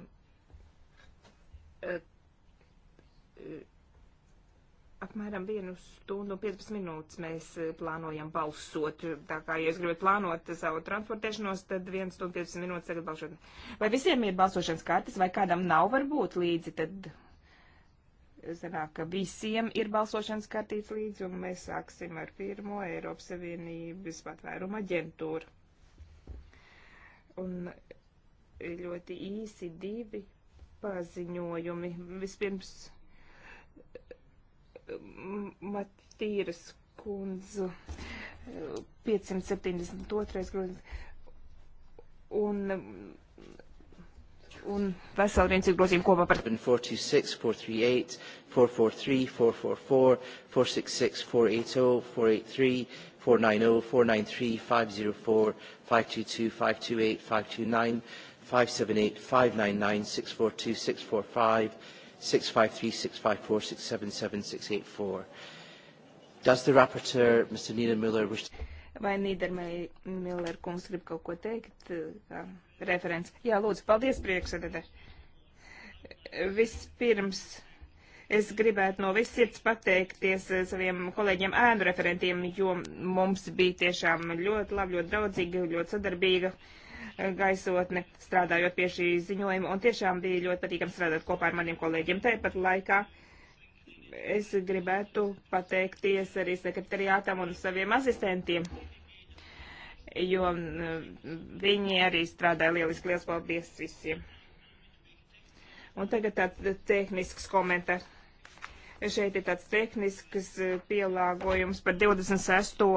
S3: apmēram 1 stundu un 15 minūtes mēs eh, plānojam balsot. Tā kā jūs gribat plānot savu transportēšanos, tad 1 stundu 15 minūtes tagad balsot. Vai visiem ir balsošanas kartes, vai kādam nav varbūt līdzi, tad sanāk, ka visiem ir balsošanas kartīts līdzi, un mēs sāksim ar pirmo Eiropas Savienības patvērumu aģentūru. Un ļoti īsi divi paziņojumi. Vispirms Matīras kundzu 572. grozījums.
S1: Un, un veseli viens ir grozījumi kopā par 426, 438, 443, 444, 466, 480, 483, 490, 493, 504, 522, 528, 529, 578, 599, 642, 645, 653, 654, 677, 684. Does the rapporteur, Mr. Niedermüller, wish to...
S3: Vai Nīdermiller kungs grib kaut ko teikt? Kā referents. Jā, lūdzu, paldies priekšsēdētē. Vispirms es gribētu no viss sirds pateikties eh, saviem kolēģiem ēnu referentiem, jo mums bija tiešām ļoti labi, ļoti draudzīgi, ļoti sadarbīga uh, gaisotne, strādājot pie šī ziņojuma, un tiešām bija ļoti patīkami strādāt kopā ar maniem kolēģiem. Tāpat laikā es gribētu pateikties arī sekretariātam un saviem asistentiem, jo mm, viņi arī strādāja lieliski. Liels paldies visiem! Un tagad tāds tehnisks komentārs. Šeit ir tāds tehnisks pielāgojums par 26.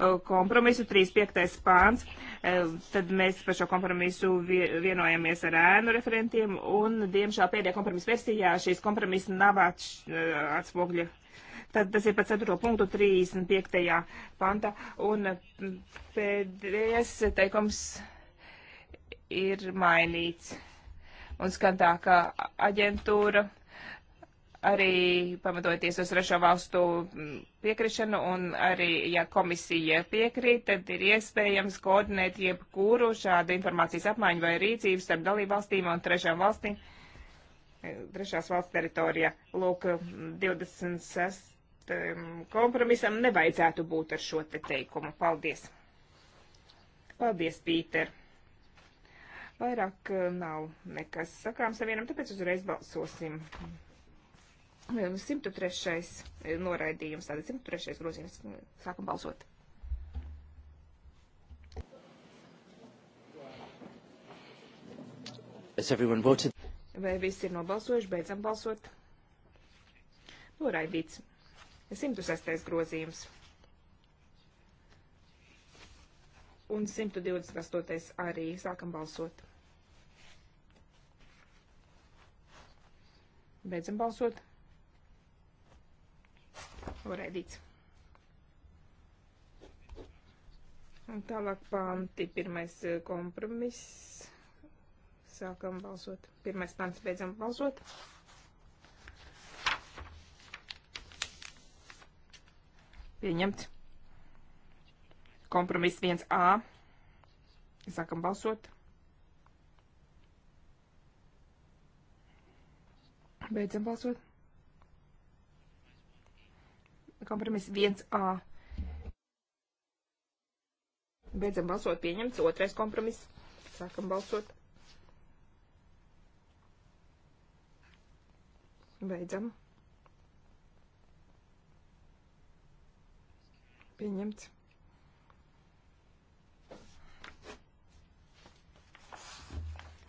S3: Uh, kompromisu, 35. pāns, uh, tad mēs par šo kompromisu vienojamies ar ēnu referentiem, un, diemžēl, pēdējā kompromisa versijā šīs kompromisa nav uh, atspogļa. Tad tas ir par 4. punktu 35. panta, un pēdējais teikums ir mainīts. Un skan tā, ka aģentūra arī pamatojoties uz trešo valstu piekrišanu, un arī, ja komisija piekrīt, tad ir iespējams koordinēt jebkuru šādu informācijas apmaiņu vai rīcību starp dalībvalstīm un trešām valstīm, eh, trešās valsts teritorijā. Lūk, 26. kompromisam nevajadzētu būt ar šo te teikumu. Paldies! Paldies, Pīter! Vairāk eh, nav nekas sakāms ar vienam, tāpēc uzreiz balsosim. 103. Eh, noraidījums, tātad 103. grozījums. Sākam balsot. Vai visi ir nobalsojuši? Beidzam balsot. Noraidīts. 106. grozījums. Un 128. arī. Sākam balsot. Beidzam balsot noraidīts. Un tālāk panti, pirmais eh, kompromiss. Sākam balsot. Pirmais pants, beidzam balsot. Pieņemts. Kompromiss 1A. Sākam balsot. Beidzam balsot. Kompromiss 1A. Beidzam balsot pieņemts. Otrais kompromiss. Sākam balsot. Beidzam. Pieņemts.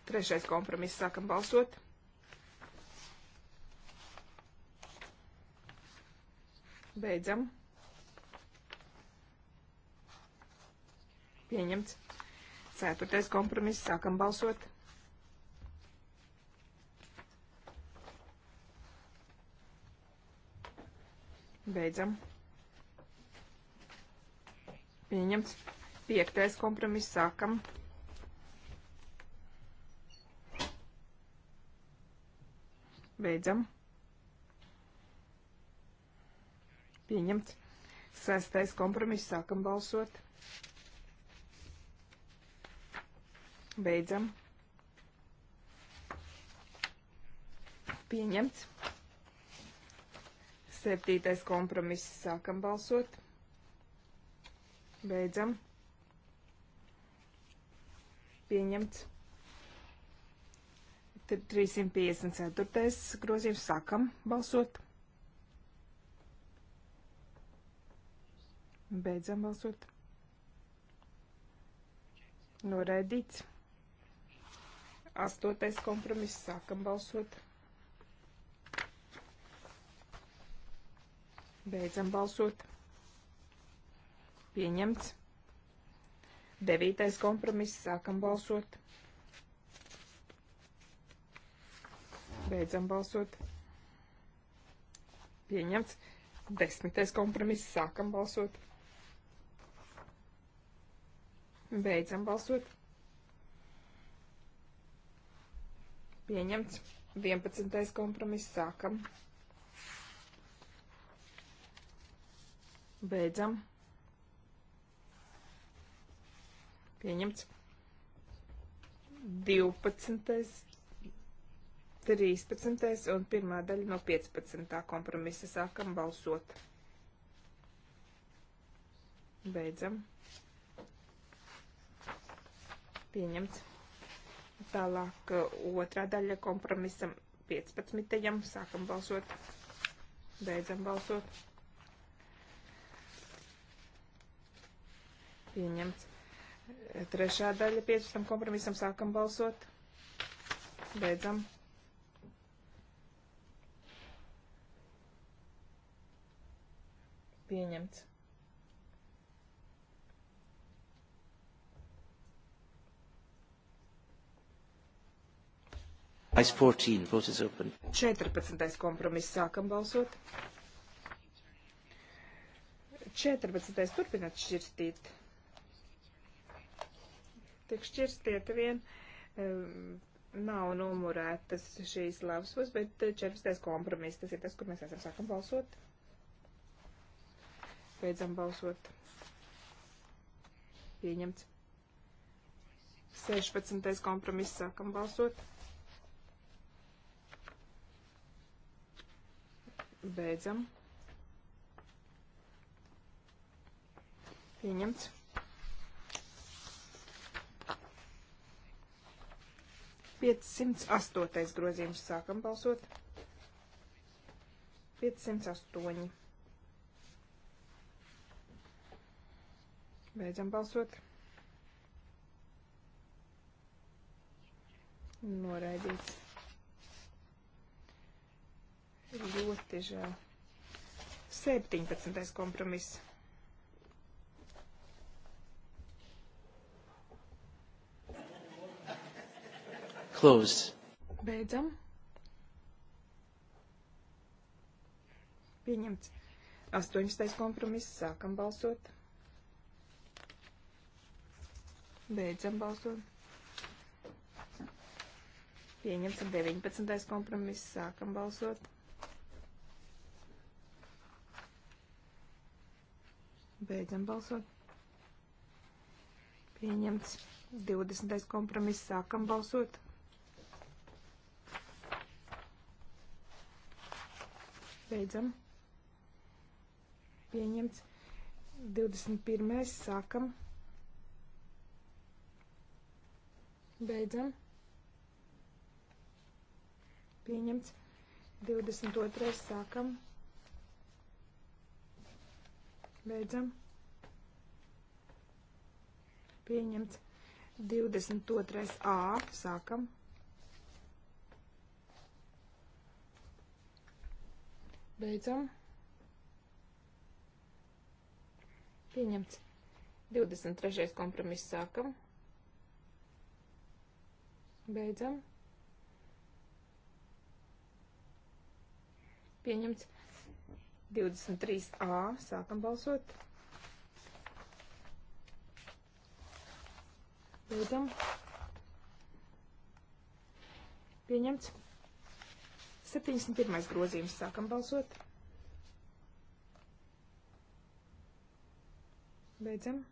S3: Trešais kompromiss. Sākam balsot. Beidzam. Pieņemts. Ceturtais kompromiss. Sākam balsot. Beidzam. Pieņemts. Piektais kompromiss sākam. Beidzam. Pieņemts. Sestais kompromiss. Sākam balsot. Beidzam. Pieņemts. Septītais kompromiss. Sākam balsot. Beidzam. Pieņemts. 354. grozījums. Sākam balsot. Beidzam balsot. Noraidīts. Astotais kompromiss. Sākam balsot. Beidzam balsot. Pieņemts. Devītais kompromiss. Sākam balsot. Beidzam balsot. Pieņemts. Desmitais kompromiss. Sākam balsot. Beidzam balsot. Pieņemts. 11. kompromiss sākam. Beidzam. Pieņemts. 12. 13. un pirmā daļa no 15. kompromisa sākam balsot. Beidzam pieņemts. Tālāk uh, otrā daļa kompromisam 15. Sākam balsot. Beidzam balsot. Pieņemts. Trešā daļa 15. kompromisam sākam balsot. Beidzam. Pieņemts.
S1: Ice 14. Vote is open.
S3: 14. kompromiss. Sākam balsot. 14. turpināt šķirstīt. Tik šķirstiet vien. Um, nav numurētas šīs lapsvas, bet 14. kompromiss, tas ir tas, kur mēs esam sākam balsot. Beidzam balsot. Pieņemts. 16. kompromiss sākam balsot. Beidzam. Pieņemts. Piecsimts astotais grozījums. Sākam balsot. Piecsimts astoņi. Beidzam balsot. Noraidīts. Ļoti žēl. 17. kompromiss. Closed. Beidzam. Pieņemts. 18. kompromiss. Sākam balsot. Beidzam balsot. Pieņemts 19. kompromiss. Sākam balsot. Beidzam balsot. Pieņemts. 20. kompromiss. Sākam balsot. Beidzam. Pieņemts. 21. Sākam. Beidzam. Pieņemts. 22. Sākam. Beidzam. Pieņemts. 22. A. Sākam. Beidzam. Pieņemts. 23. kompromiss sākam. Beidzam. Pieņemts. 23a. Sākam balsot. Beidzam. Pieņemts. 71. grozījums. Sākam balsot. Beidzam.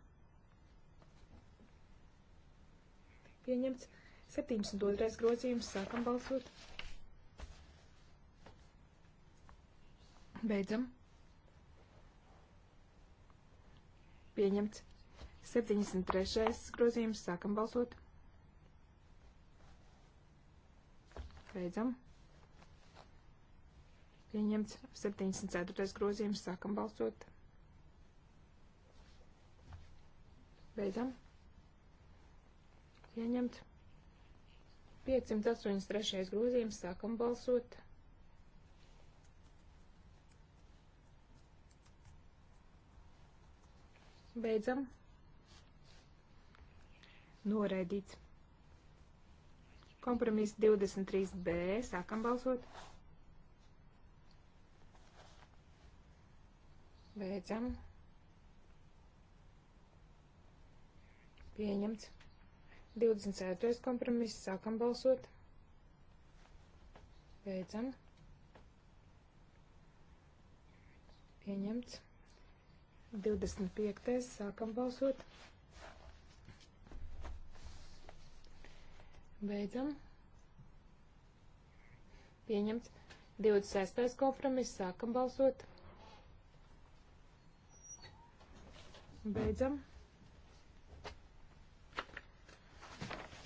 S3: Pieņemts. 72. grozījums. Sākam balsot. Beidzam. Beidzam. Pieņemts. 73. grozījums. Sākam balsot. Beidzam. Pieņemts. 74. grozījums. Sākam balsot. Beidzam. Pieņemt. 583. grozījums. Sākam balsot. Beidzam. Noraidīts. Kompromiss 23B. Sākam balsot. Beidzam. Pieņemts. 24. kompromiss. Sākam balsot. Beidzam. Pieņemts. 25. sākam balsot. Beidzam. Pieņemts. 26. kompromiss. Sākam balsot. Beidzam.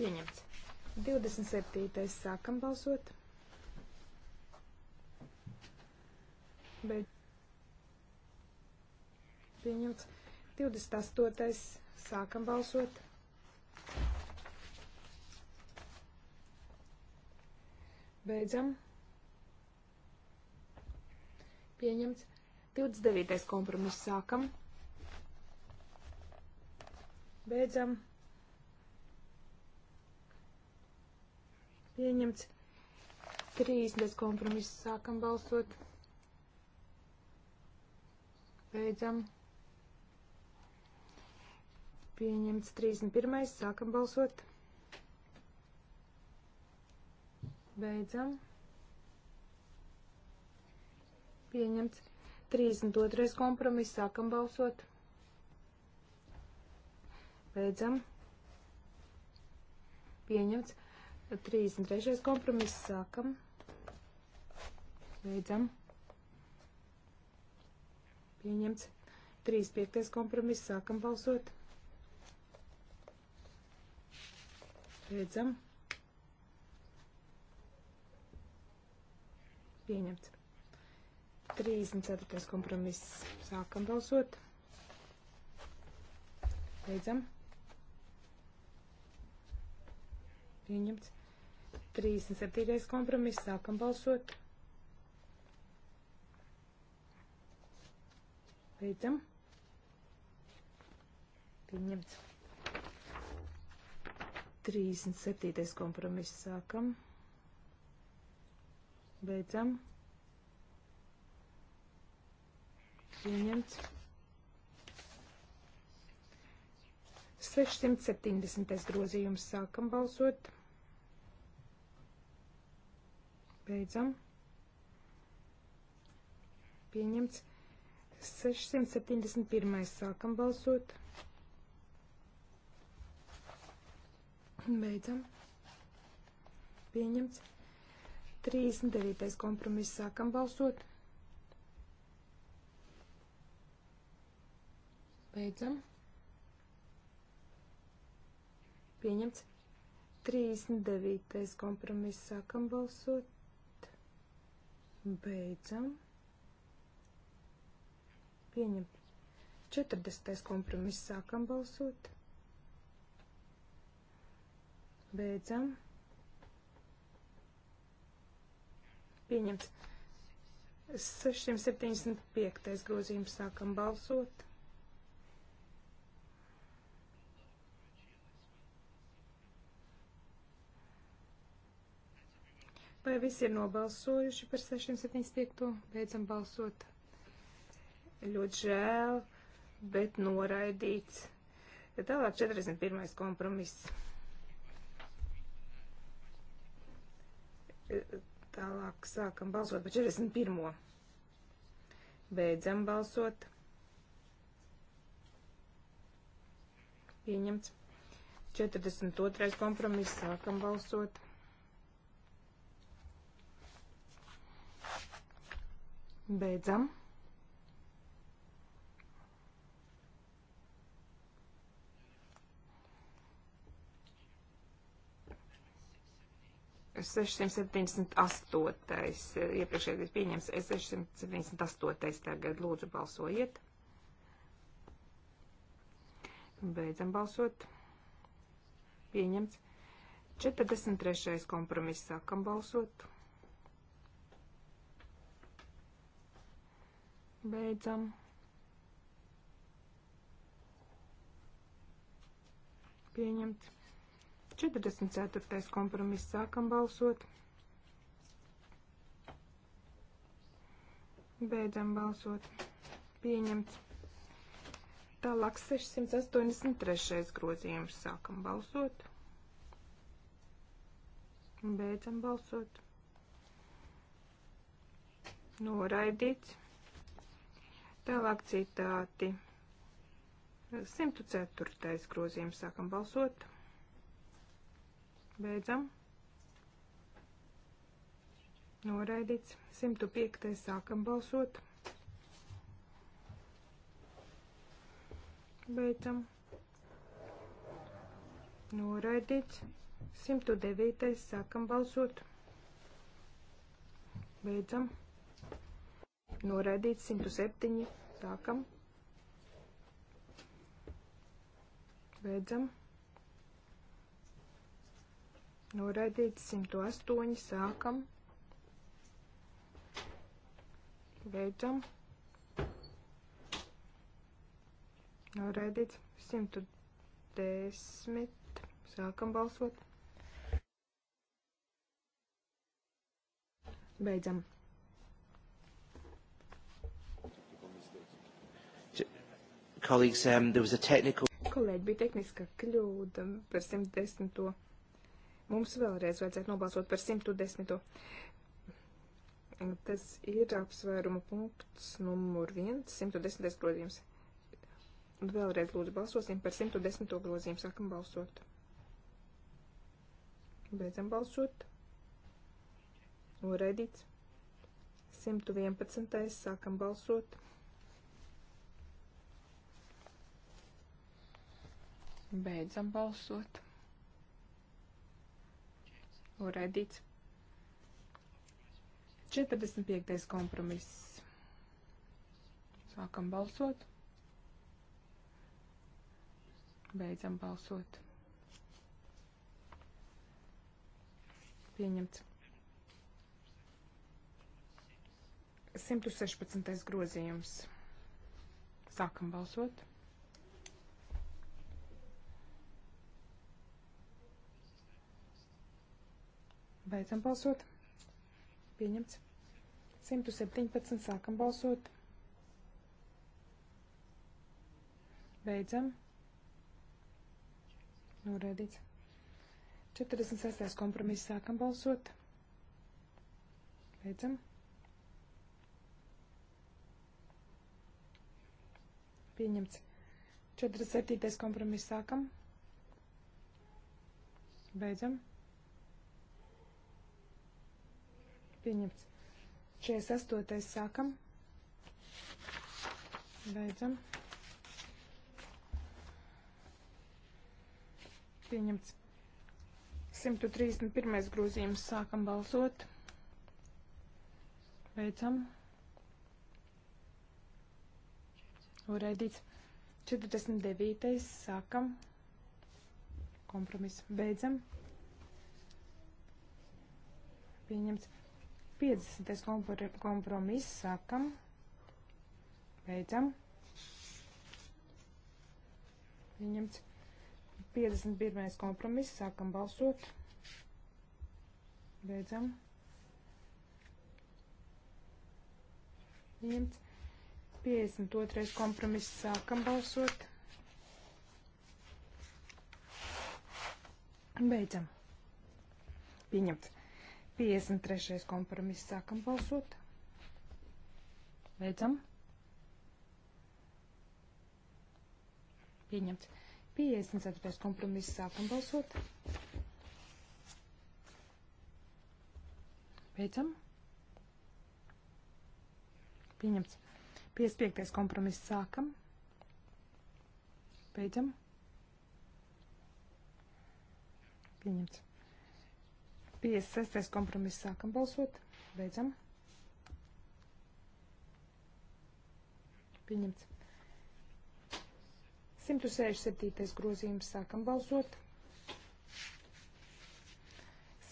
S3: Pieņemts. 27. sākam balsot. Beidzam pieņemts. 28. sākam balsot. Beidzam. Pieņemts. 29. kompromiss sākam. Beidzam. Pieņemts. 30. kompromiss sākam balsot. Beidzam. Pieņemts 31. Sākam balsot. Beidzam. Pieņemts 32. kompromiss. Sākam balsot. Beidzam. Pieņemts 33. kompromiss. Sākam. Beidzam. Pieņemts 35. kompromiss. Sākam balsot. Beidzam. Pieņemts. 34. kompromiss. Sākam balsot. Beidzam. Pieņemts. 37. kompromiss. Sākam balsot. Beidzam. Pieņemts. 37. kompromiss sākam. Beidzam. Pieņemts. 670. grozījums sākam balsot. Beidzam. Pieņemts. 671. sākam balsot. Beidzam. Beidzam. Pieņemts. 39. kompromiss sākam balsot. Beidzam. Pieņemts. 39. kompromiss sākam balsot. Beidzam. Pieņemt. 40. kompromiss sākam balsot. Beidzam. Pieņemts. 675. grozījums sākam balsot. Vai visi ir nobalsojuši par 675. beidzam balsot? Ļoti žēl, bet noraidīts. Tālāk 41. kompromiss. Tālāk sākam balsot par 41. Beidzam balsot. Pieņemts. 42. kompromiss. Sākam balsot. Beidzam. 678. Iepriekšējais pieņems 678. Tagad lūdzu balsojiet. Beidzam balsot. Pieņemts. 43. kompromiss sākam balsot. Beidzam. Pieņemts. 44. kompromiss sākam balsot. Beidzam balsot. Pieņemts. Tālāk 683. grozījums sākam balsot. Beidzam balsot. Noraidīts. Tālāk citāti. 104. grozījums sākam balsot. Beidzam. Noraidīts. 105. sākam balsot. Beidzam. Noraidīts. 109. sākam balsot. Beidzam. Noraidīts. 107. sākam. Beidzam. Noraidīts 108. Sākam. Beidzam. Noraidīts 110. Sākam balsot. Beidzam.
S1: Colleagues, um, there was a technical...
S3: Kolēģi, bija tehniska kļūda par 110. Mums vēlreiz vajadzētu nobalsot par 110. Tas ir apsvēruma punkts numur 1, 110. grozījums. Un vēlreiz lūdzu balsosim par 110. grozījumu. Sākam balsot. Beidzam balsot. Noraidīts. 111. sākam balsot. Beidzam balsot. Uredīts. 45. kompromiss. Sākam balsot. Beidzam balsot. Pieņemts. 116. grozījums. Sākam balsot. Beidzam balsot. Pieņemts. 117. Sākam balsot. Beidzam. Norēdīts. 46. kompromiss sākam balsot. Beidzam. Pieņemts. 47. kompromiss sākam. Beidzam. pieņemts. 48. sākam. Beidzam. Pieņemts. 131. grozījums sākam balsot. Beidzam. Uredīts. 49. sākam. Kompromiss. Beidzam. Pieņemts. 50. kompromiss sākam, beidzam. Pieņemts. 51. kompromiss sākam balsot. Beidzam. Pieņemts. 52. kompromiss sākam balsot. Beidzam. Pieņemts. 53. kompromiss. Sākam balsot. Beidzam. Pieņemts. 54. kompromiss. Sākam balsot. Beidzam. Pieņemts. 55. kompromiss. Sākam. Beidzam. Pieņemts. 56. kompromiss sākam balsot, beidzam. Pieņemts. 167. grozījums sākam balsot.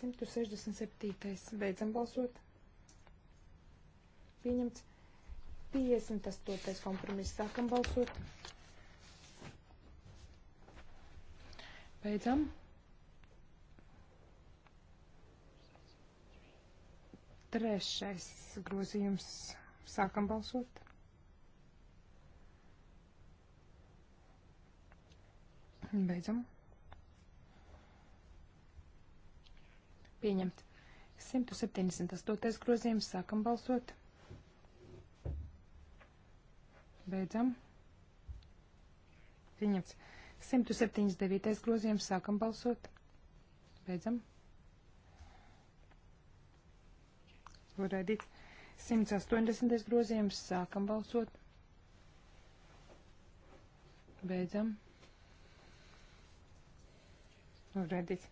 S3: 167. beidzam balsot. Pieņemts. 58. kompromiss sākam balsot. Beidzam. Trešais grozījums. Sākam balsot. Beidzam. Pieņemt. 178. grozījums. Sākam balsot. Beidzam. Pieņemts. 179. grozījums. Sākam balsot. Beidzam. Redīts. 180. grozījums. Sākam balsot. Beidzam. Redīts.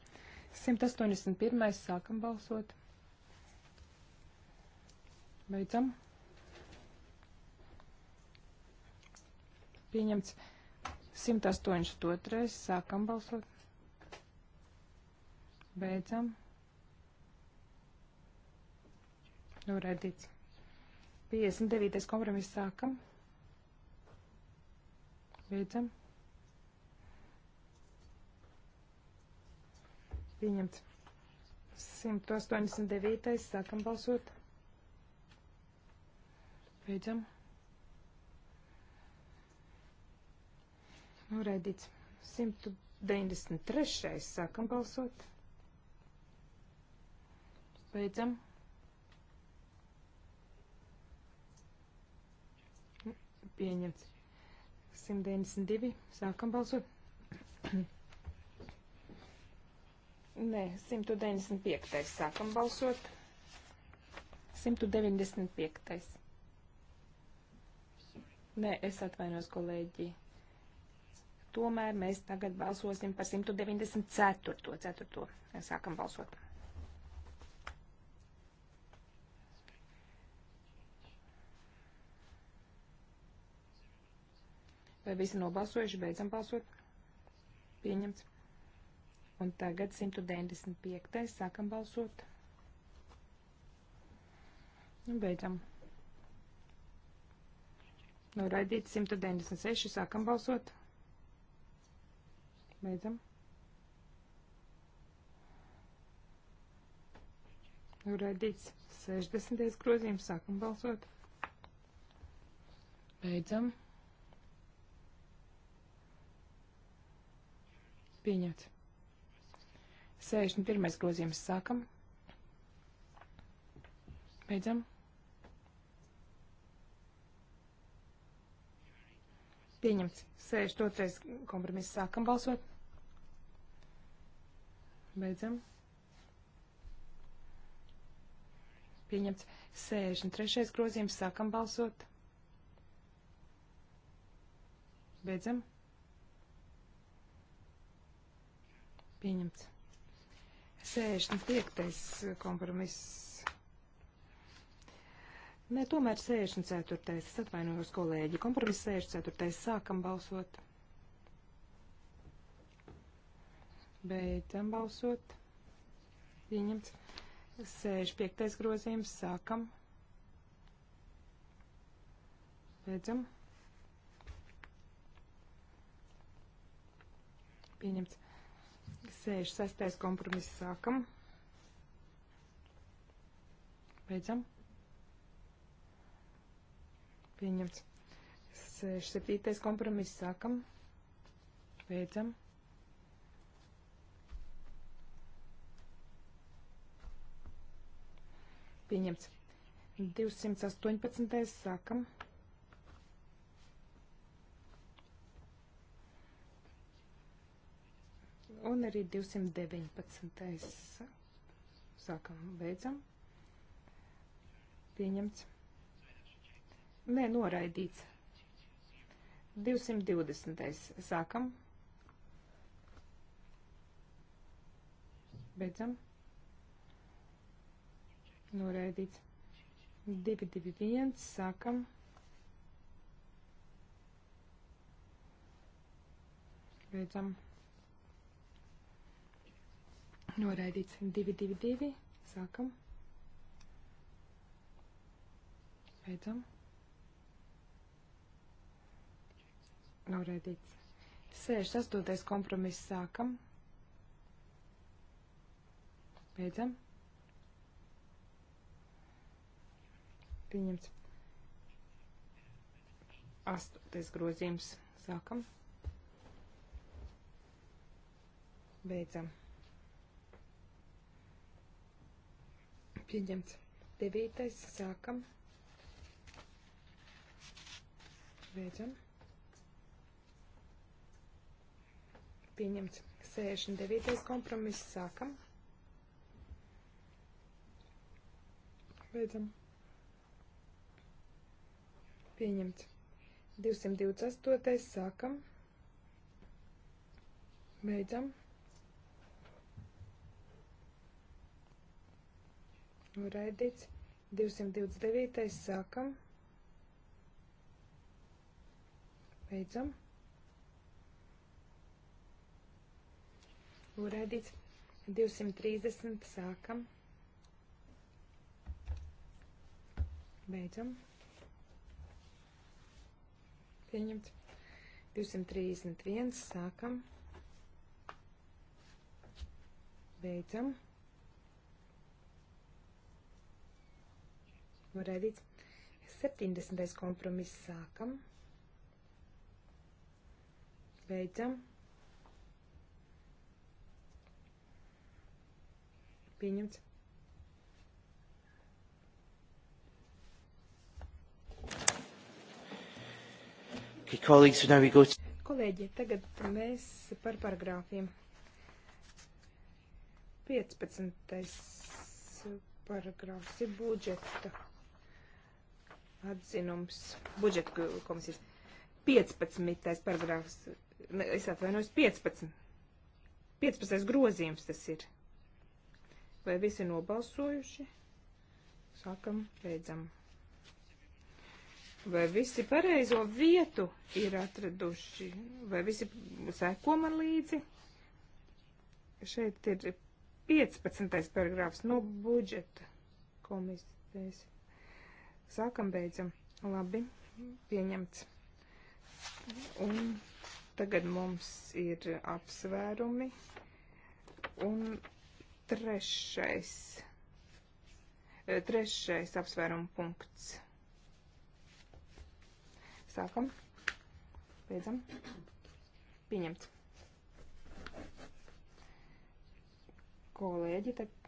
S3: 181. Sākam balsot. Beidzam. Pieņemts 182. Sākam balsot. Beidzam. Noraidīts. 59. kompromiss sākam. Beidzam. Pieņemts. 189. sākam balsot. Beidzam. Noraidīts. 193. sākam balsot. Beidzam. pieņemts. 192. Sākam balsot. Nē, 195. Sākam balsot. 195. Nē, es atvainos, kolēģi. Tomēr mēs tagad balsosim par 194. 4. Sākam balsot. Vai visi nobalsojuši? Beidzam balsot. Pieņemts. Un tagad 195. Sākam balsot. Un beidzam. Noraidīt 196. Sākam balsot. Beidzam. Noraidīts 60. grozījums. Sākam balsot. Beidzam. Pieņemts. 61. grozījums sākam. Beidzam. Pieņemts. 62. kompromiss sākam balsot. Beidzam. Pieņemts. 63. grozījums sākam balsot. Beidzam. pieņemts. 65. Eh, kompromiss. Nē, tomēr 64. Es atvainojos, kolēģi. Kompromiss 64. Sākam balsot. Beidzam balsot. Pieņemts. 65. grozījums. Sākam. Beidzam. Pieņemts. 66. kompromiss sākam. Beidzam. Pieņemts. 67. kompromiss sākam. Beidzam. Pieņemts. 218. sākam. Beidzam. Un arī 219. Sākam, beidzam. Pieņemts. Nē, noraidīts. 220. Sākam. Beidzam. Noraidīts. 221. Sākam. Beidzam noraidīts 222. Sākam. Beidzam. Noraidīts. 68. kompromiss sākam. Beidzam. Pieņemts. 8. grozījums sākam. Beidzam. pieņemts. Devītais sākam. Beidzam. Pieņemts. 69. kompromiss sākam. Beidzam. Pieņemts. 228. sākam. Beidzam. Noraidīts. 229. sākam. Beidzam. Noraidīts. 230. sākam. Beidzam. Pieņemts. 231. Sākam. Beidzam. Noraidīts. 70. kompromiss sākam. Beidzam. Pieņemts.
S1: Okay, colleagues, now we go to...
S3: Kolēģi, tagad mēs par paragrāfiem. 15. paragrāfs ir budžeta atzinums budžeta komisijas 15. paragrāfs, es atvainojos, 15. 15. grozījums tas ir. Vai visi nobalsojuši? Sākam, beidzam. Vai visi pareizo vietu ir atraduši? Vai visi seko man līdzi? Šeit ir 15. paragrāfs no budžeta komisijas. Sākam, beidzam. Labi, pieņemts. Un tagad mums ir apsvērumi. Un trešais, eh, trešais apsvērumu punkts. Sākam, beidzam. Pieņemts. Kolēģi, tad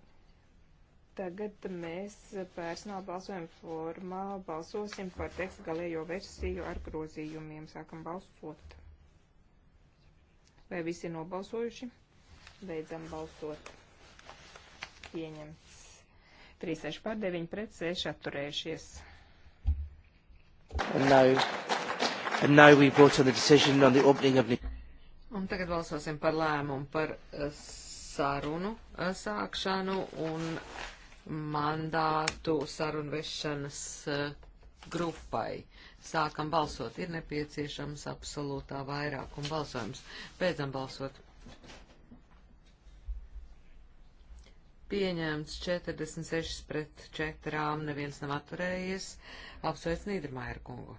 S3: Tagad mēs personāla balsojuma formā balsosim par tekstu galējo versiju ar grozījumiem. Sākam balsot. Vai visi ir nobalsojuši? Beidzam balsot. Pieņemts. 36 pār 9 pret 6 atturējušies.
S1: And now, and now we vote on the decision on the opening of the...
S4: Un tagad balsosim par lēmumu par eh, sarunu eh, sākšanu un mandātu sarunvešanas eh, grupai. Sākam balsot. Ir nepieciešams absolūtā vairākuma balsojums. Beidzam balsot. Pieņemts 46 pret 4, neviens nav atturējies. Apsveic Nīdermājer kungu.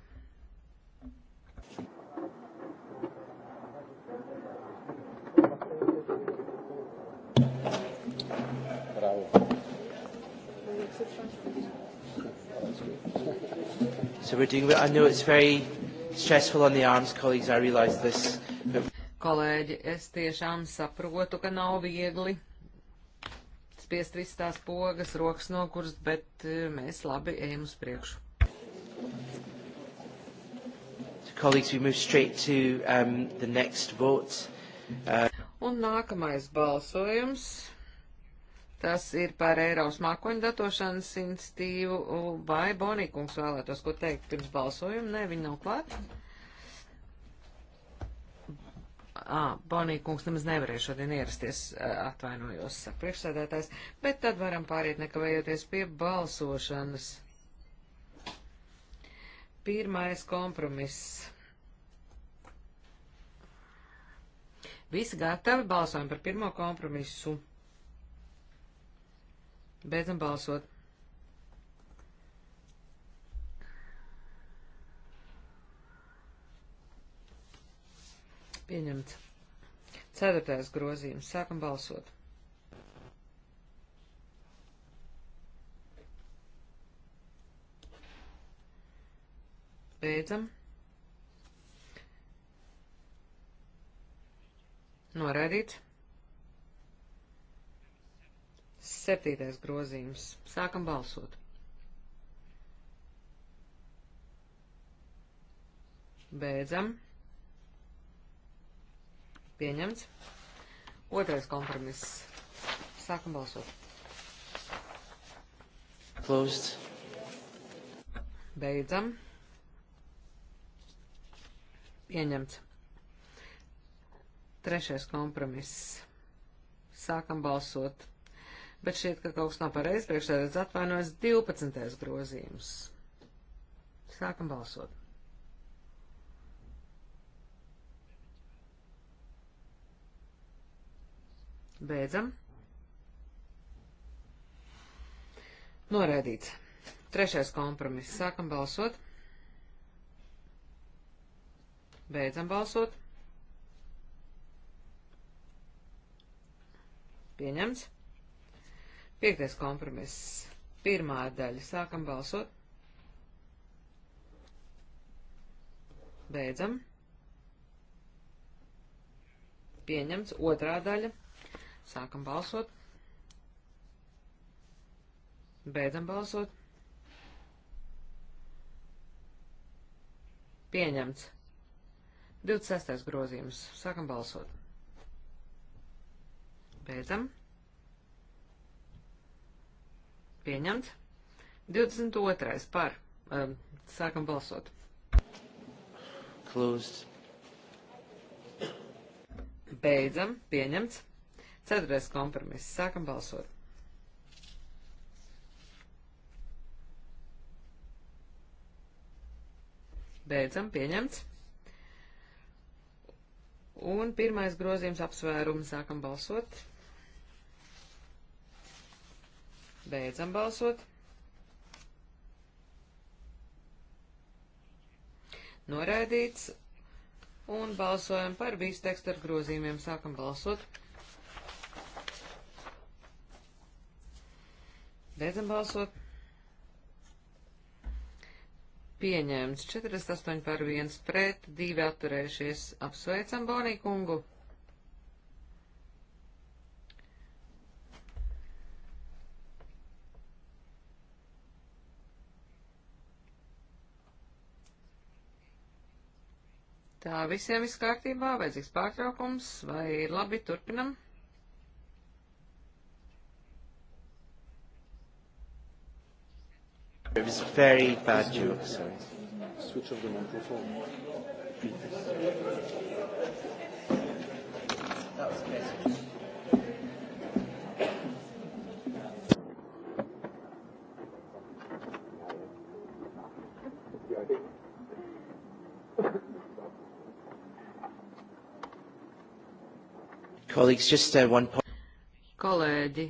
S1: So we're doing, I know it's very stressful on the arms, colleagues, I realize this.
S4: Kolēģi, es tiešām saprotu, ka nav viegli spiest visas tās pogas, rokas nokurs, bet e, mēs labi ejam uz priekšu.
S1: So colleagues, we move straight to um, the next vote. Uh,
S4: Un nākamais balsojums. Tas ir par Eiropas mākoņu datošanas institīvu, vai Bonīkungs vēlētos ko teikt pirms balsojuma? Nē, viņa nav klāt. Ā, Bonīkungs nemaz nevarēja šodien ierasties, atvainojos, saka priekšsēdētājs, bet tad varam pāriet nekavējoties pie balsošanas. Pirmais kompromiss. Visi gatavi balsojam par pirmo kompromisu. Beidzam balsot. Pieņemts. Ceturtais grozījums. Sākam balsot. Beidzam. Noraidīts. Septītais grozījums. Sākam balsot. Beidzam. Pieņemts. Otrais kompromiss. Sākam balsot. Closed. Beidzam. Pieņemts. Trešais kompromiss. Sākam balsot bet šķiet, ka kaut kas nav pareizs, priekšsēdētājs atvainojas 12. grozījums. Sākam balsot. Beidzam. Noraidīts. Trešais kompromiss. Sākam balsot. Beidzam balsot. Pieņemts. Piektais kompromiss. Pirmā daļa. Sākam balsot. Beidzam. Pieņemts. Otrā daļa. Sākam balsot. Beidzam balsot. Pieņemts. 26. grozījums. Sākam balsot. Beidzam. pieņemts. 22. par. Um, sākam balsot. Closed. Beidzam, pieņemts. Ceturtais kompromiss. Sākam balsot. Beidzam, pieņemts. Un pirmais grozījums apsvērums. Sākam balsot. Beidzam balsot. Noraidīts. Un balsojam par visu tekstu ar grozījumiem. Sākam balsot. Beidzam balsot. Pieņēmts 48 par 1 pret, 2 atturējušies. Apsveicam Bonī kungu! Kā visiem viss kārtībā, vajadzīgs pārtraukums vai labi turpinam?
S1: It was very bad joke, sorry. Switch off the microphone.
S2: That was crazy.
S1: Uh,
S4: Kolēģi,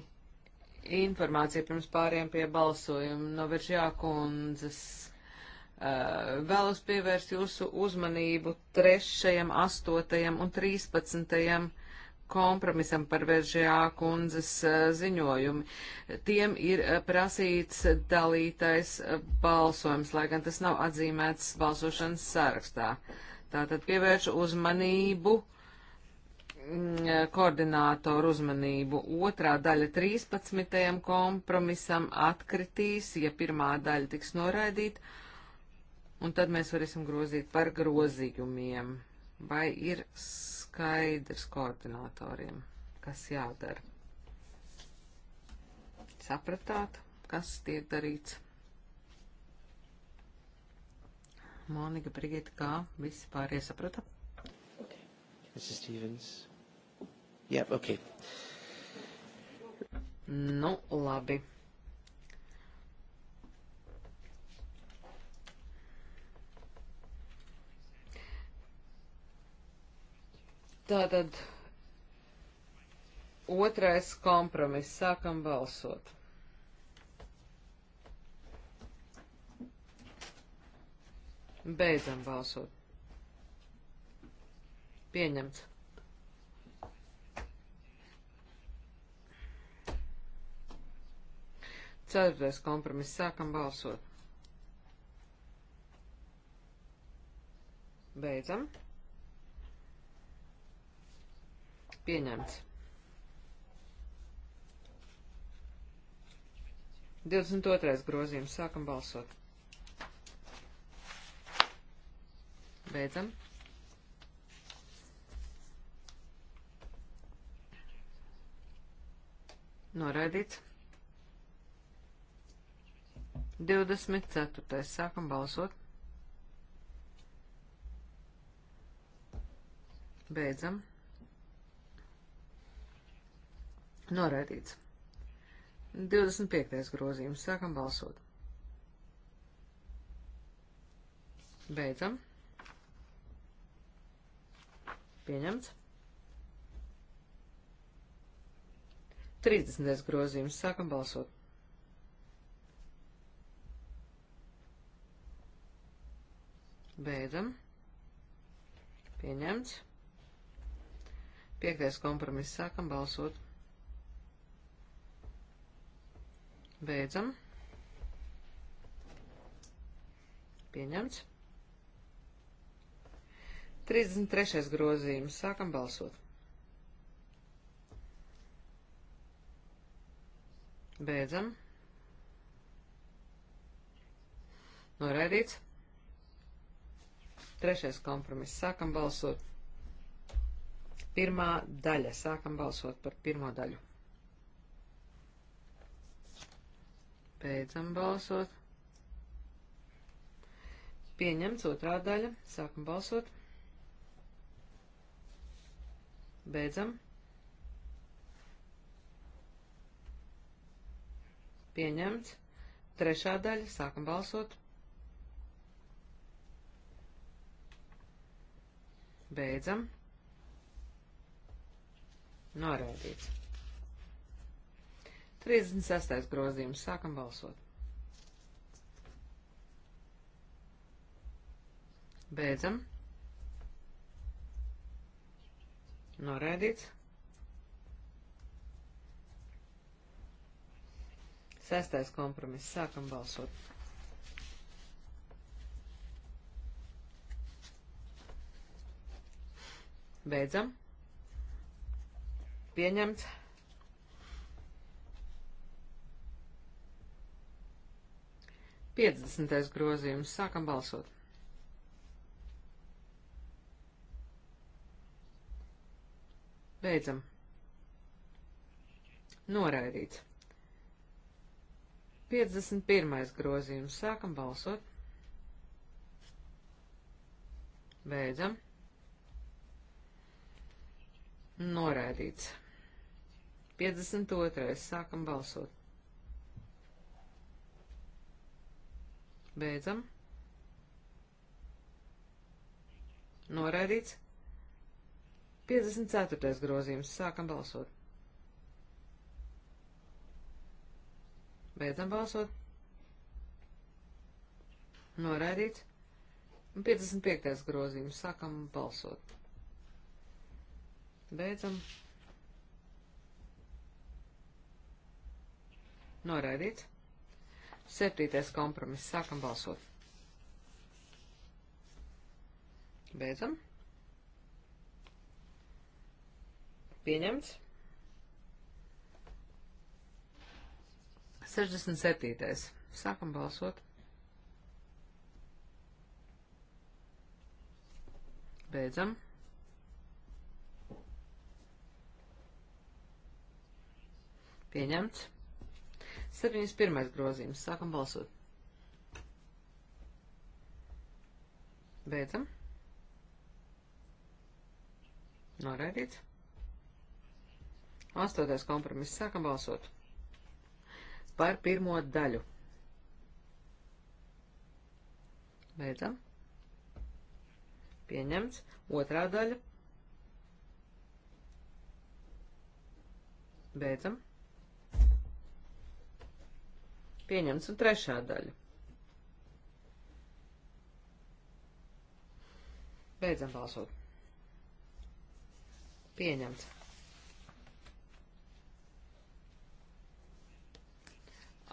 S4: informācija pirms pāriem pie balsojuma no Viržjā kundzes. Uh, vēlos pievērst jūsu uzmanību trešajam, astotajam un trīspadsmitajam kompromisam par Veržjā kundzes uh, ziņojumu. Tiem ir prasīts dalītais balsojums, lai gan tas nav atzīmēts balsošanas sarakstā. Tātad pievēršu uzmanību uh, Mm, koordinātoru uzmanību. Otrā daļa 13. kompromisam atkritīs, ja pirmā daļa tiks noraidīta, un tad mēs varēsim grozīt par grozījumiem. Vai ir skaidrs koordinātoriem, kas jādara? Sapratāt, kas tiek darīts? Monika, Brigita, kā visi pārējie saprata?
S1: Okay. Mrs. Stevens. Jā, ok.
S4: Nu, labi. Tātad otrais kompromiss. Sākam balsot. Beidzam balsot. Pieņemts. Ceturtais kompromiss. Sākam balsot. Beidzam. Pieņemts. 22. grozījums. Sākam balsot. Beidzam. Noraidīts. 24. Sākam balsot. Beidzam. Noraidīts. 25. grozījums. Sākam balsot. Beidzam. Pieņemts. 30. grozījums. Sākam balsot. Beidzam. Pieņemts. Piektais kompromiss. Sākam balsot. Beidzam. Pieņemts. 33. grozījums. Sākam balsot. Beidzam. Noraidīts. Trešais kompromiss. Sākam balsot. Pirmā daļa. Sākam balsot par pirmo daļu. Beidzam balsot. Pieņemts otrā daļa. Sākam balsot. Beidzam. Pieņemts. Trešā daļa. Sākam balsot. Beidzam. Noraidīts. 36. grozījums. Sākam balsot. Beidzam. Noraidīts. Sestais kompromiss. Sākam balsot. Beidzam. Pieņemts. Piecdesmitais grozījums. Sākam balsot. Beidzam. Noraidīts. 51. grozījums. Sākam balsot. Beidzam. Noraidīts. 52. Sākam balsot. Beidzam. Noraidīts. 54. grozījums. Sākam balsot. Beidzam balsot. Noraidīts. 55. grozījums. Sākam balsot. Beidzam. Noraidīts. Septītais kompromiss. Sākam balsot. Beidzam. Pieņemts. 67. Sākam balsot. Beidzam. Pieņemts. 71. grozījums. Sākam balsot. Beidzam. Noraidīts. Astotais kompromiss. Sākam balsot. Par pirmo daļu. Beidzam. Pieņemts. Otrā daļa. Beidzam. Pieņemts un trešā daļa. Beidzam balsot. Pieņemts.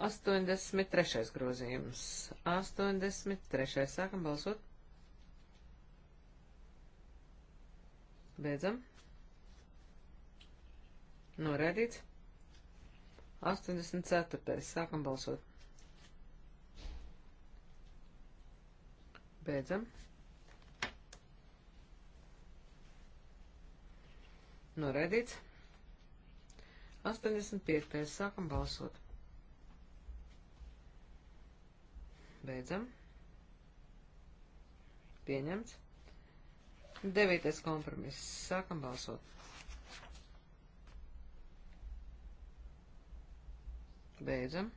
S4: Astoņdesmit trešais grozījums. Astoņdesmit trešais. Sākam balsot. Beidzam. Noraidīts. 84. Sākam balsot. Beidzam. Noraidīts. 85. Sākam balsot. Beidzam. Pieņemts. 9. kompromiss. Sākam balsot. Beidzam.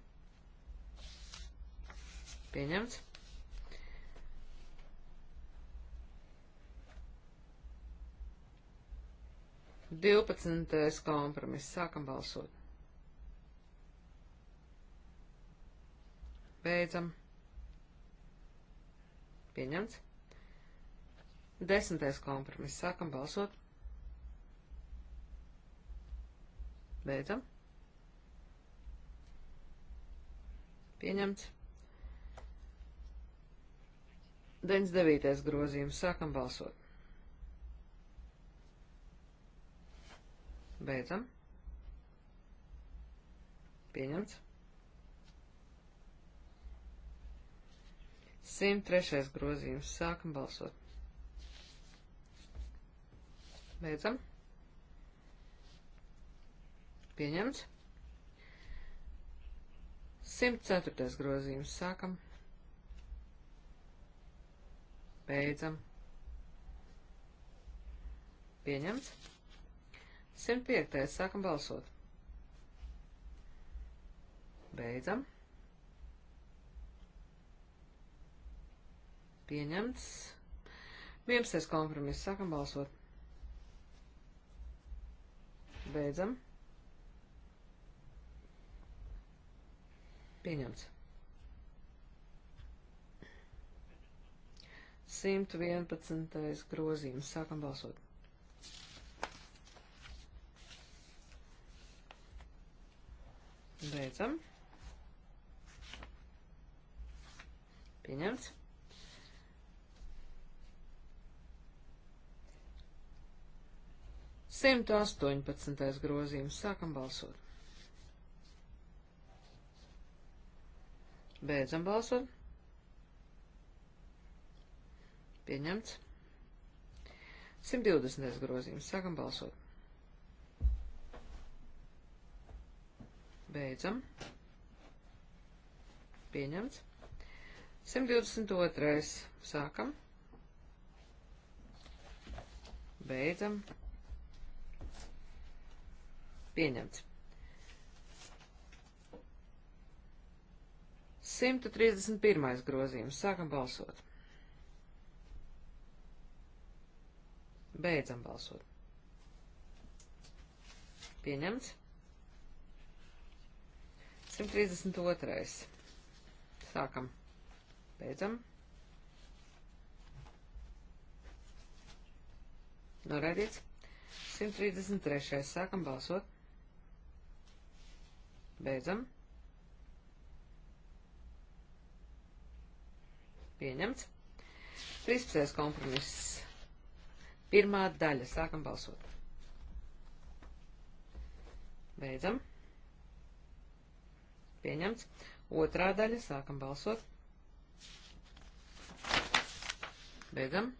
S4: Pieņemts. Divpadsmitais kompromiss. Sākam balsot. Beidzam. Pieņemts. Desmitais kompromiss. Sākam balsot. Beidzam. Pieņemts. 99. grozījums. Sākam balsot. Beidzam. Pieņemts. 103. grozījums. Sākam balsot. Beidzam. Pieņemts. 104. grozījums sākam. Beidzam. Pieņemts. 105. sākam balsot. Beidzam. Pieņemts. 11. kompromiss sākam balsot. Beidzam. Pieņemts. 111. grozījums. Sākam balsot. Beidzam. Pieņemts. Simt astoņpadsmitais grozījums. Sākam balsot. Beidzam balsot. Pieņemts. 120. grozījums. Sākam balsot. Beidzam. Pieņemts. 122. Sākam. Beidzam. Pieņemts. 131. grozījums. Sākam balsot. Beidzam balsot. Pieņemts. 132. Sākam. Beidzam. Noraidīts. 133. Sākam balsot. Beidzam. Pieņemts. 13. kompromiss. Pirmā daļa. Sākam balsot. Beidzam. Pieņemts. Otrā daļa. Sākam balsot. Beidzam.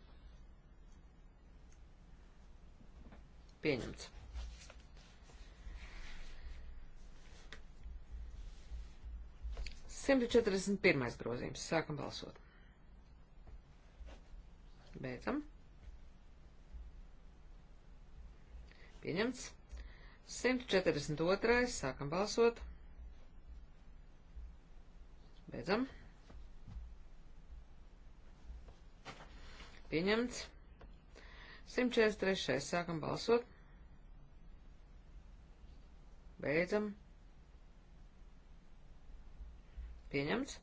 S4: Pieņemts. Simta četrdesmit pirmais grozījums. Sākam balsot. Beidzam. Pieņemts. 142. Sākam balsot. Beidzam. Pieņemts. 143. Sākam balsot. Beidzam. Pieņemts.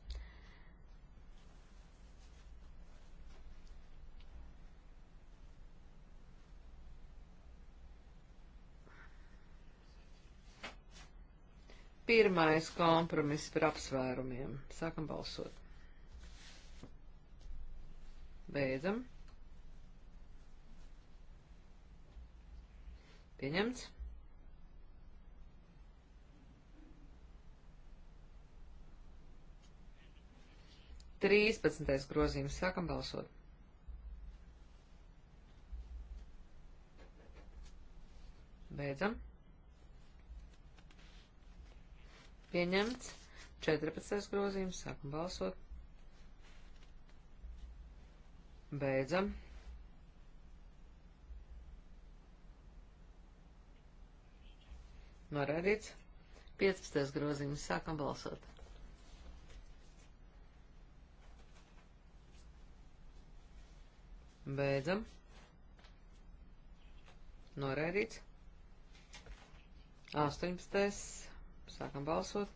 S4: Pirmais kompromiss par apsvērumiem. Sākam balsot. Beidzam. Pieņemts. Trīspadsmitais grozījums. Sākam balsot. Beidzam. Pieņemts. 14. grozījums. Sākam balsot. Beidzam. Norādīts. 15. grozījums. Sākam balsot. Beidzam. Norādīts. 18. Sākam balsot.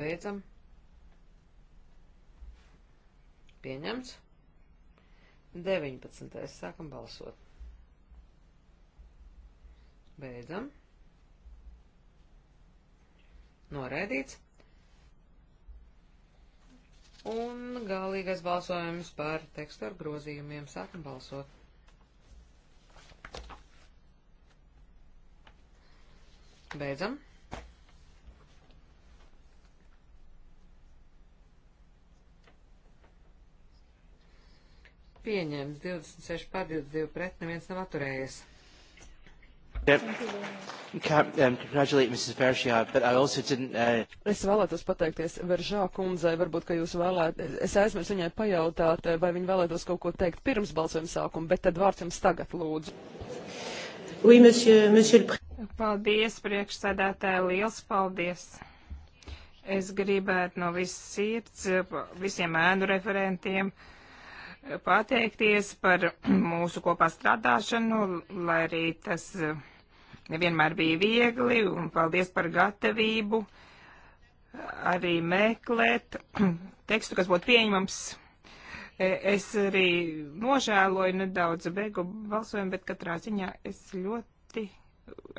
S4: Beidzam. Pieņemts. 19. Sākam balsot. Beidzam. Noraidīts. Un galīgais balsojums par tekstu ar grozījumiem. Sākam balsot. Beidzam. Pieņems 26 pār 22 pret, neviens nav atturējies.
S1: Um, uh,
S5: es vēlētos pateikties Veržā kundzei, varbūt, ka jūs vēlēt, es aizmirsu viņai pajautāt, vai viņa vēlētos kaut ko teikt pirms balsojuma sākuma, bet tad vārds jums tagad lūdzu. Oui, monsieur, monsieur le...
S3: Paldies, priekšsēdētāji, liels paldies! Es gribētu no visas sirds visiem ēnu referentiem pateikties par mūsu kopā strādāšanu, lai arī tas nevienmēr bija viegli, un paldies par gatavību arī meklēt tekstu, kas būtu pieņemams E, es arī nožēloju nedaudz beigu balsojumu, bet katrā ziņā es ļoti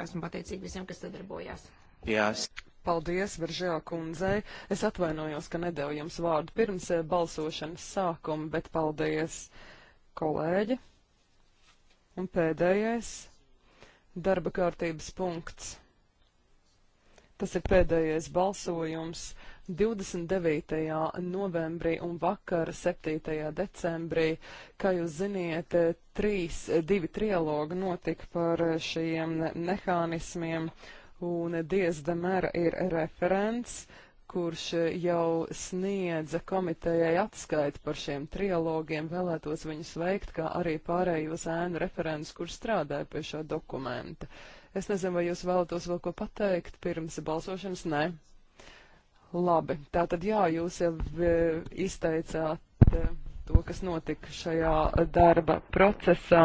S5: esmu pateicīga visiem, kas sadarbojās. Jās. Paldies, Veržā kundzei. Es atvainojos, ka nedēļu jums vārdu pirms e, balsošanas sākuma, bet paldies, kolēģi. Un pēdējais darba kārtības punkts. Tas ir pēdējais balsojums. 29. novembrī un vakar 7. decembrī. Kā jūs ziniet, trīs, divi trialogi notika par šiem mehānismiem un Diez Demera ir referents kurš jau sniedza komitejai atskaiti par šiem trialogiem, vēlētos viņus veikt, kā arī pārējos ēnu referents, kur strādāja pie šā dokumenta. Es nezinu, vai jūs vēlētos vēl ko pateikt pirms balsošanas? Nē. Labi, tātad jā, jūs jau e, izteicāt e, to, kas notika šajā darba procesā.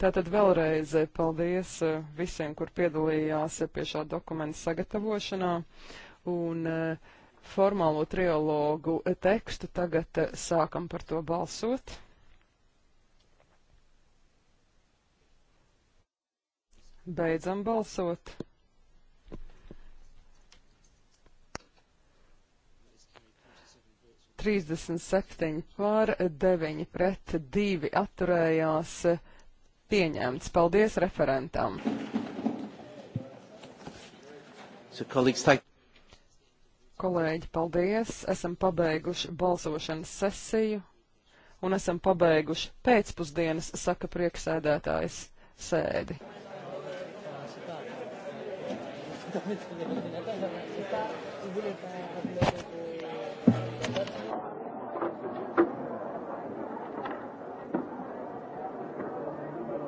S5: Tātad vēlreiz e, paldies visiem, kur piedalījās pie šā dokumenta sagatavošanā. Un formālo triologu tekstu tagad sākam par to balsot. Beidzam balsot. 37 pār 9 pret 2 atturējās pieņemts. Paldies referentam. So, Kolēģi, paldies! Esam pabeiguši balsošanas sesiju un esam pabeiguši pēcpusdienas, saka prieksēdētājs, sēdi.
S2: Damit, wenn er dann, dann, dann, dann, dann, dann, dann, dann,